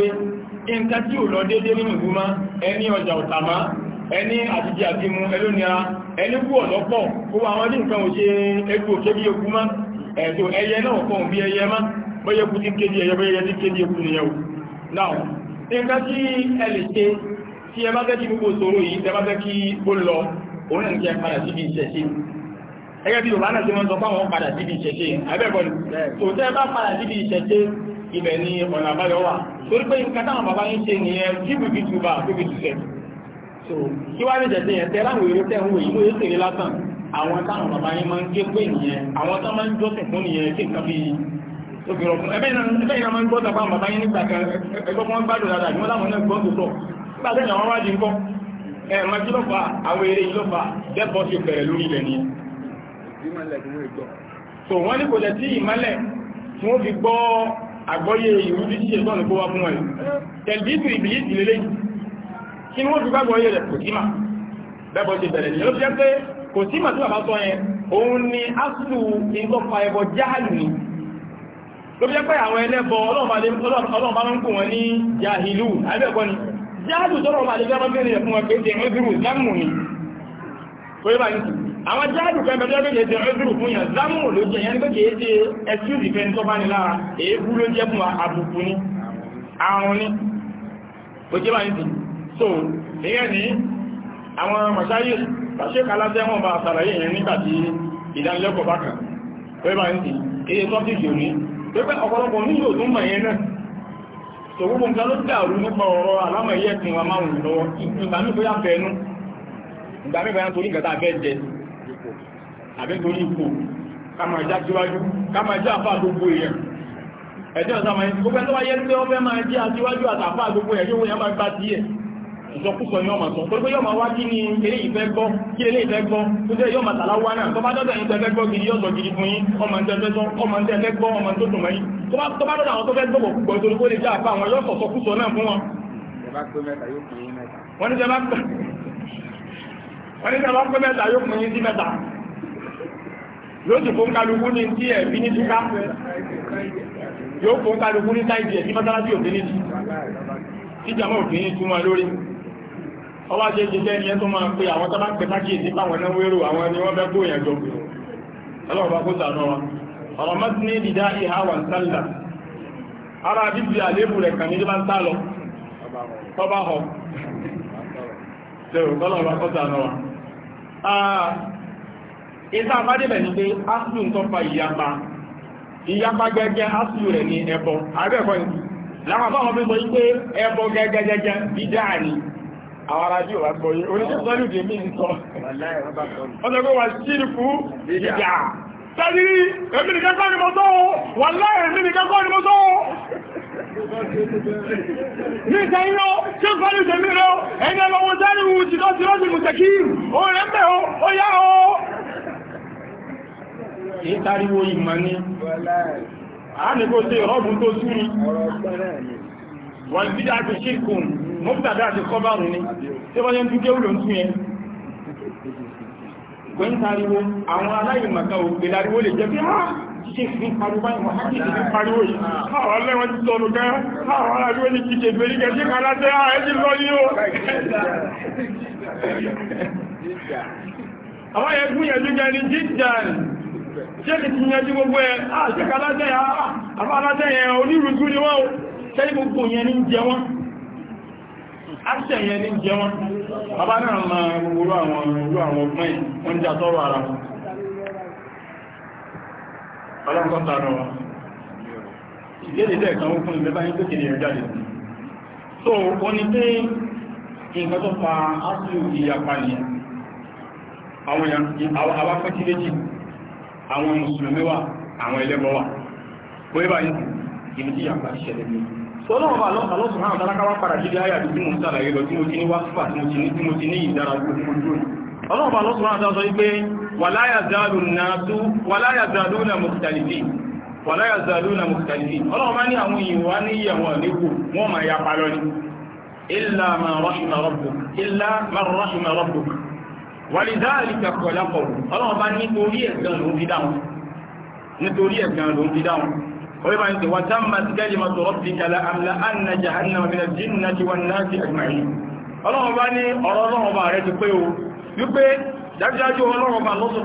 nǹkan tí ò lọ déédéé nínú ìlú má ẹni ọjà ọ̀tà má ẹni àtijì àti mu ẹlónira ẹni kú ọ̀lọ́pọ̀ kó àwọn ní nǹkan òṣè ẹgbù bí eku má náà now nǹkan tí ẹ lè ṣe tí ẹ bá fẹ́ kí gbogbo ìṣòro yìí tẹ bá fẹ́ kí ó lọ òun náà ní kí ẹ padà síbi wọ́n sọ fáwọn padà síbi ìṣẹ̀ṣe abẹ́bọ̀ tó tẹ́ bá padà síbi ìṣẹ̀ṣe ibẹ̀ ni ọ̀nà àbáyọ wà torí pé nǹkan bàbá yín ṣe nìyẹn jíìpù fi tu bá tó fi so kí wá ní jẹ̀sẹ̀ yẹn tẹ́ láwọn èrè tẹ̀hún èyí ló yẹ tèrè àwọn táwọn bàbá yín máa ń gé pé nìyẹn àwọn tó máa ń jọ́sìn fún nìyẹn kí nǹkan fi tóbi so wọ́n ní kò lẹ́ sí ìmọ́lẹ̀ tí wọ́n fi gbọ́ àgbọ́yé ìwúrí sí ẹ̀tọ́ ní kó wá fún ẹ̀ tẹ̀lbíkù ìbìlìsì lélẹ́ kí ni wọ́n fi gbàgbọ́ yẹ̀ rẹ̀ kò símà bẹ́bọ̀ ti bẹ̀rẹ̀ ní ọlọ́pẹ́ pé kò símà tí bàbá sọ yẹn òun ni áṣù ìtọ́fà ẹbọ jáàlù ni ló fi jẹ́ pé àwọn ẹlẹ́bọ ọlọ́run bá ń kò wọn ní jahilu àbẹ́ẹ̀kọ́ ni jáàlù tọ́lọ́run bá lè fẹ́ àwọn jáàdù kan bẹ̀rẹ̀ lórí ètò ẹgbẹ̀rún fún yàn zámù ló jẹ yẹn gbẹ́kẹ̀ ètè ẹ̀sùn ìfẹ́ tó bá ní lára èébú ló jẹ́ fún so ìyẹn ní àwọn mọ̀ṣáyé pàṣẹ kalásẹ́ wọn bá sàlàyé yẹn nígbà tí ìdánilẹ́kọ̀ọ́ bá kàn pé bá ní ti èyí tọ́pìkì òní pé pé ọ̀pọ̀lọpọ̀ ní yóò tún mọ̀ yẹn náà so gbogbo nǹkan ló dàrú nípa ọ̀rọ̀ alámọ̀ ẹ̀yẹ́ tí wọn àbẹ́torí ipò ká máa já síwájú ká máa já àfáà gbogbo èèyàn ẹ̀jẹ́ ọ̀sá máa ń kó fẹ́ tó wáyé pé ó fẹ́ máa jẹ́ àsíwájú àtàfáà gbogbo ẹ̀yẹ́ wọ́n yá máa gbá sí ẹ̀ ìsọkúsọ yọ́ máa sọ pé yọ́ máa wá kí ni eré ìfẹ́ gbọ́ kí eré ìfẹ́ gbọ́ tó jẹ́ yọ́ máa tàlá wá náà tó bá dọ́dọ̀ yìí tẹ́fẹ́ gbọ́ gidi yọ́sọ̀ gidi fún yín ọmọ ń tẹ́fẹ́ sọ ọmọ ń tẹ́fẹ́ gbọ́ ọmọ tó dùn mẹ́yìn tó bá dọ́dọ̀ àwọn tó fẹ́ gbọ́ púpọ̀ torí kó lè já àpá àwọn yọ́sọ̀ sọkúsọ náà fún wọn. wọ́n ní tẹ́ bá pẹ́ mẹ́ta yóò yóò sì fún kálukú ní tí ebi ní túká yóò fún kálukú ní táìdì ẹ̀bí mọ́sálásí òfin ní tí jama òfin ní túnmọ̀ lórí ọwá ṣe ṣe jẹ́ ẹniyẹ tó máa pe àwọn tọ́bá pẹ̀ta kí èsì ya náà wérò àwọn ni wọ́n fẹ́ kó yẹn jọ ọlọ́ọ̀bá kó sànú wa ní ìdídá ìhà wà ara bíbi àlébù bá ń họ ìta àbádẹ́bẹ̀ ní pé áṣìlù tó fa ìyapa ìyapa gẹ́gẹ́ áṣìlù rẹ̀ ní ẹbọ àrẹ́ẹ̀kọ́ ní láwọn fáwọn fi sọ yí pé ẹbọ gẹ́gẹ́gẹ́gẹ́ dídá ní àwọn ará bí òwà sọ yí oníṣẹ́ sọ́lù dé mí sọ ọjọ́ pé wà sílù fún dídá tẹ́lí èmi nìkan kọ́ ni mo sọ o wà láì èmi nìkan kọ́ ni mo sọ o ní ìsẹ́yìn lọ tí ó sọ́lù dé mí lọ ẹni ẹlọ́wọ́ sẹ́lù ti lọ́sí lọ́sí mùsẹ̀kí òun rẹ̀ kìí tariwo ìmọ̀ ni àánìkó sí ìrọ́bùn tó súrí wọ́n tí a ti ṣírkùn mọ́bùtàdá àti kọbárù ni tí wọ́n yẹn tún kéwù ló ń tún yẹn kò ń tariwo àwọn aláìmọ̀ká òpè láriwo lè jẹ́ bí á ṣe fi pariwo báyìí wọ́n hákì ti fi pariwo yìí àwọn alẹ́wọ̀n ti sọ̀rọ̀ gan àwọn aláriwo ní ti ṣe ìgbèrí kẹsí kan láti ààrẹ ti lọ yìí o (laughs) àwọn yẹn gún yẹn lójú ẹni jíjà ni ṣéèkì ti yanjú gbogbo a ah, àṣẹ́kà alájẹ́yà ah, àbá ya onírúurú ni wọ́n tẹ́lẹ̀ gbogbo yẹn ní jẹ wọ́n ní jẹ wọ́n bàbá náà ma gbogbo àwọn tọ́rọ ara wọn kan fún tó jáde so wọ́n ni pé fa ìyàpá ni àwọn àwọn mùsùlùmí wà àwọn ẹlẹ́bọ wà kó yíba yìí ibi tí yàgbà ṣẹlẹ̀ ní sọ́lọ́wọ́ alọ́sùn àwọn alákawà padà jíde ayàdù tí mo sàlàyé lọ tí mo ti ní wáfà tí mo ti ní ìdára tó tí wàlìdáàlì kẹkọ̀ọ́ lápọ̀ ọlọ́run bá nítorí ẹ̀gbọ́n ló ń fi dáhùn nítorí ẹ̀gbọ́n ló ń fi dáhùn ọ̀rẹ́ bá ń tẹ̀ wà táàmà ti kẹ́lì ma sọ̀rọ̀ bí kala àmìlà ànà jahannama bí i jìnnà ti wọn náà ti àjùmáyé ọlọ́run bá ní ọ̀rọ̀ ọlọ́run bá rẹ̀ ti pé o wípé dájúdájú ọlọ́run bá lọ́sùn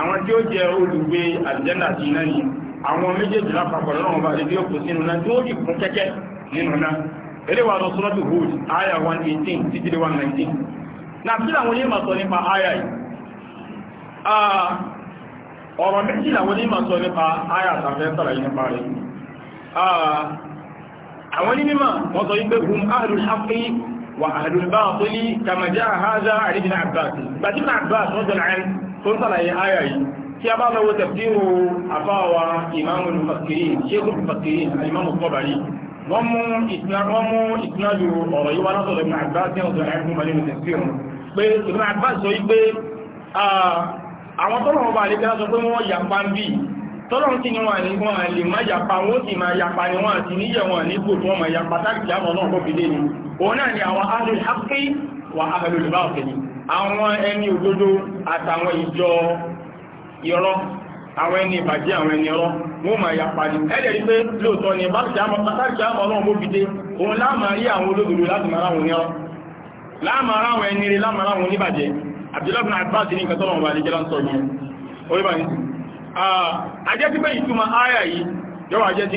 àwọn tí ó jẹ́ olùgbé àlìjẹ́nà àti iná yìí àwọn méjèèjì lápapọ̀ lọ́wọ́ bá lè bí ó kò sínú náà tí ó rí fún kẹ́kẹ́ nínú náà eré wa lọ sọ́rọ́ tó Hud aya 118 títí dé 119 na kí làwọn onímọ̀ sọ nípa aya yìí ọ̀rọ̀ méjì làwọn onímọ̀ sọ nípa aya àtàfẹ́ sọ̀rọ̀ yìí nípa rẹ̀ àwọn onímọ̀ wọ́n sọ wípé hum ahlul haqqi wa ahlul batili kama jaa hadha àríjìnà Abbas gbàtí tí a bá lọ wo tafsiru àbáwa ìmáàmù mufassirin ṣékù mufassirin ìmáàmù Tabari wọ́n mú ìsinadu ọ̀rọ̀ yíwá látọ̀dọ̀ Ibn Abbas tí wọ́n sọ ẹ̀kún balẹ̀ ní tafsiru pé Ibn Abbas sọ wípé àwọn tọ́lọ̀ ọba àlejò sọ pé wọ́n yapa ń bì tọ́lọ̀ tí ni wọ́n àníwọ̀n lè má yapa wọ́n sì máa yapa ni wọ́n àti níyẹ̀wọ̀n ní kò tí wọ́n ni òun náà ni àwọn ahlul irọ́ àwọn ẹni ìbàjẹ́ àwọn ẹni ọ̀rọ̀ wọ́n máa ya parí ẹ̀rẹ̀ rí pé lóòótọ́ ni báṣìṣẹ́ àmọ́ ọlọ́run bó fìdé òun láàmà rí àwọn olódodo láti mara àwọn onírọ́ láàmà ara àwọn ẹni rí láàmà ara àwọn oníbàjẹ́ àbdìlọ́bìnà àgbáàtì ní ìkàtọ́lọ̀ wà lè jẹ́ láńsọ yìí oríbà ní ajẹ́ tí pé ìtumọ̀ ayà yìí yọ́wà jẹ́ tí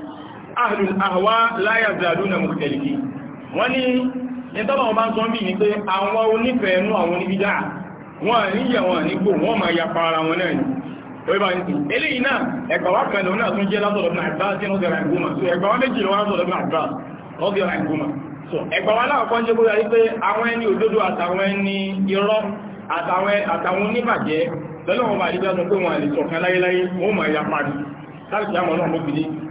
ahlul ahwa la yazaluna mukhtalifin wọ́n ní ní tọ́bà wọn bá ń sọ bí ní pé àwọn onífẹ̀ẹ́ ẹnu àwọn oníbídá wọ́n níyẹ̀ wọn nígbò wọ́n máa ya para wọn náà ni ó bá ní eléyìí oníbàjẹ́ lọ́lọ́wọ́ bá rí bí pé wọ́n lè sọ̀kan láyéláyé wọ́n máa ya parí láti àwọn ọlọ́run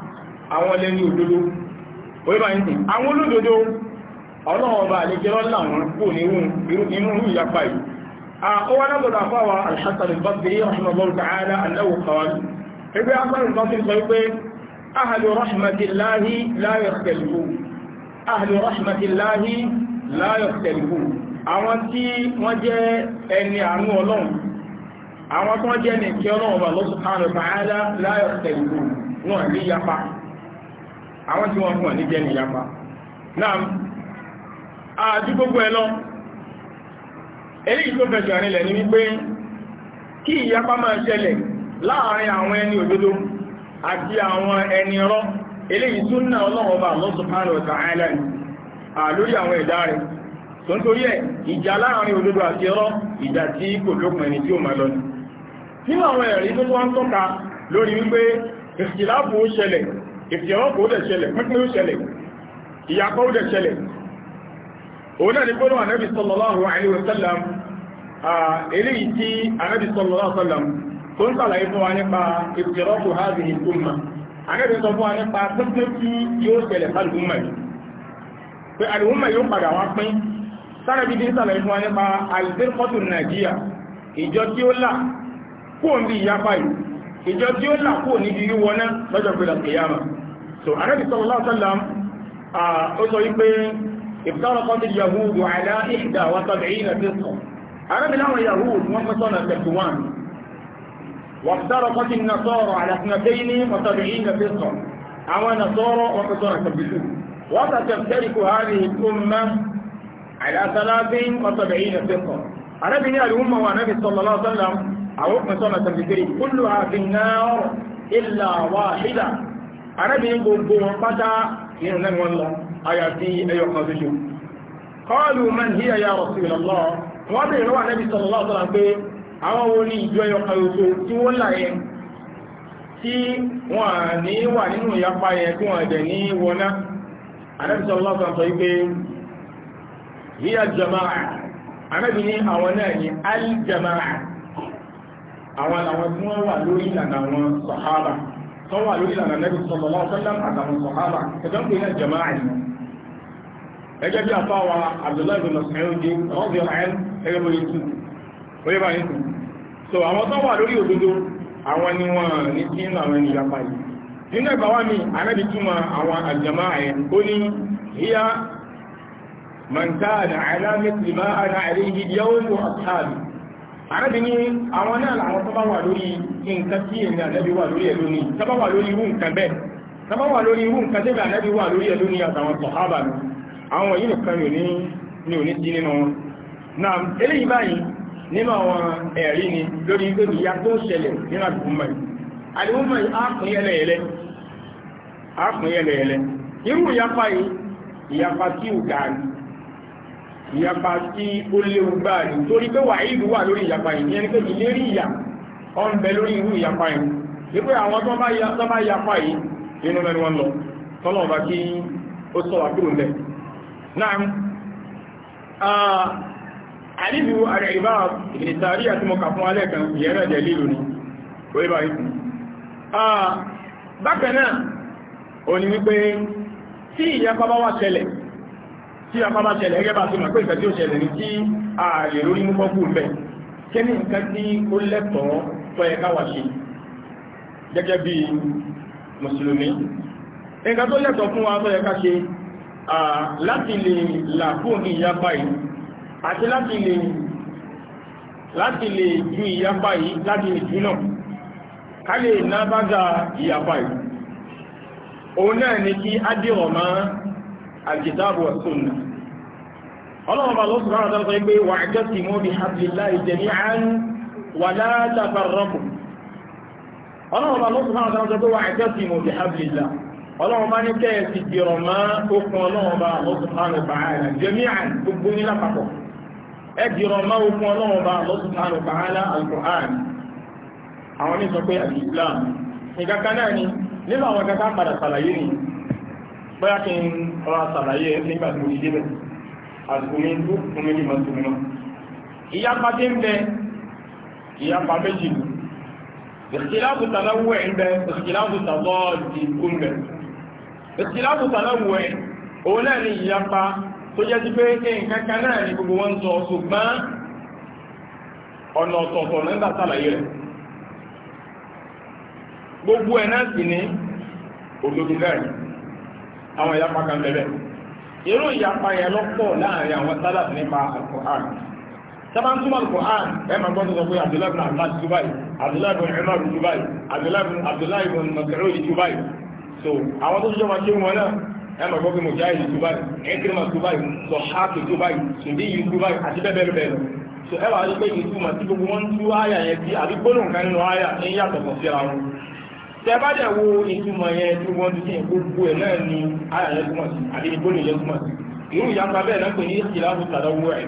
àwọn lẹ́ni òdodo orípa ní sí àwọn olódodo ọlọ́run ọba àlejẹ́ lọ́lá wọn kò ní inú ìyapa yìí àwọn alábọ̀dọ̀ àfáwà al-Hasan al-Basri rahimahullahu ta'ala annahu qala ẹgbẹ́ Hasan al-Basri sọ wípé ahlu rahmatillahi la yakhtalifun ahlu rahmatillahi la yakhtalifun àwọn tí wọ́n jẹ́ ẹni àánú ọlọ́run àwọn tó jẹ́ nìkẹ́ ọlọ́run ọba wọn ní yapa àwọn tí wọ́n fún ẹ̀ ní jẹ́ ìyapa náà àti gbogbo ẹ̀ lọ èyí tó fẹ̀sẹ̀ àrinlẹ̀ ní wípé kí ìyapa máa ṣẹlẹ̀ láàrin àwọn ẹni òdodo àti àwọn ẹni rọ́ eléyìí tún náà ọlọ́wọ́ bá subhanahu wa ta'ala lórí àwọn ẹ̀dá rẹ̀ tó ń torí ẹ̀ ìjà láàrin òdodo àti rọ́ ìjà tí kò lópin ẹni tí ó máa lọ nínú àwọn ẹ̀rí tó wọ́n tọ́ka lórí wípé ìsìláàbù ó ṣẹlẹ̀ ìfìyàn kò dẹ̀ ṣẹlẹ̀ pínpín ó ṣẹlẹ̀ ìyàpọ̀ ó dẹ̀ ṣẹlẹ̀ òun náà ni gbọ́nà ànábì sallallahu alaihi wasallam eléyìí tí ànábì sallallahu alaihi wasallam tó ń sàlàyé fún wa nípa ìfìyàn kò hábi ní kúmà ànábì sọ fún wa nípa pínpín tí yóò ṣẹlẹ̀ sálùmọ̀ yìí pé àlùmọ̀ yóò padà wá pín sáràbí ní sàlàyé lọ́jọ́ pẹ̀lú àkèyàmà so anábì sallallahu alaihi wasallam ó sọ wípé iftaraqat al-yahud ala ihda wa sab'ina fisqa anábì láwọn yahud wọ́n pẹ́ sọ́nà 31 waftaraqat an-nasara ala ithnatayn wa sab'ina fisqa àwọn nasara wọ́n pẹ́ sọ́nà 32 wa satafariqu hadhihi al-umma ala 73 fisqa anábì ní al-umma wa anábì sallallahu alaihi wasallam àwọn pẹ́ sọ́nà 33 kulluha fi an-nar illa wahida arábìnrin gbogbo wọn pátá ìrìn lẹ́nu wọn lọ ẹyọ kan ṣoṣo kọlu man hiya ya Rasulullah wọ́n bèèrè lọ́wọ́ anabi sọrọ alaihi wasallam pé àwọn wo ni ìjọ ẹyọ kan ṣoṣo tí wọ́n là yẹn tí wọ́n ní wà nínú ìyapa yẹn tí wọ́n dẹ̀ ní wọná Ànábì sallallahu alaihi wasallam pé hiya jama'a Ànábì ní àwọn náà ní al jama'a àwọn làwọn tí wọ́n wà lórí ìlànà àwọn tó wà lórí ìlànà nẹ́bí sallallahu alaihi wasallam àtàwọn sọ̀hábà ẹjọ́ pé náà jẹ̀má àìmọ́ ẹjọ́ bí afáwa Abdullahi bin Mas'ud rọ́bì ọ̀hán ẹgbẹ́ bóyá tù so àwọn tó wà lórí òdodo àwọn ni wọn ní kí nínú àwọn ènìyàn pa yìí nínú ẹgbà wa mi anábì túmọ̀ àwọn àjẹmá àyẹn ó ní híyá mọ̀ntánà àìlámẹ́tìmá nǹkan nka èmi ànábì wà lórí ẹ̀ lónìí ya lori lórí irú nǹkan bẹ́ẹ̀ sábà lórí irú nǹkan tí èmi wà lórí ẹ̀ lónìí àtàwọn sọ̀hábà mi àwọn yìí nìkan ni ò ní sí nínú wọn na eléyìí báyìí nínú àwọn ẹ̀rí ni lórí pé ìyá tó ṣẹlẹ̀ nínú àdúgbò ọ ń bẹ lórí irú ìyapa yìí wípé àwọn tó bá yapa yìí inú mẹ́rin wọn lọ tọ́lọ̀ bá kí ó sọ àkúrò mẹ́ náà àdíjú ààrẹ ìbá àti fún alẹ́kan ìyẹ́rẹ̀ jẹ́ lílò ní orí bá bákan náà o ni wípé tí ìyapa bá tí bá ẹgẹ́ bá ti pé ìfẹ́ tí ó ṣẹlẹ̀ ní tí ààrẹ lórí mú ní tó yẹ káwà ṣe gẹ́gẹ́ bí mùsùlùmí nǹkan tó yẹ̀tọ̀ fún wa tó yẹ ká ṣe láti lè làkún ní ìyapa yìí àti láti lè láti lè ju ìyapa yìí láti lè jù náà ká lè ná bá ga ìyapa yìí òun náà ni kí ádìrọ̀ máa àjìdáàbò sunna ọlọ́run bá lọ́sùn lára dáadáa wàlá tàbàrọ̀kù ọlọ́run bá lọ́sùn náà dáná tó wà ẹ̀jẹ̀ sí mo bí ní kẹ́ẹ̀sì dìrọ̀ mọ́ okùn ọlọ́run bá lọ́sùn náà bàálà jẹ́mí àn gbogbo ní lápapọ̀ ẹ okùn bàálà àwọn ìyá ń bẹ ìyapa méjì ni ìsìláàbù tànáwó ẹ̀ ń bẹ ìsìláàbù tàbọ́ọ̀dì ń bẹ ìsìláàbù tànáwó ẹ̀ òun náà ni ìyapa tó jẹ́ sí pé nǹkan kan náà ni gbogbo wọn sọ ṣùgbọ́n ọ̀nà ọ̀tọ̀ọ̀tọ̀ nígbà sàlàyé rẹ̀ gbogbo ẹ̀ náà sì ní òdodo bẹ́ẹ̀ àwọn ìyapa kan bẹ̀rẹ̀ irú ìyapa yẹn lọ́pọ̀ láàrin àwọn sálà nípa al sábà ń túmọ̀ alukur'an ẹ máa gbọ́dọ̀ sọ pé abdullahi bin abbas dubai abdullahi bin umar dubai abdullahi bin abdullahi bin mas'ud dubai so àwọn tó ṣiṣẹ́ wa ṣe wọn náà ẹ máa gbọ́ pé mujahid dubai ekrima dubai so haki dubai sundiyi dubai àti bẹ́ẹ̀ bẹ́ẹ̀ lọ so ẹ wàá rí pé ìtumọ̀ tí gbogbo wọn ń tú àyà yẹn sí àbí gbólóhùn kan nínú àyà ń yàtọ̀ kan síra wọn tẹ bá dẹ̀ wo ìtumọ̀ yẹn tí wọ́n ti sìn gbogbo ẹ̀ náà ni àyà yẹn túmọ̀ sí àbí gbólóhùn yẹn túmọ̀ sí irú ìyàtọ̀ abẹ́ẹ̀ náà pè ní ìsìlámù tàdáwó ẹ̀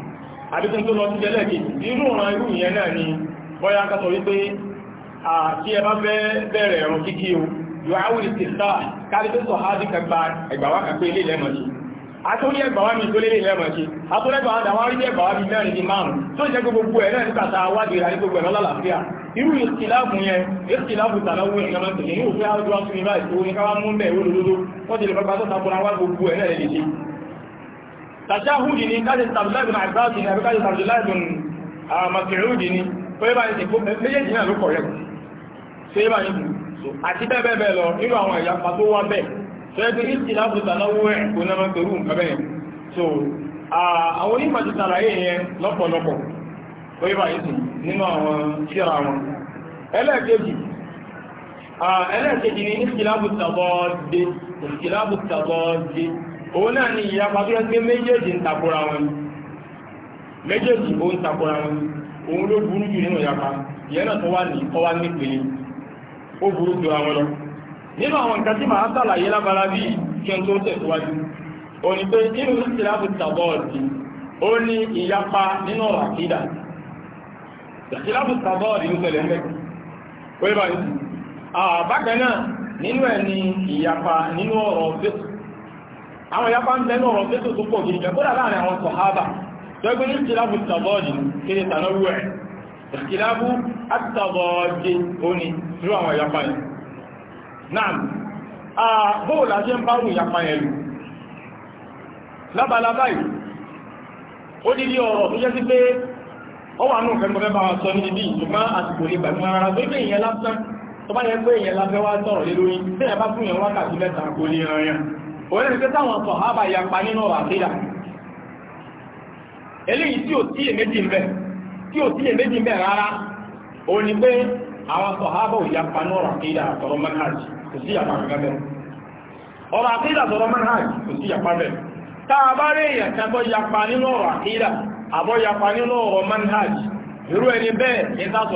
àbíkún tó lọ sí ẹlẹ́ẹ̀kì irú ọ̀ràn irú ìyẹn náà ni bọ́yá kásọ̀ wípé àti ẹ bá fẹ́ bẹ̀rẹ̀ ẹ̀rùn kíkí o yóò áwùrì ti sá kárí tó sọ hábí kagba ẹgbàwá kàgbé ilé lẹ́mọ̀ọ́sí àtúrí ẹgbàwá mi tó lé lẹ́mọ̀ọ́sí àtúrí ẹgbàwá dàwọn rí ẹgbàwá mi mẹ́rin ní márùn tó jẹ́ gbogbo ẹ̀ náà nígbàtà wádìí ra ní gbogbo ẹ̀ lọ́lálàáfíà irú ìsìláàbù yẹn ìsìláàbù tàlọ́wọ́ ìyẹn máa ń tẹ̀lé ní òfin àwùjọ àtúnyìnbá ìṣòro ní káwá mú bẹ́ẹ̀ wó lòlódó wọ́n ti lè bá gbàtọ́ sàkóra wá gbogbo ẹ̀ náà lè ṣe tàṣáhùdì ni káṣe tàbíláìbìn àgbáàbì ni àbíkáṣe tàbíláìbìn àmàkìrúdì ni pẹ́lẹ́bà ní ṣe méjèèjì náà ló kọ̀rẹ́ ṣe bá ní so àti bẹ́ẹ̀ bẹ́ẹ̀ lọ nínú àwọn ẹ̀yà pàtó wá bẹ́ẹ̀ so ẹgbẹ́ ìsì láfíìsà náwó ẹ̀ kò náà pẹ̀lú nǹkan bẹ́ẹ̀ so ah, àwọn onímọ̀ ti sàlàyé yẹn lọ́pọ̀lọpọ̀ pẹ́lẹ́bà ní sì nínú àwọn síra wọn ẹlẹ́ẹ̀kejì ah, ẹlẹ́ẹ̀kejì ni ìsìlábù tàbọ́ọ̀dé ìsìlábù tàbọ́ọ̀dé òun náà ni ìyapa tó méjèèjì ń takora wọn ni méjèèjì ó ń takora wọn ni òun ló burú jù nínú ìyapa ìyẹn náà tó wà ní ọwá nípele ó burú jù àwọn lọ nínú àwọn nǹkan tí màá sàlàyé lábala bí kí n tó tẹ̀síwájú ó ní pé nínú ó ní nínú ọ̀rọ̀ àkídà ń mẹ́ àwọn ìyapa ń bẹnu ọ̀rọ̀ tẹ́tò tó pọ̀ gidi gan kódà láàrin àwọn sọ̀hábà lọ́gbẹ́ ní ìtìlábù tàbọ́ọ̀dì kéde tànáwó ẹ̀ ìtìlábù àtàbọ́ọ̀dì òní irú àwọn ìyapa yìí náà à bóò láti ń bárù ìyapa yẹn lù lábalábá yìí ó dídí ọ̀rọ̀ tó jẹ́ sí pé ó wà nù kẹ́kọ̀ọ́ bá wa sọ ní ibi ìṣùgbọ́n àsìkò lè gbàgbọ́n ara tó gbé ìyẹn lásán tó bá yẹ òun ní pé táwọn sọ̀hábà yapa nínú ọ̀rọ̀ àkídà eléyìí tí ò sí èméjì ń bẹ tí ò sí èméjì ń bẹ rárá òun ní pé àwọn sọ̀hábà ò yapa nínú ọ̀rọ̀ àkídà àtọ̀rọ̀ manhaj kò sí yapa kankan ọ̀rọ̀ àkídà àtọ̀rọ̀ manhaj kò sí yapa bẹ́ẹ̀ tá a bá rí èèyàn kan tó yapa nínú ọ̀rọ̀ àkídà àbọ̀ yapa nínú ọ̀rọ̀ manhaj irú ẹni bẹ́ẹ̀ ní sásọ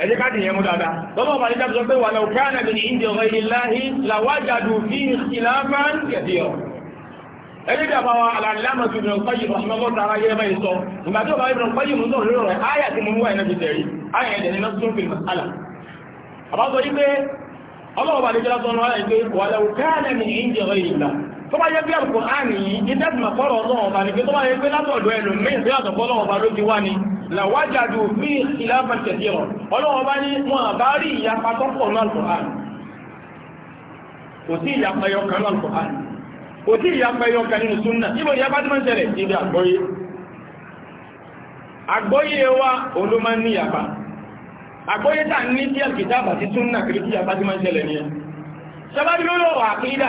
ẹ̀jẹ́ káàdì yẹn mú dáadáa lọ́wọ́ bá nígbà tó pé wà lọ́wọ́ káàdì àbí ìdí ọ̀rọ̀ ilé láhí làwájàdù fi ìlàmà ń kẹ̀dí ọ̀ ẹ̀jẹ́ dàbà wa alàlámà tó bìnrin kọ́yì ọ̀sánmọ́gọ́ tara yẹ́ báyìí sọ ìgbà tó bá bìnrin kọ́yì mú sọ̀rọ̀ rẹ̀ áyà tí mo mú wáyé náà fi tẹ̀rí tó bá yẹ bí àpò àní ìdẹ́sì màkọ́rọ̀ ọlọ́run ọba ni pé tó bá yẹ pé látọ̀dọ̀ ẹlòmíì sí àtọ̀kọ́ ọlọ́run ọba ló ti wá ni làwájàdù bí ìlànà kẹ̀kẹ́ rọ̀ ọlọ́run ọba ní wọn àbá rí ìyapa tó pọ̀ náà lọ́ àná kò sí ìyapa ẹyọ kan náà lọ́ àná kò sí ìyapa ẹyọ kan nínú súnà níbo ìyapa tí máa ń ṣẹlẹ̀ ibi àgbọ́yé àgbọ́yé wa òun ló máa ń ní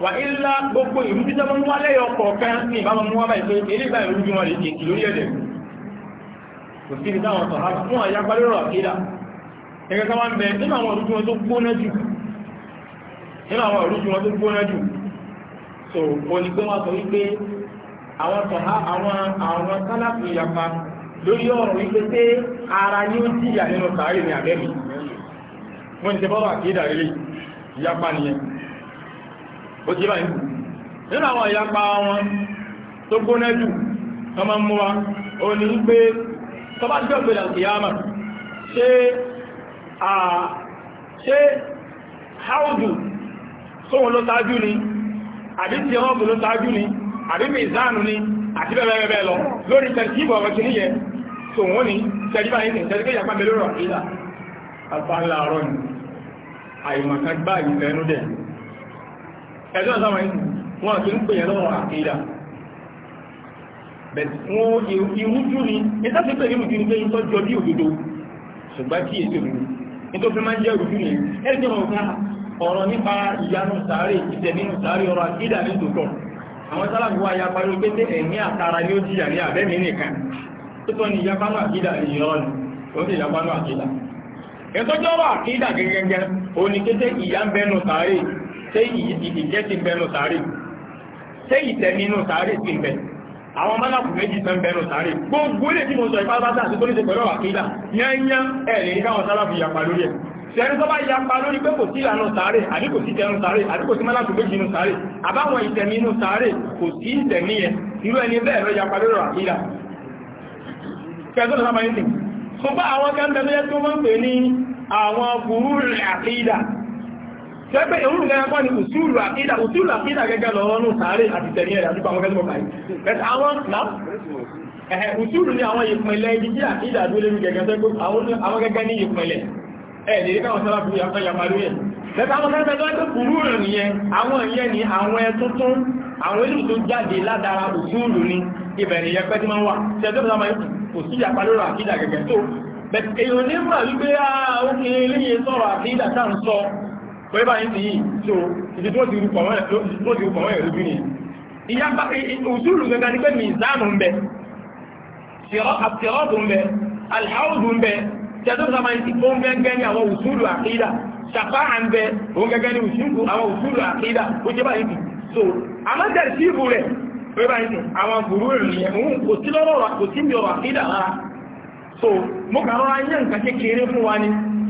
wà ila gbogbo ìlú tí sọ́mọ́ wá lẹ́yọ kọ̀ọ̀kan ní ìbámu mú báyìí pé ìgbà ìlú bí wọ́n lè kò sí táwọn sọ̀rọ̀ fún lórí àkídà ẹgbẹ́ ká ń bẹ nínú àwọn ìlú tí wọ́n tó gbóná jù so o pé wọ́n sọ wípé àwọn lórí ọ̀rọ̀ wípé ó ti báyìí nínú àwọn ìyapa wọn tó gbóná jù ọmọ mú wa ó ní pé tọba tí ó gbèdà kìyàmà ṣe à ṣe haúdù sóhun ló tájú ni àbí tí ọmọ ló tájú ni àbí mìzánù ni àti bẹ́ẹ̀bẹ́ẹ̀ lọ lórí tẹ̀síbọ̀ ọ̀rọ̀ kìí yẹ tòun ní tẹ̀síbà ní tẹ̀síbà ìyàpá mi lórí ọ̀rọ̀ ìlà àpá ńlá ọ̀rọ̀ ni àìmọ̀kan gbá ìfẹ́nú dẹ̀ ẹjọ́ ìsáwọn ìlú wọn àti ń pèyàn lọ́wọ́ àkídà wọn ìrújú ni ìtàṣí pẹ̀lú ìrújú ni pé ń tọ́ jọ bí òdodo ṣùgbọ́n kí èsì òdodo nítorí fi máa ń jẹ́ ìrújú ni ẹni tó ọ̀gá ọ̀rọ̀ nípa ìyanu sàárè ìtẹ̀ nínú sàárè ọ̀rọ̀ àkídà ní tòótọ́ àwọn sálàbù wa ya parí pé tẹ ẹ̀mí àtara ni ó jìyà ní abẹ́mí nìkan tó tọ́ ni ìyapánú àkídà ìyọ́ọ̀nù ó sì ìyapánú àkídà ẹ̀tọ́jọ́rọ̀ àkídà gẹ́gẹ́gẹ́ òní kété ìyá ń bẹnu sàárè ṣé ìjẹ́ ti bẹnu sáré ṣé ìtẹ̀mí inú sáré ti bẹ̀ àwọn mọ́láàpù méjì tán bẹnu sáré gbogbo ilé tí mo sọ ìpátápátá àti tóníṣe pẹ̀lú àkílà yányán ẹ̀rẹ̀ ní káwọn sábà fi yapa lórí ẹ̀ tẹ̀rù tó bá yapa lórí pé kò sí ìlànà sáré àbí kò sí tẹ̀rù sáré àbí kò sí mọ́láàpù méjì inú sáré àbáwọn ìtẹ̀mí inú sáré kò sí ìtẹ̀mí yẹn irú ẹni bẹ́ẹ̀ lọ yapa lórí àkílà kẹsàn-án sábà ní tì jẹ́ pé èrú ìlẹ́yà kọ́ ni òsúùlù àkídà òsúùlù àkídà gẹ́gẹ́ lọ rọ́nù sàárè àti tẹ̀mí ẹ̀rẹ̀ àti pàwọn kẹ́sìmọ̀ báyìí ẹ̀sẹ̀ àwọn náà ẹ̀hẹ̀ òsúùlù ni àwọn ìpínlẹ̀ ibi tí àkídà tó àwọn gẹ́gẹ́ ní pẹ̀lú bá yìí yìí so ìdí tó ti rú pọ̀ wọ́n ẹ̀rọ bí ni ìyá bá òṣùlù gẹ́gẹ́ ní pé mìzánù ń bẹ ṣìrọ́pù ń bẹ alhaudu ń bẹ tẹ́tọ́ sábà ní ó ń gẹ́gẹ́ ní àwọn òṣùlù àkídà ṣàfá à ń bẹ ó ń ní àwọn òṣùlù àkídà so àmọ́ tẹ̀lé sí ìbú rẹ̀ pẹ̀lú bá yìí àwọn gùrú ìrìnlẹ̀ kò sí so mo kàn rọra yẹn nǹkan kékeré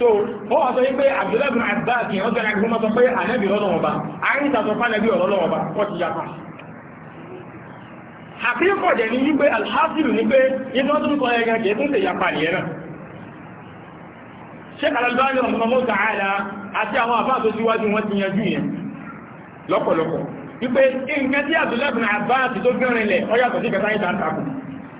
so ó wà sọ wípé abdullahi bin abbas kì í wọ́n sọ̀rọ̀ àgbẹ̀fọ́ sọ pé ànábì ọlọ́run ọba sọ fánàbí ọlọ́run ọba ti yapa àkíkọ̀ jẹ́ ní wípé alhásìlù ní pé inú ọdún kọ ẹ̀yà kìí tún lè yapa nìyẹn náà ọmọ àti àwọn àbá tó síwájú wọn ti yanjú yẹn lọ́pọ̀lọpọ̀ wípé nǹkan tí tó lẹ̀ ọyàtọ̀ sí kẹta ìta ń takùn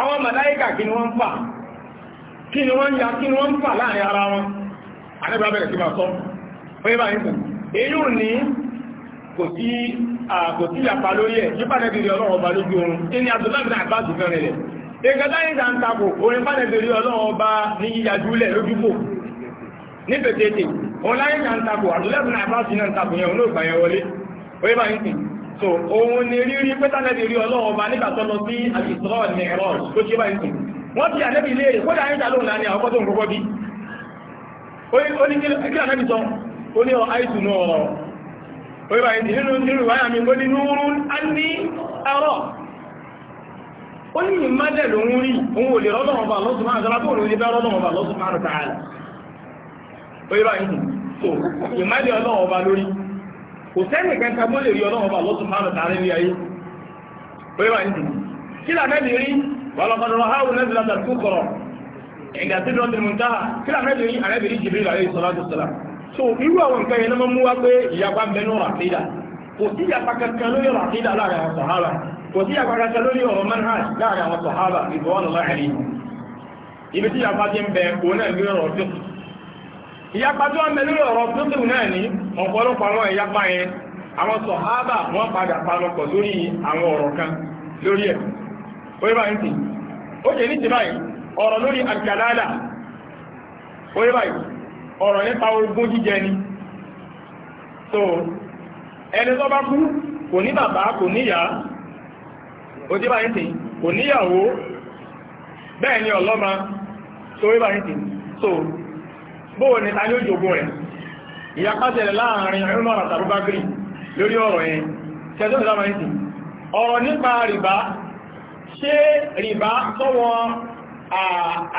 àwọn màláíkà kí ni wọ́n ń fà kí ni wọ́n ń ya kí ni wọ́n ń fà láàrin ara wọn àdẹ́bà bẹ̀rẹ̀ sí máa sọ wọ́n bá ń sùn èyí ò ní kò sí kò sí ìyàpá lórí ẹ̀ yípa nẹ́bí rí ọlọ́run ọba lójú oorun kí ni abdullahi bin abbas fẹ́rẹ̀ rẹ̀ ẹgbẹ́ táyé ta ń takò orin bá nẹ́bí rí ọlọ́run ọba ní yíyajúlẹ̀ lójúfò ní pẹ̀tẹ̀tẹ̀ òun láyé ta ń takò abdullahi bin abbas náà ń takò yẹn so òun ni rírí pé tánàbí rí ọlọ́run ọba nígbà tó lọ sí Al-Isra wal-Mi'raj tó ṣe báyìí sùn wọ́n ti ànẹ́bí ilé rẹ̀ kódà ayé ìdálóhùn náà ni àwọn kọ́tọ̀ nǹkan bí ó ní kí ànẹ́bí sọ ó ní àìsùn náà ọ̀rọ̀ ó yẹ báyìí nínú nínú wáyà mi ó ní núurú á ní ẹ̀rọ ó ní ìmọ́lẹ̀ ló ń rí òun ò lè rọ́lọ́run ọba lọ́sùn máa dára bóòlù ní bá rọ́lọ́run ọba lọ́sùn máa rọ̀ tààlà ó yẹ báyìí so ìmọ́lẹ̀ ọlọ́run ọba lórí kò sẹ́nì kẹta mọ́ lè rí ọlọ́wọ́ bá lọ́tún máa rẹ̀ tààrí ní ayé pé wà ní ìdìbò kí làmẹ́ lè rí wàlọ́kọ̀dọ̀rọ̀ háwù lẹ́sìn látà tó kọ̀rọ̀ ẹ̀gà tí lọ́tì mú táà kí làmẹ́ lè rí àrẹ́bì rí jìbìrì àrẹ́ ìsọ̀rọ̀ àti sọ̀rọ̀ so irú àwọn nǹkan yẹn lọ́mọ mú wá pé ìyapa mẹ́nu ràfídà kò sí ìyapa kankan lórí ràfídà láàrin àwọn sàhábà kò sí ìyapa kankan lórí ọ̀rọ̀ manhaj láàrin àwọn sàhábà ìbọn ọ̀nà láàrin ibi tí ìyapa ti ń bẹ òun náà ń gbé ọ̀rọ̀ fíkù ìyapa tó ń bẹ lórí ọ̀rọ̀ pínpín náà ní ọ̀pọ̀lọpọ̀ àwọn ìyapa yẹn àwọn sọ̀hábà wọ́n padà palọpọ̀ lórí àwọn ọ̀rọ̀ kan lórí ẹ̀ orí báyìí tí ó jẹ́ ní ti báyìí ọ̀rọ̀ lórí àkàlálà orí báyìí ọ̀rọ̀ nípa ogún jíjẹ ni so ẹni tó bá kú kò ní bàbá kò níyà ó jẹ́ báyìí tí kò níyàwó bẹ́ẹ̀ ni ọlọ́mà so orí báyìí tí so bóò ní ta ní òjògbò rẹ̀ ìyapásẹ̀lẹ̀ láàrin Umar àti Abubakar lórí ọ̀rọ̀ yẹn tẹ́tọ́ ìdámọ̀ ní ti ọ̀rọ̀ nípa rìbá ṣé rìbá sọ́wọ́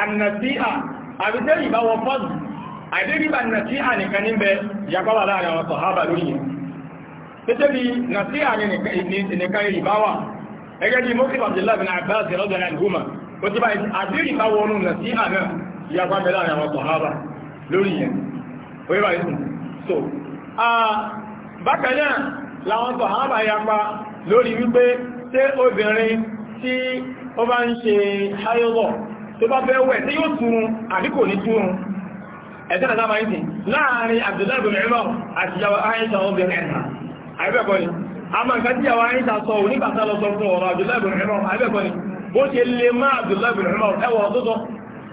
ànàtíhà àbíṣẹ́ rìbá wọ fọ́dù àdéríbà nàtíhà nìkan níbẹ̀ ìyapáwà láàrin àwọn sọ̀hábà lórí yẹn tẹ́tẹ́ bí nàtíhà nìkan rìbá wà ẹgẹ́ bí mọ́kílá Abdullahi bin Abbas rọ́dọ̀ lórí yẹn oye bá yìí so bákanáà làwọn sọ àwọn bá yapa lórí wípé ṣé obìnrin tí ó bá ń ṣe ayọ́lọ̀ tó bá fẹ́ wẹ̀ tí yóò túrun àbí kò ní túrun ẹ̀sẹ́ náà sábà yìí láàrin Abdullahi bin Umar àti yàwó Aisha obìnrin ẹ̀sà àìbẹ̀kọ́ ni a máa nǹkan tí yàwó Aisha sọ onígbàtà lọ sọ fún ọ̀rọ̀ Abdullahi bin Umar àìbẹ̀kọ́ ni bó ṣe lè má Abdullahi bin Umar ẹwọ̀ ọ̀tọ́tọ́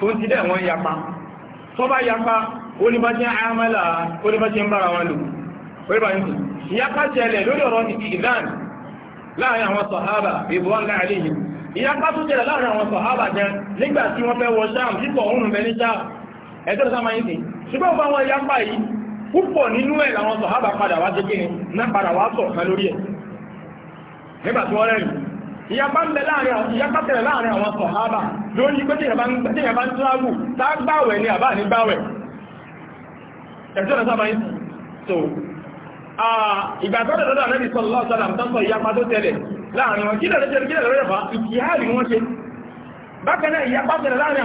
tó ti dẹ̀ wọ́n yapa tó bá yapa oníbájẹ́ àmàlà oníbájẹ́ ń bára wọn lò oríbájẹ́ ìyapa ṣẹlẹ̀ lórí ọ̀rọ̀ ti ìdán láàrin àwọn sọ̀hábà ìbúwọ́n láàrin ìyapa tó ṣẹlẹ̀ láàrin àwọn sọ̀hábà jẹ́ nígbà tí wọ́n fẹ́ wọ sáàm sípò òun bẹ ní sáàm ẹ̀tọ́ sáàmà yìí sí ṣùgbọ́n bá wọn yapa yìí púpọ̀ nínú ẹ̀ làwọn sọ̀hábà padà wá jẹ́ kí ni ná padà wá sọ̀kan lórí ẹ̀ nígbà tí wọ́n rẹ̀rìn ìyapa ń bẹ láàrin àwọn ìyapa tẹ̀lé láàrin àwọn sọ̀hábà lórí pé ìyàbá ń tíráàbù tá gbàwẹ̀ ni àbá ní gbàwẹ̀ ẹ̀sọ́ ọ̀nà sábà ń so ìgbà tó dẹ̀ lọ́dọ̀ àrẹ́bì sọ́lọ́ sọ́lá tó sọ ìyapa tó tẹ̀lé láàrin wọn kí lẹ̀rẹ́ tẹ̀lé kí lẹ̀rẹ́ fà ìkìyàrí wọn ṣe bákan náà ìyapa tẹ̀lé láàrin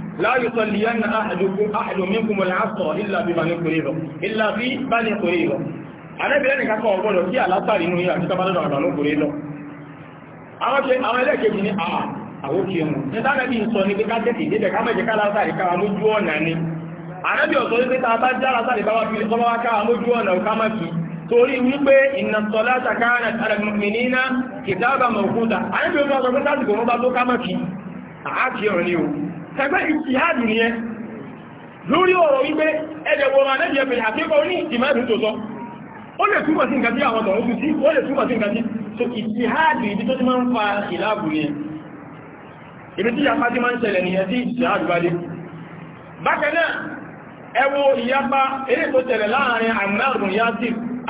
لا يصلين أحدكم أحد منكم العصر إلا ببني قريظة إلا في بني قريظة أنا بلاني كاكو أقول لك لا تاري نويا كتابة دعا بني قريظة أما شيء أما لك يجيني آه àwókè mu nígbà nàbí sọ ní pé kájẹ́kì ìdíbẹ̀ ká mẹ́jẹ ká látàrí káwà mójú ọ̀nà ni àrẹ́bí ọ̀sọ̀ wípé ta bá já látàrí bá wá fi ọmọ wá káwà mójú ọ̀nà ká má fi torí wípé inna salata kanat ala al-mu'minina kitaban mawquta àrẹ́bí ọ̀sọ̀ wípé tásìkò mọ́ bá tó ká má fi àákì ọ̀rọ̀ ni o ṣẹgbẹ́ ìtìhádù ni ẹ lórí ọ̀rọ̀ wípé ẹ̀dẹ̀wọ̀ ma lẹ́bí ẹ̀bẹ̀ àkẹ́kọ̀ ní ìmáàdù tó sọ ó lè túnmọ̀ sí nǹkan tí àwọn ọ̀tọ̀ oṣù tí ó lè túnmọ̀ sí nǹkan tí so ibi tó ti máa ń fa ìlàbù ibi tí ti máa ń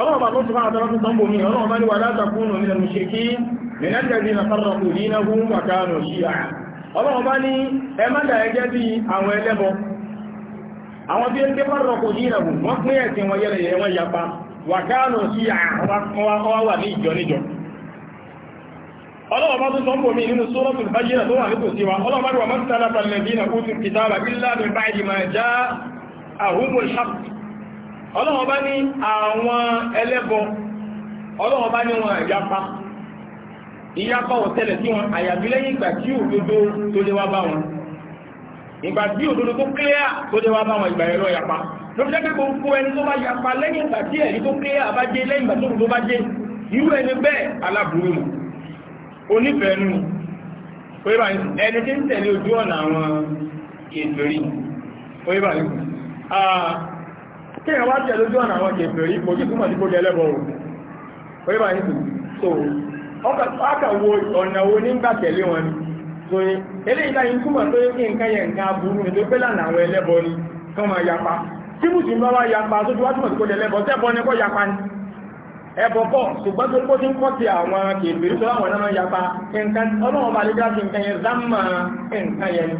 ọlọ́ọ̀bá tó tún àtàrà tó sánbò ní ọlọ́ọ̀bá ní wà látàkúnnù ní ẹlùmùsìkí nìlẹ́gbẹ̀ẹ́dì na farrahu dínahum wa kanu shi'a ọlọ́ọ̀bá ní ẹmọ́dà ẹgẹ́ bí àwọn ẹlẹ́bọ àwọn tí ó ń dé farrahu dínahum wọ́n pín ẹ̀sìn wọn yẹ́lẹ̀ wọ́n yapa wa kanu shi'a wà ní ìjọ níjọ ọlọ́ọ̀bá tó sánbò mí nínú suratul bayyinah tó wà ọlọ́wọ́n bá ní àwọn ẹlẹ́bọ ọlọ́wọ́n bá ní wọn ìyapa ìyapa ò tẹ̀lẹ̀ sí wọn àyàbí lẹ́yìn ìgbà tí òdodo tó lé wá bá wọn ìgbà tí òdodo tó kílíà tó lé wá bá wọn ìgbà ẹ̀rọ yapa ló fi jẹ́ pé gbogbo ẹni tó bá yapa lẹ́yìn ìgbà tí ẹ̀rí tó kílíà bá dé lẹ́yìn ìgbà tó òdodo bá dé irú ẹni bẹ́ẹ̀ aláburú mu kéèyàn wá tẹ̀ lójú ọ̀nà àwọn kèfèrè ipò kí túnmọ̀ sí kókè ẹlẹ́bọ̀ o pé bá yìí so ọkà wo ọ̀nà wo so eléyìí tó kí nǹkan nǹkan aburú tó pé àwọn ẹlẹ́bọ̀ ni máa yapa tí mùsùlùmí bá wá yapa tó ti wá túnmọ̀ sí kókè ẹlẹ́bọ̀ tẹ́bọ̀ ni kọ́ yapa ni ẹbọ bọ̀ ṣùgbọ́n tó kó tí ń kọ́ ti àwọn tó láwọn náà yapa nǹkan bá lè dá sí nǹkan yẹn zámà nǹkan yẹn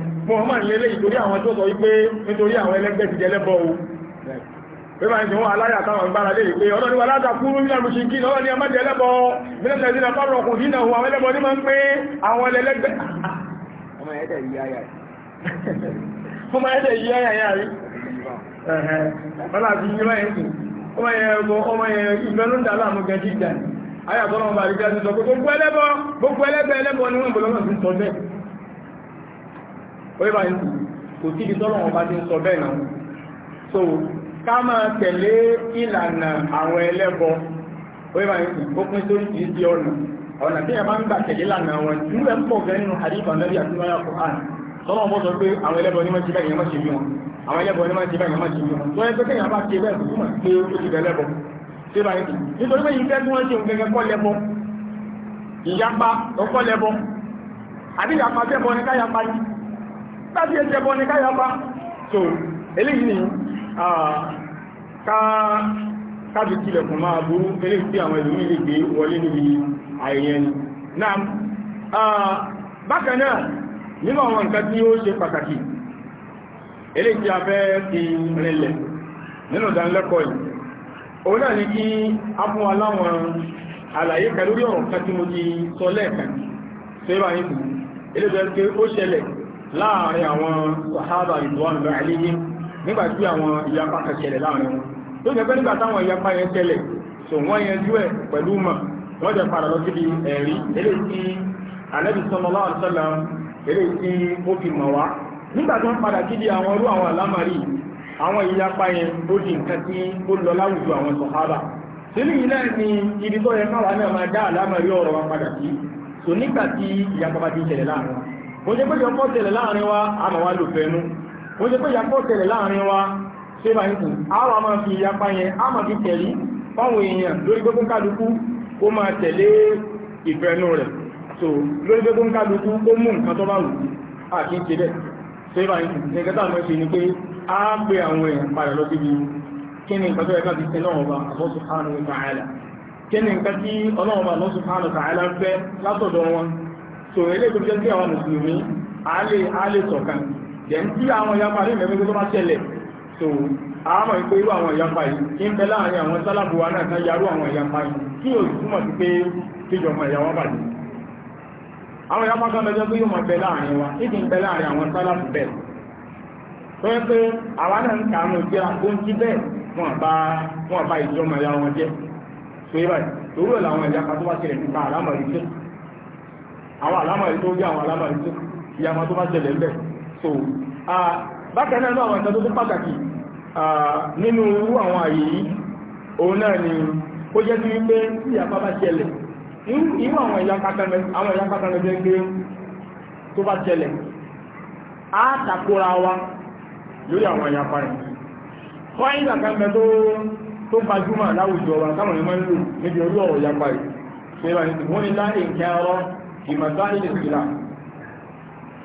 pẹ́bà ń jẹun aláyà táwọn gbára lè pé ọ̀nà ni wà látàkúrú ní àmúṣe kí lọ́wọ́ ni a má jẹ ẹlẹ́bọ̀ mílẹ̀tẹ̀ ìdínà fọ́rọ̀ ọkùn dínà ohun àwọn ẹlẹ́bọ̀ ní máa ń pé àwọn ẹlẹ́gbẹ́ ọmọ ẹ̀ẹ́dẹ̀ yí ayà rí ọmọ ẹ̀ẹ́dẹ̀ yí ayà ká máa tẹ̀lé ìlànà àwọn ẹlẹ́bọ orí máa ń kókún sórí ti di ọ̀nà ọ̀nà tí ẹ̀bá ń gbà tẹ̀lé ìlànà wọn tí wọ́n pọ̀ gẹ́ nínú àdífà lórí àtúnwáyà kòhán sọ́nà bọ́ sọ pé àwọn ẹlẹ́bọ ní máa ti bẹ́ẹ̀ yẹn máa ṣe bí wọn àwọn ẹlẹ́bọ ní máa ti bẹ́ẹ̀ yẹn máa ṣe bí wọn tó ẹ pé kéèyàn bá ṣe bẹ́ẹ̀ tó máa ṣe ó ti bẹ́ẹ̀ lẹ́bọ ṣé bá yẹn nítorí pé yìí kẹ́kún wọn ṣe òun gẹ́gẹ́ kọ́ lẹ́bọ ìyapa ọkọ́ lẹ́bọ àbí ìyapa tẹ́bọ ní káyapa yìí láti ẹ̀ṣẹ̀bọ ní káyapa so eléyìí nìyí Ah, káàdì tilẹ̀kùn máa burú eré tí àwọn ìlú ilé gbé wọlé níbi àìyẹn ni náà ah, bákan náà nínú àwọn nǹkan tí ó ṣe pàtàkì eré tí a fẹ́ fi rinlẹ̀ nínú ìdánilẹ́kọ̀ọ́ yìí òun náà ni kí a fún àlàyé nígbà tí àwọn ìyapa kan ṣẹlẹ̀ láàrin wọn tó jẹ́ pé nígbà táwọn ìyapa yẹn ṣẹlẹ̀ so wọ́n yanjú ẹ̀ pẹ̀lú mọ̀ wọ́n jẹ́ padà lọ síbi ẹ̀rí eléyìí Ànábì sallallahu alaihi wasallam eléyìí ó fi mọ̀ wá nígbà tí wọ́n padà síbi àwọn irú àwọn àlámàrí àwọn ìyapa yẹn ó di nǹkan tí ó lọ láwùjọ àwọn sọ̀hábà sínú yìí náà ni ibi tó yẹ káwa náà máa dá àlámàrí ọ̀rọ̀ wa padà sí so nígbà tí ìyapa bá ti ṣẹlẹ̀ láàrin wa kò jẹ́ pé yọkọ́ ṣẹlẹ̀ láàrin wa àmọ́ wa lò nu wọ́n jẹ́ pé ìyapọ̀ tẹ̀lẹ̀ láàrin wa ṣe bá ní kù àwọn máa fi ìyapa yẹn a máa fi tẹ̀lé fáwọn èèyàn lórí pé kún kálukú kó máa tẹ̀lé ìfẹ́nu rẹ̀ so lórí pé kún kálukú kó mú nǹkan tó bá wù àti ṣe bẹ́ẹ̀ ṣe a pe àwọn èèyàn padà lọ síbi kí ni nǹkan tó yẹ ká fi tẹ̀lé ọ̀rọ̀ bá Allah subhanahu wa ta'ala kí ni nǹkan tí ọlọ́run bá Allah subhanahu wa ta'ala ń fẹ́ látọ̀dọ̀ wọn so eléyìí tó jẹ́ sí a lè sọ̀kan jẹ̀m tí àwọn ìyapa ní ìmẹ́gbẹ́ tó bá tẹ̀lẹ̀ so àmọ́ ìpé irú àwọn ìyapa yìí kí ń bẹ láàrin àwọn sálàbù wa náà kan yarú àwọn ìyapa yìí kí o sì túmọ̀ sí pé kíjọ ọmọ ìyàwó bàjẹ́ àwọn ìyapa kan bẹjọ́ pé yóò mọ̀ bẹ láàrin wa kí kì ń bẹ láàrin àwọn sálàbù bẹ́ẹ̀ tó yẹ pé àwa náà ń so bákan náà àwọn ìtọ́jú tó pàtàkì nínú irú àwọn àyè yìí òun náà ni ó jẹ́ sí wípé tí àpá bá irú àwọn ìyá pátánà jẹ́ pé tó bá ṣẹlẹ̀ a tàkóra wa lórí àwọn ìyá pàrẹ̀ wọ́n yí làkàmẹ́ tó gbajúmọ̀ láwùjọ wa táwọn ìmọ̀ ń níbi orí ọ̀rọ̀ ìyá pàrẹ̀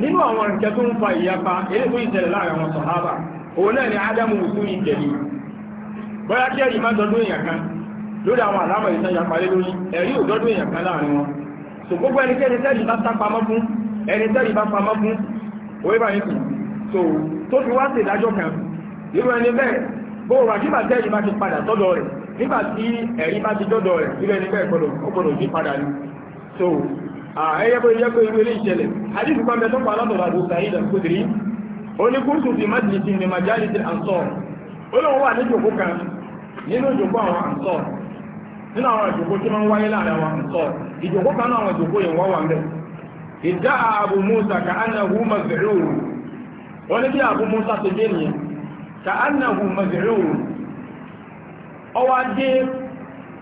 nínú àwọn nǹkan tó ń fa ìyapa eré tó ìṣẹ̀lẹ̀ láàrin àwọn sọ̀hábà òun náà ni adamu tó ń jẹ̀lé bóyá kí ẹ̀yìn máa dọdún èèyàn kan lórí àwọn àlámọ̀ ìṣẹ́ yapa lé lórí ẹ̀rí ò dọdún èèyàn kan láàrin wọn so gbogbo ẹnikẹ́ni tẹ́lì bá sá pamọ́ fún ẹni tẹ́lì bá pamọ́ fún òwe bá yẹn so tó fi wá sí ìdájọ́ kan irú ẹni bẹ́ẹ̀ bóòrò àkíbà tẹ́lì bá ti padà tọ́dọ̀ rẹ̀ nígbà tí ẹ̀rí bá ti dọ́dọ̀ rẹ̀ irú ẹni bẹ́ẹ̀ gbọ́dọ̀ yí padà ni so ẹyẹ́kọ́ ìyẹ́kọ́ ìlú ilé ìṣẹ̀lẹ̀ hadith kan bẹ tọ́pọ̀ alátọ̀rọ̀ Abu Sa'id al-Khudri ó ní kúrùsù fi májìlìsì ní majalisi ansor ó lóun wà ní jòkó kan nínú ìjòkó àwọn ansor nínú àwọn ìjòkó tí wọ́n wáyé láàrin àwọn ansor ìjòkó kan náà àwọn ìjòkó yẹn wọ́n wà ń bẹ̀ ìjà Abu Musa ka annahu bí Abu Musa ti dé nìyẹn ka annahu maz'ur ọwọ́ dé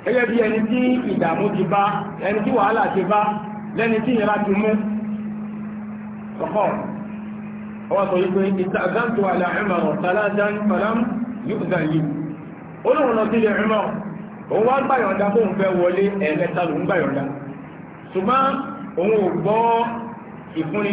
gẹ́gẹ́ bí ẹni tí ìdààmú ti bá ẹni tí wàhálà ti bá lẹ́ni tí ìyẹra ti mú ọkọ̀ ọwọ́ sọ wípé ìtàzántò àlà ẹ̀mọ̀rọ̀ tàlájá ń falam yóò zà yìí olóòrùn lọ sílẹ̀ ẹ̀mọ̀ òun wá gbàyọ̀ndá fóun fẹ́ wọlé ẹ̀ẹ̀mẹ́ta lòun gbàyọ̀ndá ṣùgbọ́n òun ò gbọ́ ìfúnni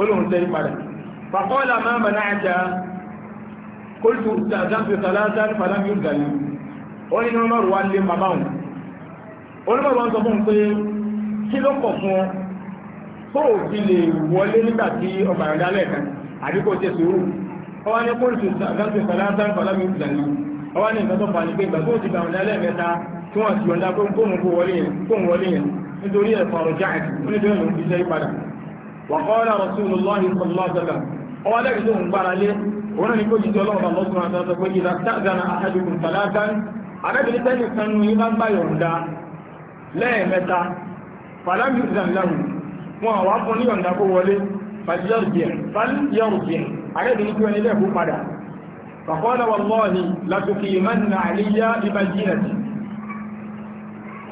olóhun tẹ́rí padà fàkọ́lá máa mọ̀ náà jà kóltù tàbí tàlátà fàlámi ó gàlì ó ní mọ́rù wá lé màmá òun olómọ̀rù wọn sọ fún pé kí ló kọ̀ fún ọ tó ò fi lè wọlé nígbà tí ọgbà rẹ̀ dálẹ̀ kan àbí kò ṣe sùúrù ó wá ní kóltù tàbí tàlátà fàlámi ó gàlì وقال رسول الله صلى الله عليه وسلم قال إذن برالي وانا نقول جزي الله الله سبحانه وتعالى وإذا استأذن أحدكم ثلاثا أنا بلتاني كانوا إذا بايون دا لا يمتع فلم يؤذن له wọ́n wá fún ní ọ̀nà kó wọlé fàlíyàrùjẹ́ arẹ́bìnrin tí wọ́n ilé ẹ̀kú padà fàkọ́lá wọlọ́ọ̀ni látòkì ìmánà àríyá ìbájínàtì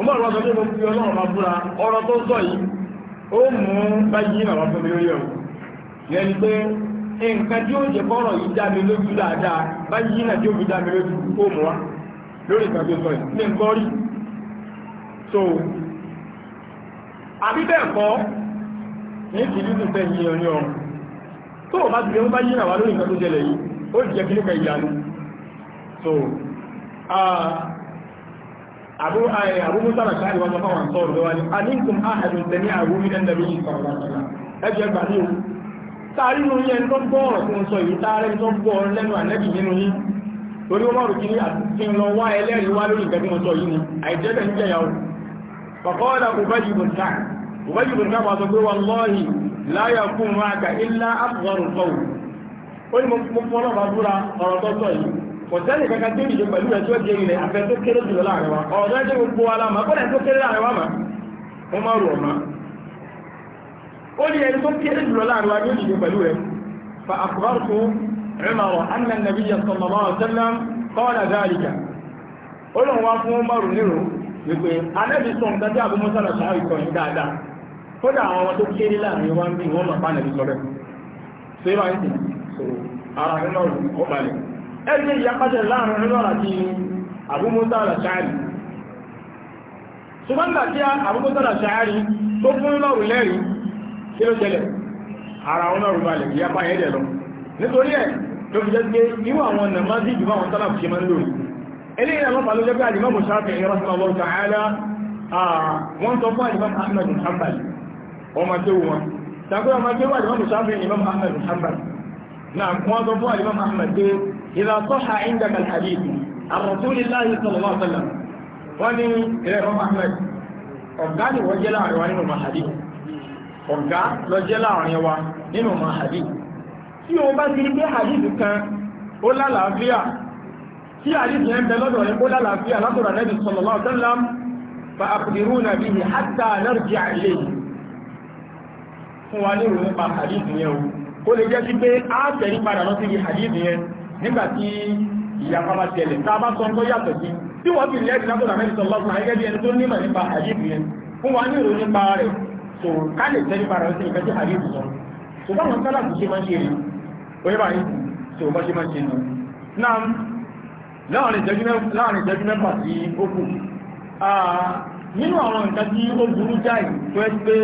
ọmọ ìrọ̀sọ̀lẹ́ ó mú báyí ọ̀rọ̀ fún mi lórí ọ̀rọ̀ yẹn ni pé nǹkan tí ó jẹ kọ́rọ̀ yìí dá mi lójú dáadáa báyí náà tí ó fi dá mi lójú ó mú wa lórí nǹkan tó sọ yìí ní nǹkan rí so àbí bẹ́ẹ̀ kọ́ ní ti lùdù fẹ́ yí ọ ní ọ tó o bá ti lè ń báyí náà wá lórí nǹkan tó jẹlẹ̀ yìí ó jẹ́ kí nípa ìyanu so ah abu eh, abu musa na kari wata fawan tsawon da wani alinkum ahadun da ni abu mi dan da bi sọ ọ̀rọ̀ sọ̀rọ̀ ẹjẹ gbà ní o taari nu yẹn tó gbọ́ ọ̀rọ̀ tó ń sọ yìí taari tó gbọ́ ọ̀rọ̀ lẹ́nu ànẹ́bì nínú yìí torí wọn rò kiri àti lọ wá ẹlẹ́rìí wá lórí nǹkan tí mo sọ yìí ni àìjẹ́ bẹ̀ ń jẹ́ yàwó fọ̀kọ́ọ̀dà ubayi bùnká ubayi bùnká wà sọ pé wọn lọ́ọ̀hì láyà kún máa ka ilá àbúrò sọ̀rọ̀ ó ní mo fọ́nà bàbúrà ọ̀rọ̀ tó sọ yìí kọ̀tẹ́lì kankan tí ó dìde pẹ̀lú ẹ̀ tí ó jẹ́ ilẹ̀ afẹ́ tó kéré jùlọ láàrin wa ọ̀dọ́ ẹgbẹ́ gbogbo wa láàmà kọ́lẹ̀ tó kéré láàrin wa mà ó má rò ọ̀mà ó ní ẹni tó kéré jùlọ láàrin wa ní ó pẹ̀lú ẹ̀ fa nàbí ó wá fún nírò wípé anábì sọ nǹkan tí dáadáa kódà àwọn ọmọ tó kéré láàrin wa ń bí wọn ṣé ń ara balẹ̀ ẹgbẹ́ ìyapájẹ̀ láàrin Umar àti Abu Musa al-Ash'ari ṣùgbọ́n nígbà tí Abu Musa al-Ash'ari tó fún Umar lẹ́rìí kí ló ṣẹlẹ̀ ara Umar balẹ̀ ìyapa yẹn dẹ̀ lọ nítorí ẹ̀ ló fi jẹ́ pé irú àwọn ọ̀nà máa dìbò àwọn tọ́lá fi máa ń lò eléyìí àwọn fàlọ́ jẹ́ pé àdìmọ́ mùsàfẹ́ ìrọ́ sí ọlọ́run ta'ala wọ́n sọ fún àdìmọ́ Ahmad Hanbal ọmọ tó wọn tàbí ọmọ tó wà àdìmọ́ mùsàfẹ́ ìmọ́ Ahmad Hanbal náà wọ́n sọ fún àdìmọ́ Ahmad إذا صح عندك الحديث عن رسول الله صلى الله عليه وسلم wani ìrẹ̀rọ ahmed ọ̀gá ni wọ́n jẹ́ láàrin wa nínú mahadi ọ̀gá lọ jẹ́ láàrin wa nínú mahadi tí o bá ti gbé hadith kan ó lálàáfíà tí hadith yẹn bẹ lọ́dọ̀ rẹ̀ ó lálàáfíà látọ̀rọ̀ nẹ́bí sallallahu alaihi wasallam fa akhbiruna bihi hatta narji'a ilayhi fún wa ní ìròyìn pa hadith yẹn o kó lè jẹ́ sí pé á tẹ̀rí padà lọ sí hadith yẹn nígbà tí ìyapa bá tẹ̀lẹ̀ tá a bá sọ nǹkan yàtọ̀ sí tí wọ́n fi lẹ́ẹ̀dì látọ̀dà mẹ́rin sọ lọ́sùn àyẹ́gẹ́ bí ẹni tó nímọ̀ nípa àyíkù yẹn fún wa ní ìròyìn nípa rẹ̀ tó ká lè tẹ́lẹ̀ bára ó sì ìfẹ́ sí àyíkù sọ tó báwọn sálà kù ṣe máa ń ṣe rí oye bá yìí tó bá ṣe máa ń ṣe nù. náà láàrin ìjẹ́jú mẹ́fà sí ókù nínú àwọn nǹkan tí ó burú jáì tó ẹ́ pé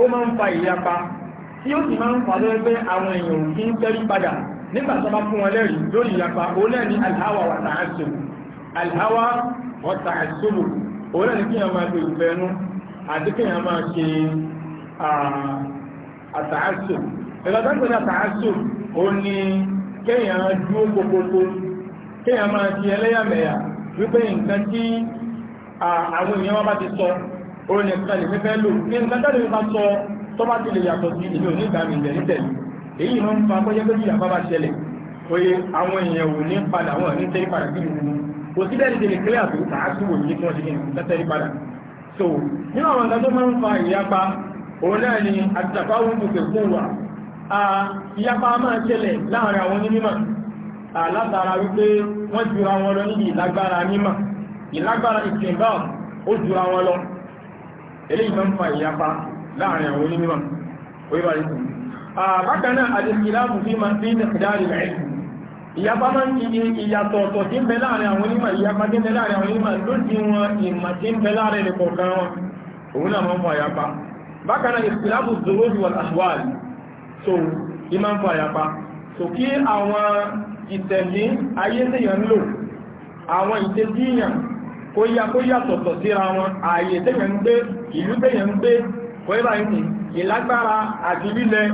ó máa ń fa ìyapa tí ó sì máa ń fa lórí pé àwọn èèyàn kì í tẹ́rí padà nígbà tó bá fún wọn lẹ́rìí lórí ìyapa òun náà ni alhawa wa ta'assub alhawa wa ta'assub òun náà ni kí èèyàn máa lo ìfẹ́ ẹnu àti kí èèyàn máa ṣe àta'assub ìlọ́dọ́gbẹ̀ ní àta'assub òun ni kéèyàn dúó gbogbogbò kéèyàn máa ṣe ẹlẹ́yàmẹ̀yà wípé nǹkan tí àwọn èèyàn wọn bá ti sọ òun nìkan lè fẹ́ lò ní nǹkan tó lè bá sọ tó bá ti lè yàtọ̀ sí ìlú onígbàmìlẹ̀ nítẹ̀lé èyí máa ń fa kọjá pé ìyàbá bá ṣẹlẹ̀ oye àwọn èèyàn ò ní padà wọn ní tẹ́rí padà bí nínú kò sí bẹ́ẹ̀ nítorí kílẹ̀ àti tààtúwò yìí tí wọ́n ti ní tẹ́rí padà so nínú àwọn nǹkan tó máa ń fa ìyapa òun náà ni àtàkọ́ àwọn olùkẹ́ fún wa ìyapa máa ṣẹlẹ̀ láàrin àwọn onímọ̀ látara wípé wọ́n jura wọn lọ níbi ìlágbára mímọ̀ ìlágbára ìkìmbá ó jura wọn lọ eléyìí máa ń fa ìyapa láàrin àwọn onímọ̀ orí bá rí sùn Ah, bákanáà àdìsíláàmù fi máa fi ìdàrí rẹ̀ ìyapa máa ń ti ìyàtọ̀ọ̀tọ̀ tí ń bẹ láàrin àwọn onímọ̀ ìyapa tí ń bẹ láàrin àwọn onímọ̀ ló ti wọn ìmọ̀ tí ń bẹ láàrin ẹ̀kọ̀ wọn òun náà máa ń fa àyapa bákanáà ìsìláàmù zòwòdì wà àṣùwàlì so ìmọ̀ ń so kí àwọn ìtẹ̀lé ayé tèèyàn lò àwọn ìtẹ́síyàn kó yá kó yàtọ̀tọ̀ síra wọn ààyè tèèyàn ń gbé ìlú ìlágbára àti lílẹ̀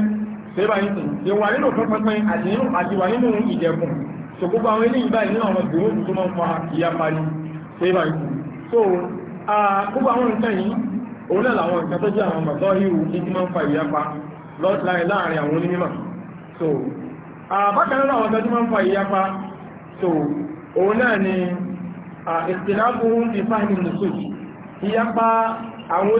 tẹ́bà yìí sùn ìwà nínú pínpín àtiwà nínú ìjẹ̀kùn so gbogbo àwọn eléyìí báyìí nínú àwọn gbòógùn tó so gbogbo àwọn nǹkan yìí òun náà làwọn nǹkan tó jẹ́ àwọn mọ̀tọ́ híhù kí tí máa ń so bákan náà àwọn tó máa so òun náà ni ìsìnláàbù ti fáhìn nìsú ìyapa àwọn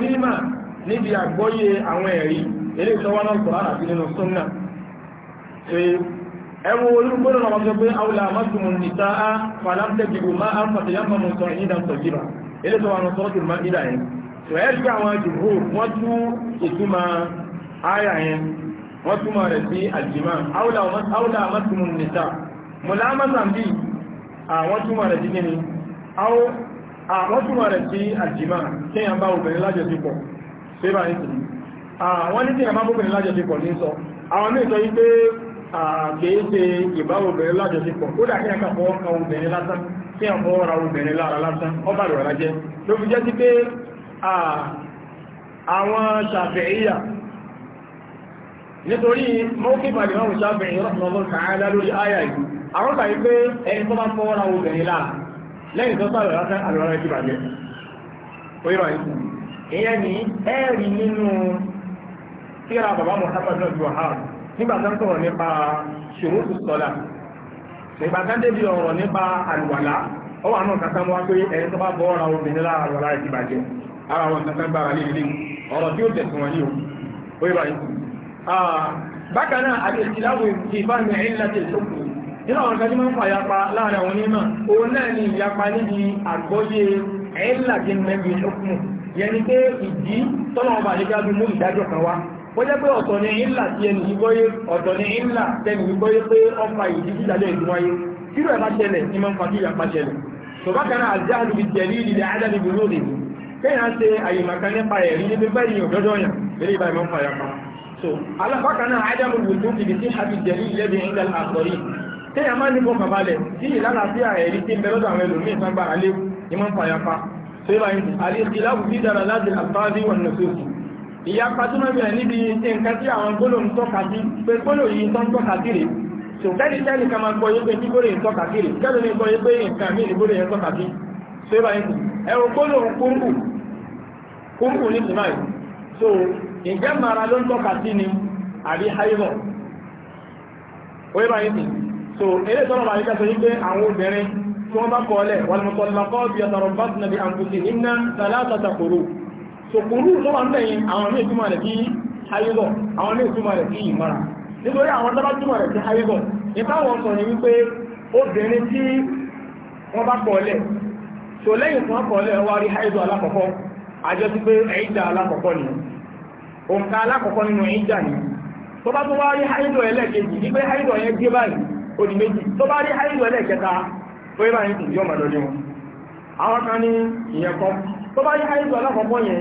níbi àgbọ́yé àwọn ẹ̀rí ilé ìtọ́wọ́nà Kùránì àti nínú súnnà ẹwọ olúgbọ́nà na wọ́n pé aula mọ́sùmù nìta á falamtẹ́kì umar alfatayamma musa idan sọ̀gíra ilé ìtọ́wọ́nà sọ́ọ̀tù ma ìdá yẹn tó ẹ́ ṣe àwọn jùhù wọ́n tú ìtumà áyà yẹn wọ́n túmọ̀ rẹ̀ sí àjìmá aula mọ́sùmù nìta mùlámọ́sà bí àwọn túmọ̀ rẹ̀ sí kíni àwọn túmọ̀ rẹ̀ sí àjìmá kéèyàn bá obìnrin lájọsípọ̀ sí bá ní tìlú àwọn ah, ní tí a máa bóbìnrin lájọsípọ̀ ní sọ àwọn ní ìtọ́ wípé kìí ṣe ìbáwò obìnrin lájọsípọ̀ ó dà kí a kàfọ́ ọkàn obìnrin lásán kí a fọ́ ra obìnrin lára lásán ọba rẹ̀ rájẹ́ ló fi jẹ́ sí pé àwọn ṣàfihìyà nítorí mọ́kífàlì wọn ṣàfihì rọ́pùnọ́lọ́ kàádá lórí áyà yìí àwọn kàí pé ẹni tó bá fọ́ ra obìnrin lára lẹ́yìn tó sàrẹ̀ lásán àlọ́rẹ́ ti bàjẹ́ ìyẹn ni ẹ̀rí nínú síra bàbá Muhammad náà ju ọ̀hán nígbà tó ń sọ̀rọ̀ nípa ṣòwòsù sọ́lá nígbà tó ń débi ọ̀rọ̀ nípa àlùwàlá ó wà náà kankan wá pé ẹni tó bá bọ́ ọ̀rọ̀ obìnrin lára àlùwàlá rẹ̀ ti bàjẹ́ ara wọn kankan gbára lé ilé ọ̀rọ̀ tí ó tẹ̀sùn wọn ní o ó yẹ báyìí. bákan náà àti ìsìláwò ìfàmì ìlà ti ìṣòkù nínú àwọn kan tí ń fa yapa láàrin àwọn onímọ̀ òun náà ni ìyapa níbi àgbọ́yé ẹ̀ẹ́là tí ń mẹ́bi ìṣòkù pé ìdí tọ́lọ́wọ́ bàjẹ́ gbájú mú ìdájọ́ kan wá bójẹ́ pé ọ̀tọ̀ ni ìlà tí ẹni ìgbóyé ọ̀tọ̀ ni ìlà tẹni ìgbóyé pé ọpa ìdíjíjájẹ́ ìdúnwáyé kírò ẹ̀bá ṣẹlẹ̀ ní mọ́ ń fa kíyà pa ṣẹlẹ̀ tó bá kaná àjáàlù bí jẹ̀rí ilẹ̀ adáni bí lónìí kéyàn ṣe àyèmàkan nípa ẹ̀rí ní pípẹ́ ìyàn dọ́dọ́ yàn lórí ìbá ìmọ̀ fàyà pa so alábákaná adámu wùtú ibi tí àbí jẹ̀rí ilẹ̀ bí ìlà àkọrí kéyàn má nípo kàbalẹ̀ tí ìlànàfíà ẹ̀rí tí ń bẹ lọ́dọ̀ àwọn ìyapa tó mẹ́rin níbi nǹkan tí àwọn gbólóhùn tọ́ka sí pé gbólóhùn yìí tán tọ́ka sí rẹ̀ so kẹ́lì kẹ́lì ka máa gbọ́yé pé tí gbólóhùn tọ́ka sí rẹ̀ kẹ́lì ní gbọ́yé pé nǹkan mí ní gbólóhùn tọ́ka sí so ibà yìí ẹ̀rọ gbólóhùn kúrúkù kúrúkù ní tìmáì so ìjẹ́ mara ló ń tọ́ka sí ni àbí haibọ̀ o ibà yìí so eré tọ́nà bàbí kẹsọ yí pé àwọn obìnrin tí wọ́n bá kọ́ ọlẹ̀ wọ́n bí ọ̀tọ̀rọ̀ bá sòkòrò ló wà ń bẹ̀yìn àwọn ilé ìtumọ̀ rẹ̀ bí hayébọ̀ àwọn ilé ìtumọ̀ rẹ̀ bí ìmọ̀ra nítorí àwọn tọ́lá túmọ̀ rẹ̀ bí hayébọ̀ nípa wọn sọ ní wípé obìnrin tí wọ́n bá kọ̀ọ̀lẹ̀ tó lẹ́yìn fún ọkọ̀ọ̀lẹ̀ wá rí hayébọ̀ alákọ̀ọ́kọ́ àjọ sí pé ẹ̀yídà alákọ̀ọ́kọ́ ni òǹkà alákọ̀ọ́kọ́ nínú ẹ̀yídà ni tó bá tó wá rí hayébọ̀ ẹlẹ́ẹ̀kejì ní pé hayébọ̀ yẹn gbé báyìí alákọ̀ọ́kọ́ yẹn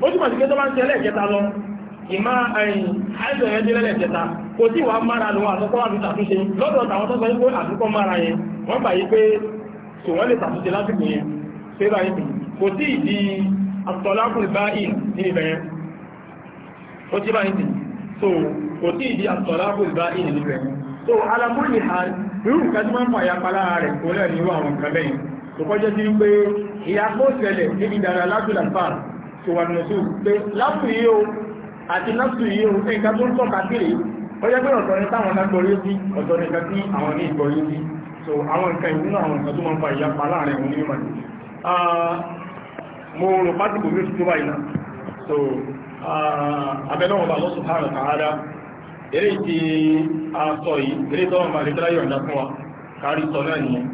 ó túnmọ̀ sí pé tó bá ń ṣe ẹlẹ́ẹ̀kẹta lọ ìmá ẹ̀yìn àìsàn yẹn dé lẹ́lẹ́kẹta kò tí wàá mára lọ àtọ́kọ́ àti tàtúnṣe lọ́dọ̀ tàwọn tó sọ pé àtúkọ́ mára yẹn wọ́n gbà yí pé sò wọ́n lè tàtúnṣe lásìkò yẹn ṣé bá yẹn kò tí ì di àtọ́lákùn bá ì ní ibẹ̀ yẹn ó tí bá yẹn so kò tí ì di àtọ́lákùn bá ì ní ibẹ̀ yẹn so alamúlì ha irú nǹkan tí wọ́n ń fa ìyapa lára rẹ̀ kò lẹ́ẹ̀ ní irú àwọn nǹkan bẹ́yìn tó kọjá sí wípé ìyapó ṣẹlẹ̀ níbi dára látùlà fáà tó wà nínú sùúrù pé láti yìí o àti láti o nǹkan tó ń tọ́ kàkiri ó jẹ́ pé ọ̀tọ̀ ní táwọn náà gbọ́ yóò sí ọ̀tọ̀ ní kan tí àwọn ní ìgbọ́ yóò sí so àwọn nǹkan ìlú náà àwọn nǹkan tó máa ń fa ìyapa láàrin òun ní mọ̀lẹ́ mo rò pátìkù ní ìtúbà ìlà so abẹ́lọ́wọ̀n bá lọ́sùn hàrùn tààdá eré tí a sọ yìí eré tọ́wọ́n bá lè tẹ́lá yọ̀ǹda fún wa kárí sọ náà nìyẹn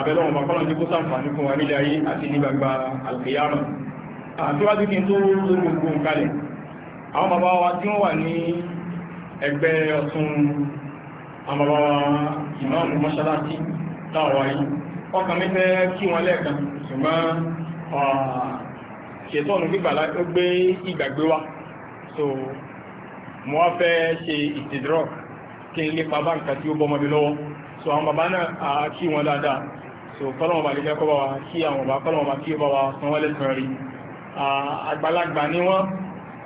abẹ́lọ́wọ̀n bá kọ́lọ̀ ní kó ṣàǹfààní fún wa nílé ayé àti ní gbangba alkiyama àtíwájú kí n tó gbogbo kalẹ̀ àwọn bàbá wa tí wọ́n wà ní ẹgbẹ́ ọ̀tún àwọn bàbá wa ìmáàmù mọ́ṣálásí táwà yìí ọkàn mi fẹ́ kí wọn lẹ́ẹ̀kan ṣùgbọ́n ṣètọ́nù gbígbà ó gbé ìgbàgbé wa so mo wá fẹ́ ṣe ìtìdírọ̀ kí n lépa bá nǹkan tí ó bọ́ mọ́bí lọ́wọ́ so àwọn bàbá náà kí wọn dáadáa so kọ́lọ́wọ́ bá lè jẹ́ kọ́ bá wa kí àwọn bàbá kọ́lọ́wọ́ bá kí ó bá wa sanwó àgbàlagbà ní wọ́n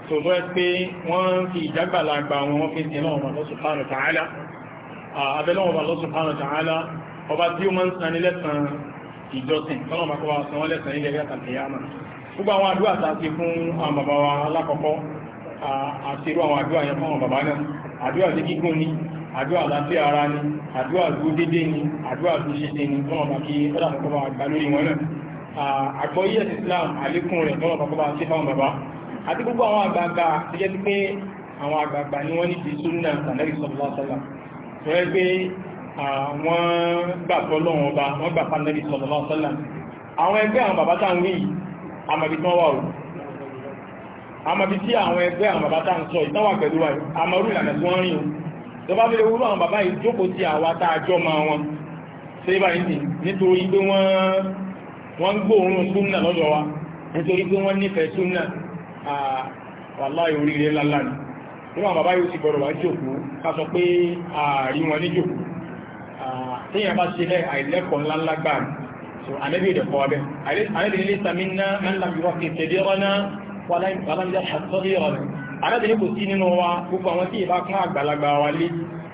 tó bọ́ pé wọ́n fi ìjágbàlagbà wọn fi sin Allah subhanahu wa ta'ala abẹ́lọ́wọ̀n Allah subhanahu wa ta'ala ọba tí ó máa ń sanni lẹ́sàn ìjọsìn tọ́lọ̀mà kọwa san wọ́n lẹ́sàn ilẹ̀ yàtà kìyàmà gbogbo àwọn àdúrà tàbí fún àwọn bàbá wa alákọ̀ọ́kọ́ àti irú àwọn àdúrà yẹn fún àwọn bàbá náà àdúrà sí gígùn ni àdúrà láti ara ni àdúrà ló dédé ni àdúrà ló ṣe ni tọ́lọ̀mà kí ọdá àkọ́kọ́ àgbà lórí wọn náà àgbọ́yé Islam àlékún rẹ̀ lọ́nà bàbá sí fáwọn bàbá àti gbogbo àwọn àgbààgbà ti jẹ́ pé àwọn àgbààgbà ni wọ́n ní ti súnà sàlẹ́rì sọ́lọ́sọ́lá rẹ̀ pé wọ́n gbà tọ́lọ́wọ́n ọba wọ́n gbà sàlẹ́rì sọ́lọ́sọ́lá àwọn ẹgbẹ́ àwọn bàbá táwọn wí àmàbí tí wọ́n wà ó àmàbí tí àwọn ẹgbẹ́ àwọn bàbá táwọn sọ ìtawà pẹ̀lú wa àmàrú ìlànà tí wọ́n rìn ó tó bá fẹ́lẹ̀ wúrú àwọn bàbá ìjókòó ti àwa tá a jọ máa wọn ṣe é báyìí nítorí pé wọ́n wọ́n gbóòórùn súnnà lọ́dọ̀ wa nítorí pé wọ́n nífẹ̀ẹ́ súnnà wàláì oríire lálàní níwọ̀n bàbá yóò ti gbọ́rọ̀ wá jòkó ká sọ pé ààrí wọn ní jòkó tíyàn bá sílẹ̀ àìlẹ́kọ̀ọ́ ńláńlá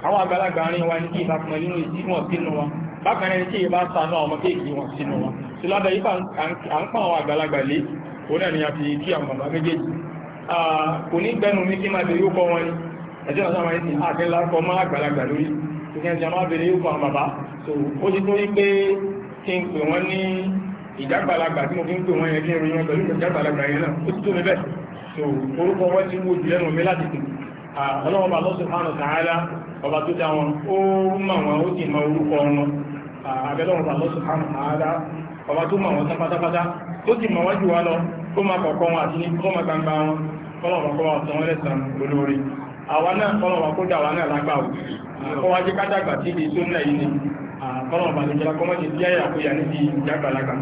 àwọn àgbàlagbà rin wa ní kí ìbá nínú ìsínú ọ̀sínú wa bákan ẹni tí ìbá sànú àwọn ọmọ kéèkì wọn sínú wọn sí lábẹ́ yípa à ń pọ́n àwọn àgbàlagbà lé òun náà ni a fi kí àwọn bàbá méjèèjì kò ní gbẹnu mi kí máa bèrè yóò kọ wọn ni ẹjọ́ náà sáwọn ẹni àti ńlá kọ mọ́ àgbàlagbà lórí kò kí ẹni tí a máa bèrè so ó ti tó yí pé kí n pè wọ́n ní ìjàgbàlagbà tí mo fi ń pè wọ́n yẹn kí n ròyìn wọn so orúkọ wọn ti wú jù lẹ́nu mi láti pè ọlọ́wọ́n bá lọ́sùn fáànù tààlà ọba tó dá wọn ó mọ̀ wọn ó sì mọ orúkọ wọn abẹ́lọ́run Allah subhanahu wa ta'ala ọba tó mọ̀ wọn tán pátápátá tó sì mọ̀ wájú wa lọ tó máa kọ̀ọ̀kan wọn àti ní kọ́ máa gbangba wọn kọ́lọ̀wọ̀ kọ́ wọn tán lẹ́sàn olórí àwa náà kọ́lọ̀wọ̀ kó dà wà náà lágbàwò kọ́ wájú kádàgbà tí kì í tó náà yìí ni kọ́lọ̀wọ̀ àlejò kọ́mọ́jì tí àyà kó yà níbi ìjàgbàlagbà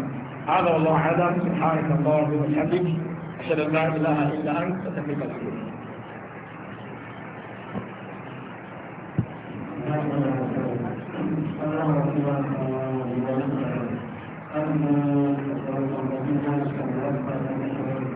هذا والله هذا سبحانك اللهم وبحمدك أشهد أن لا إله إلا أنت أستغفرك وأتوب أما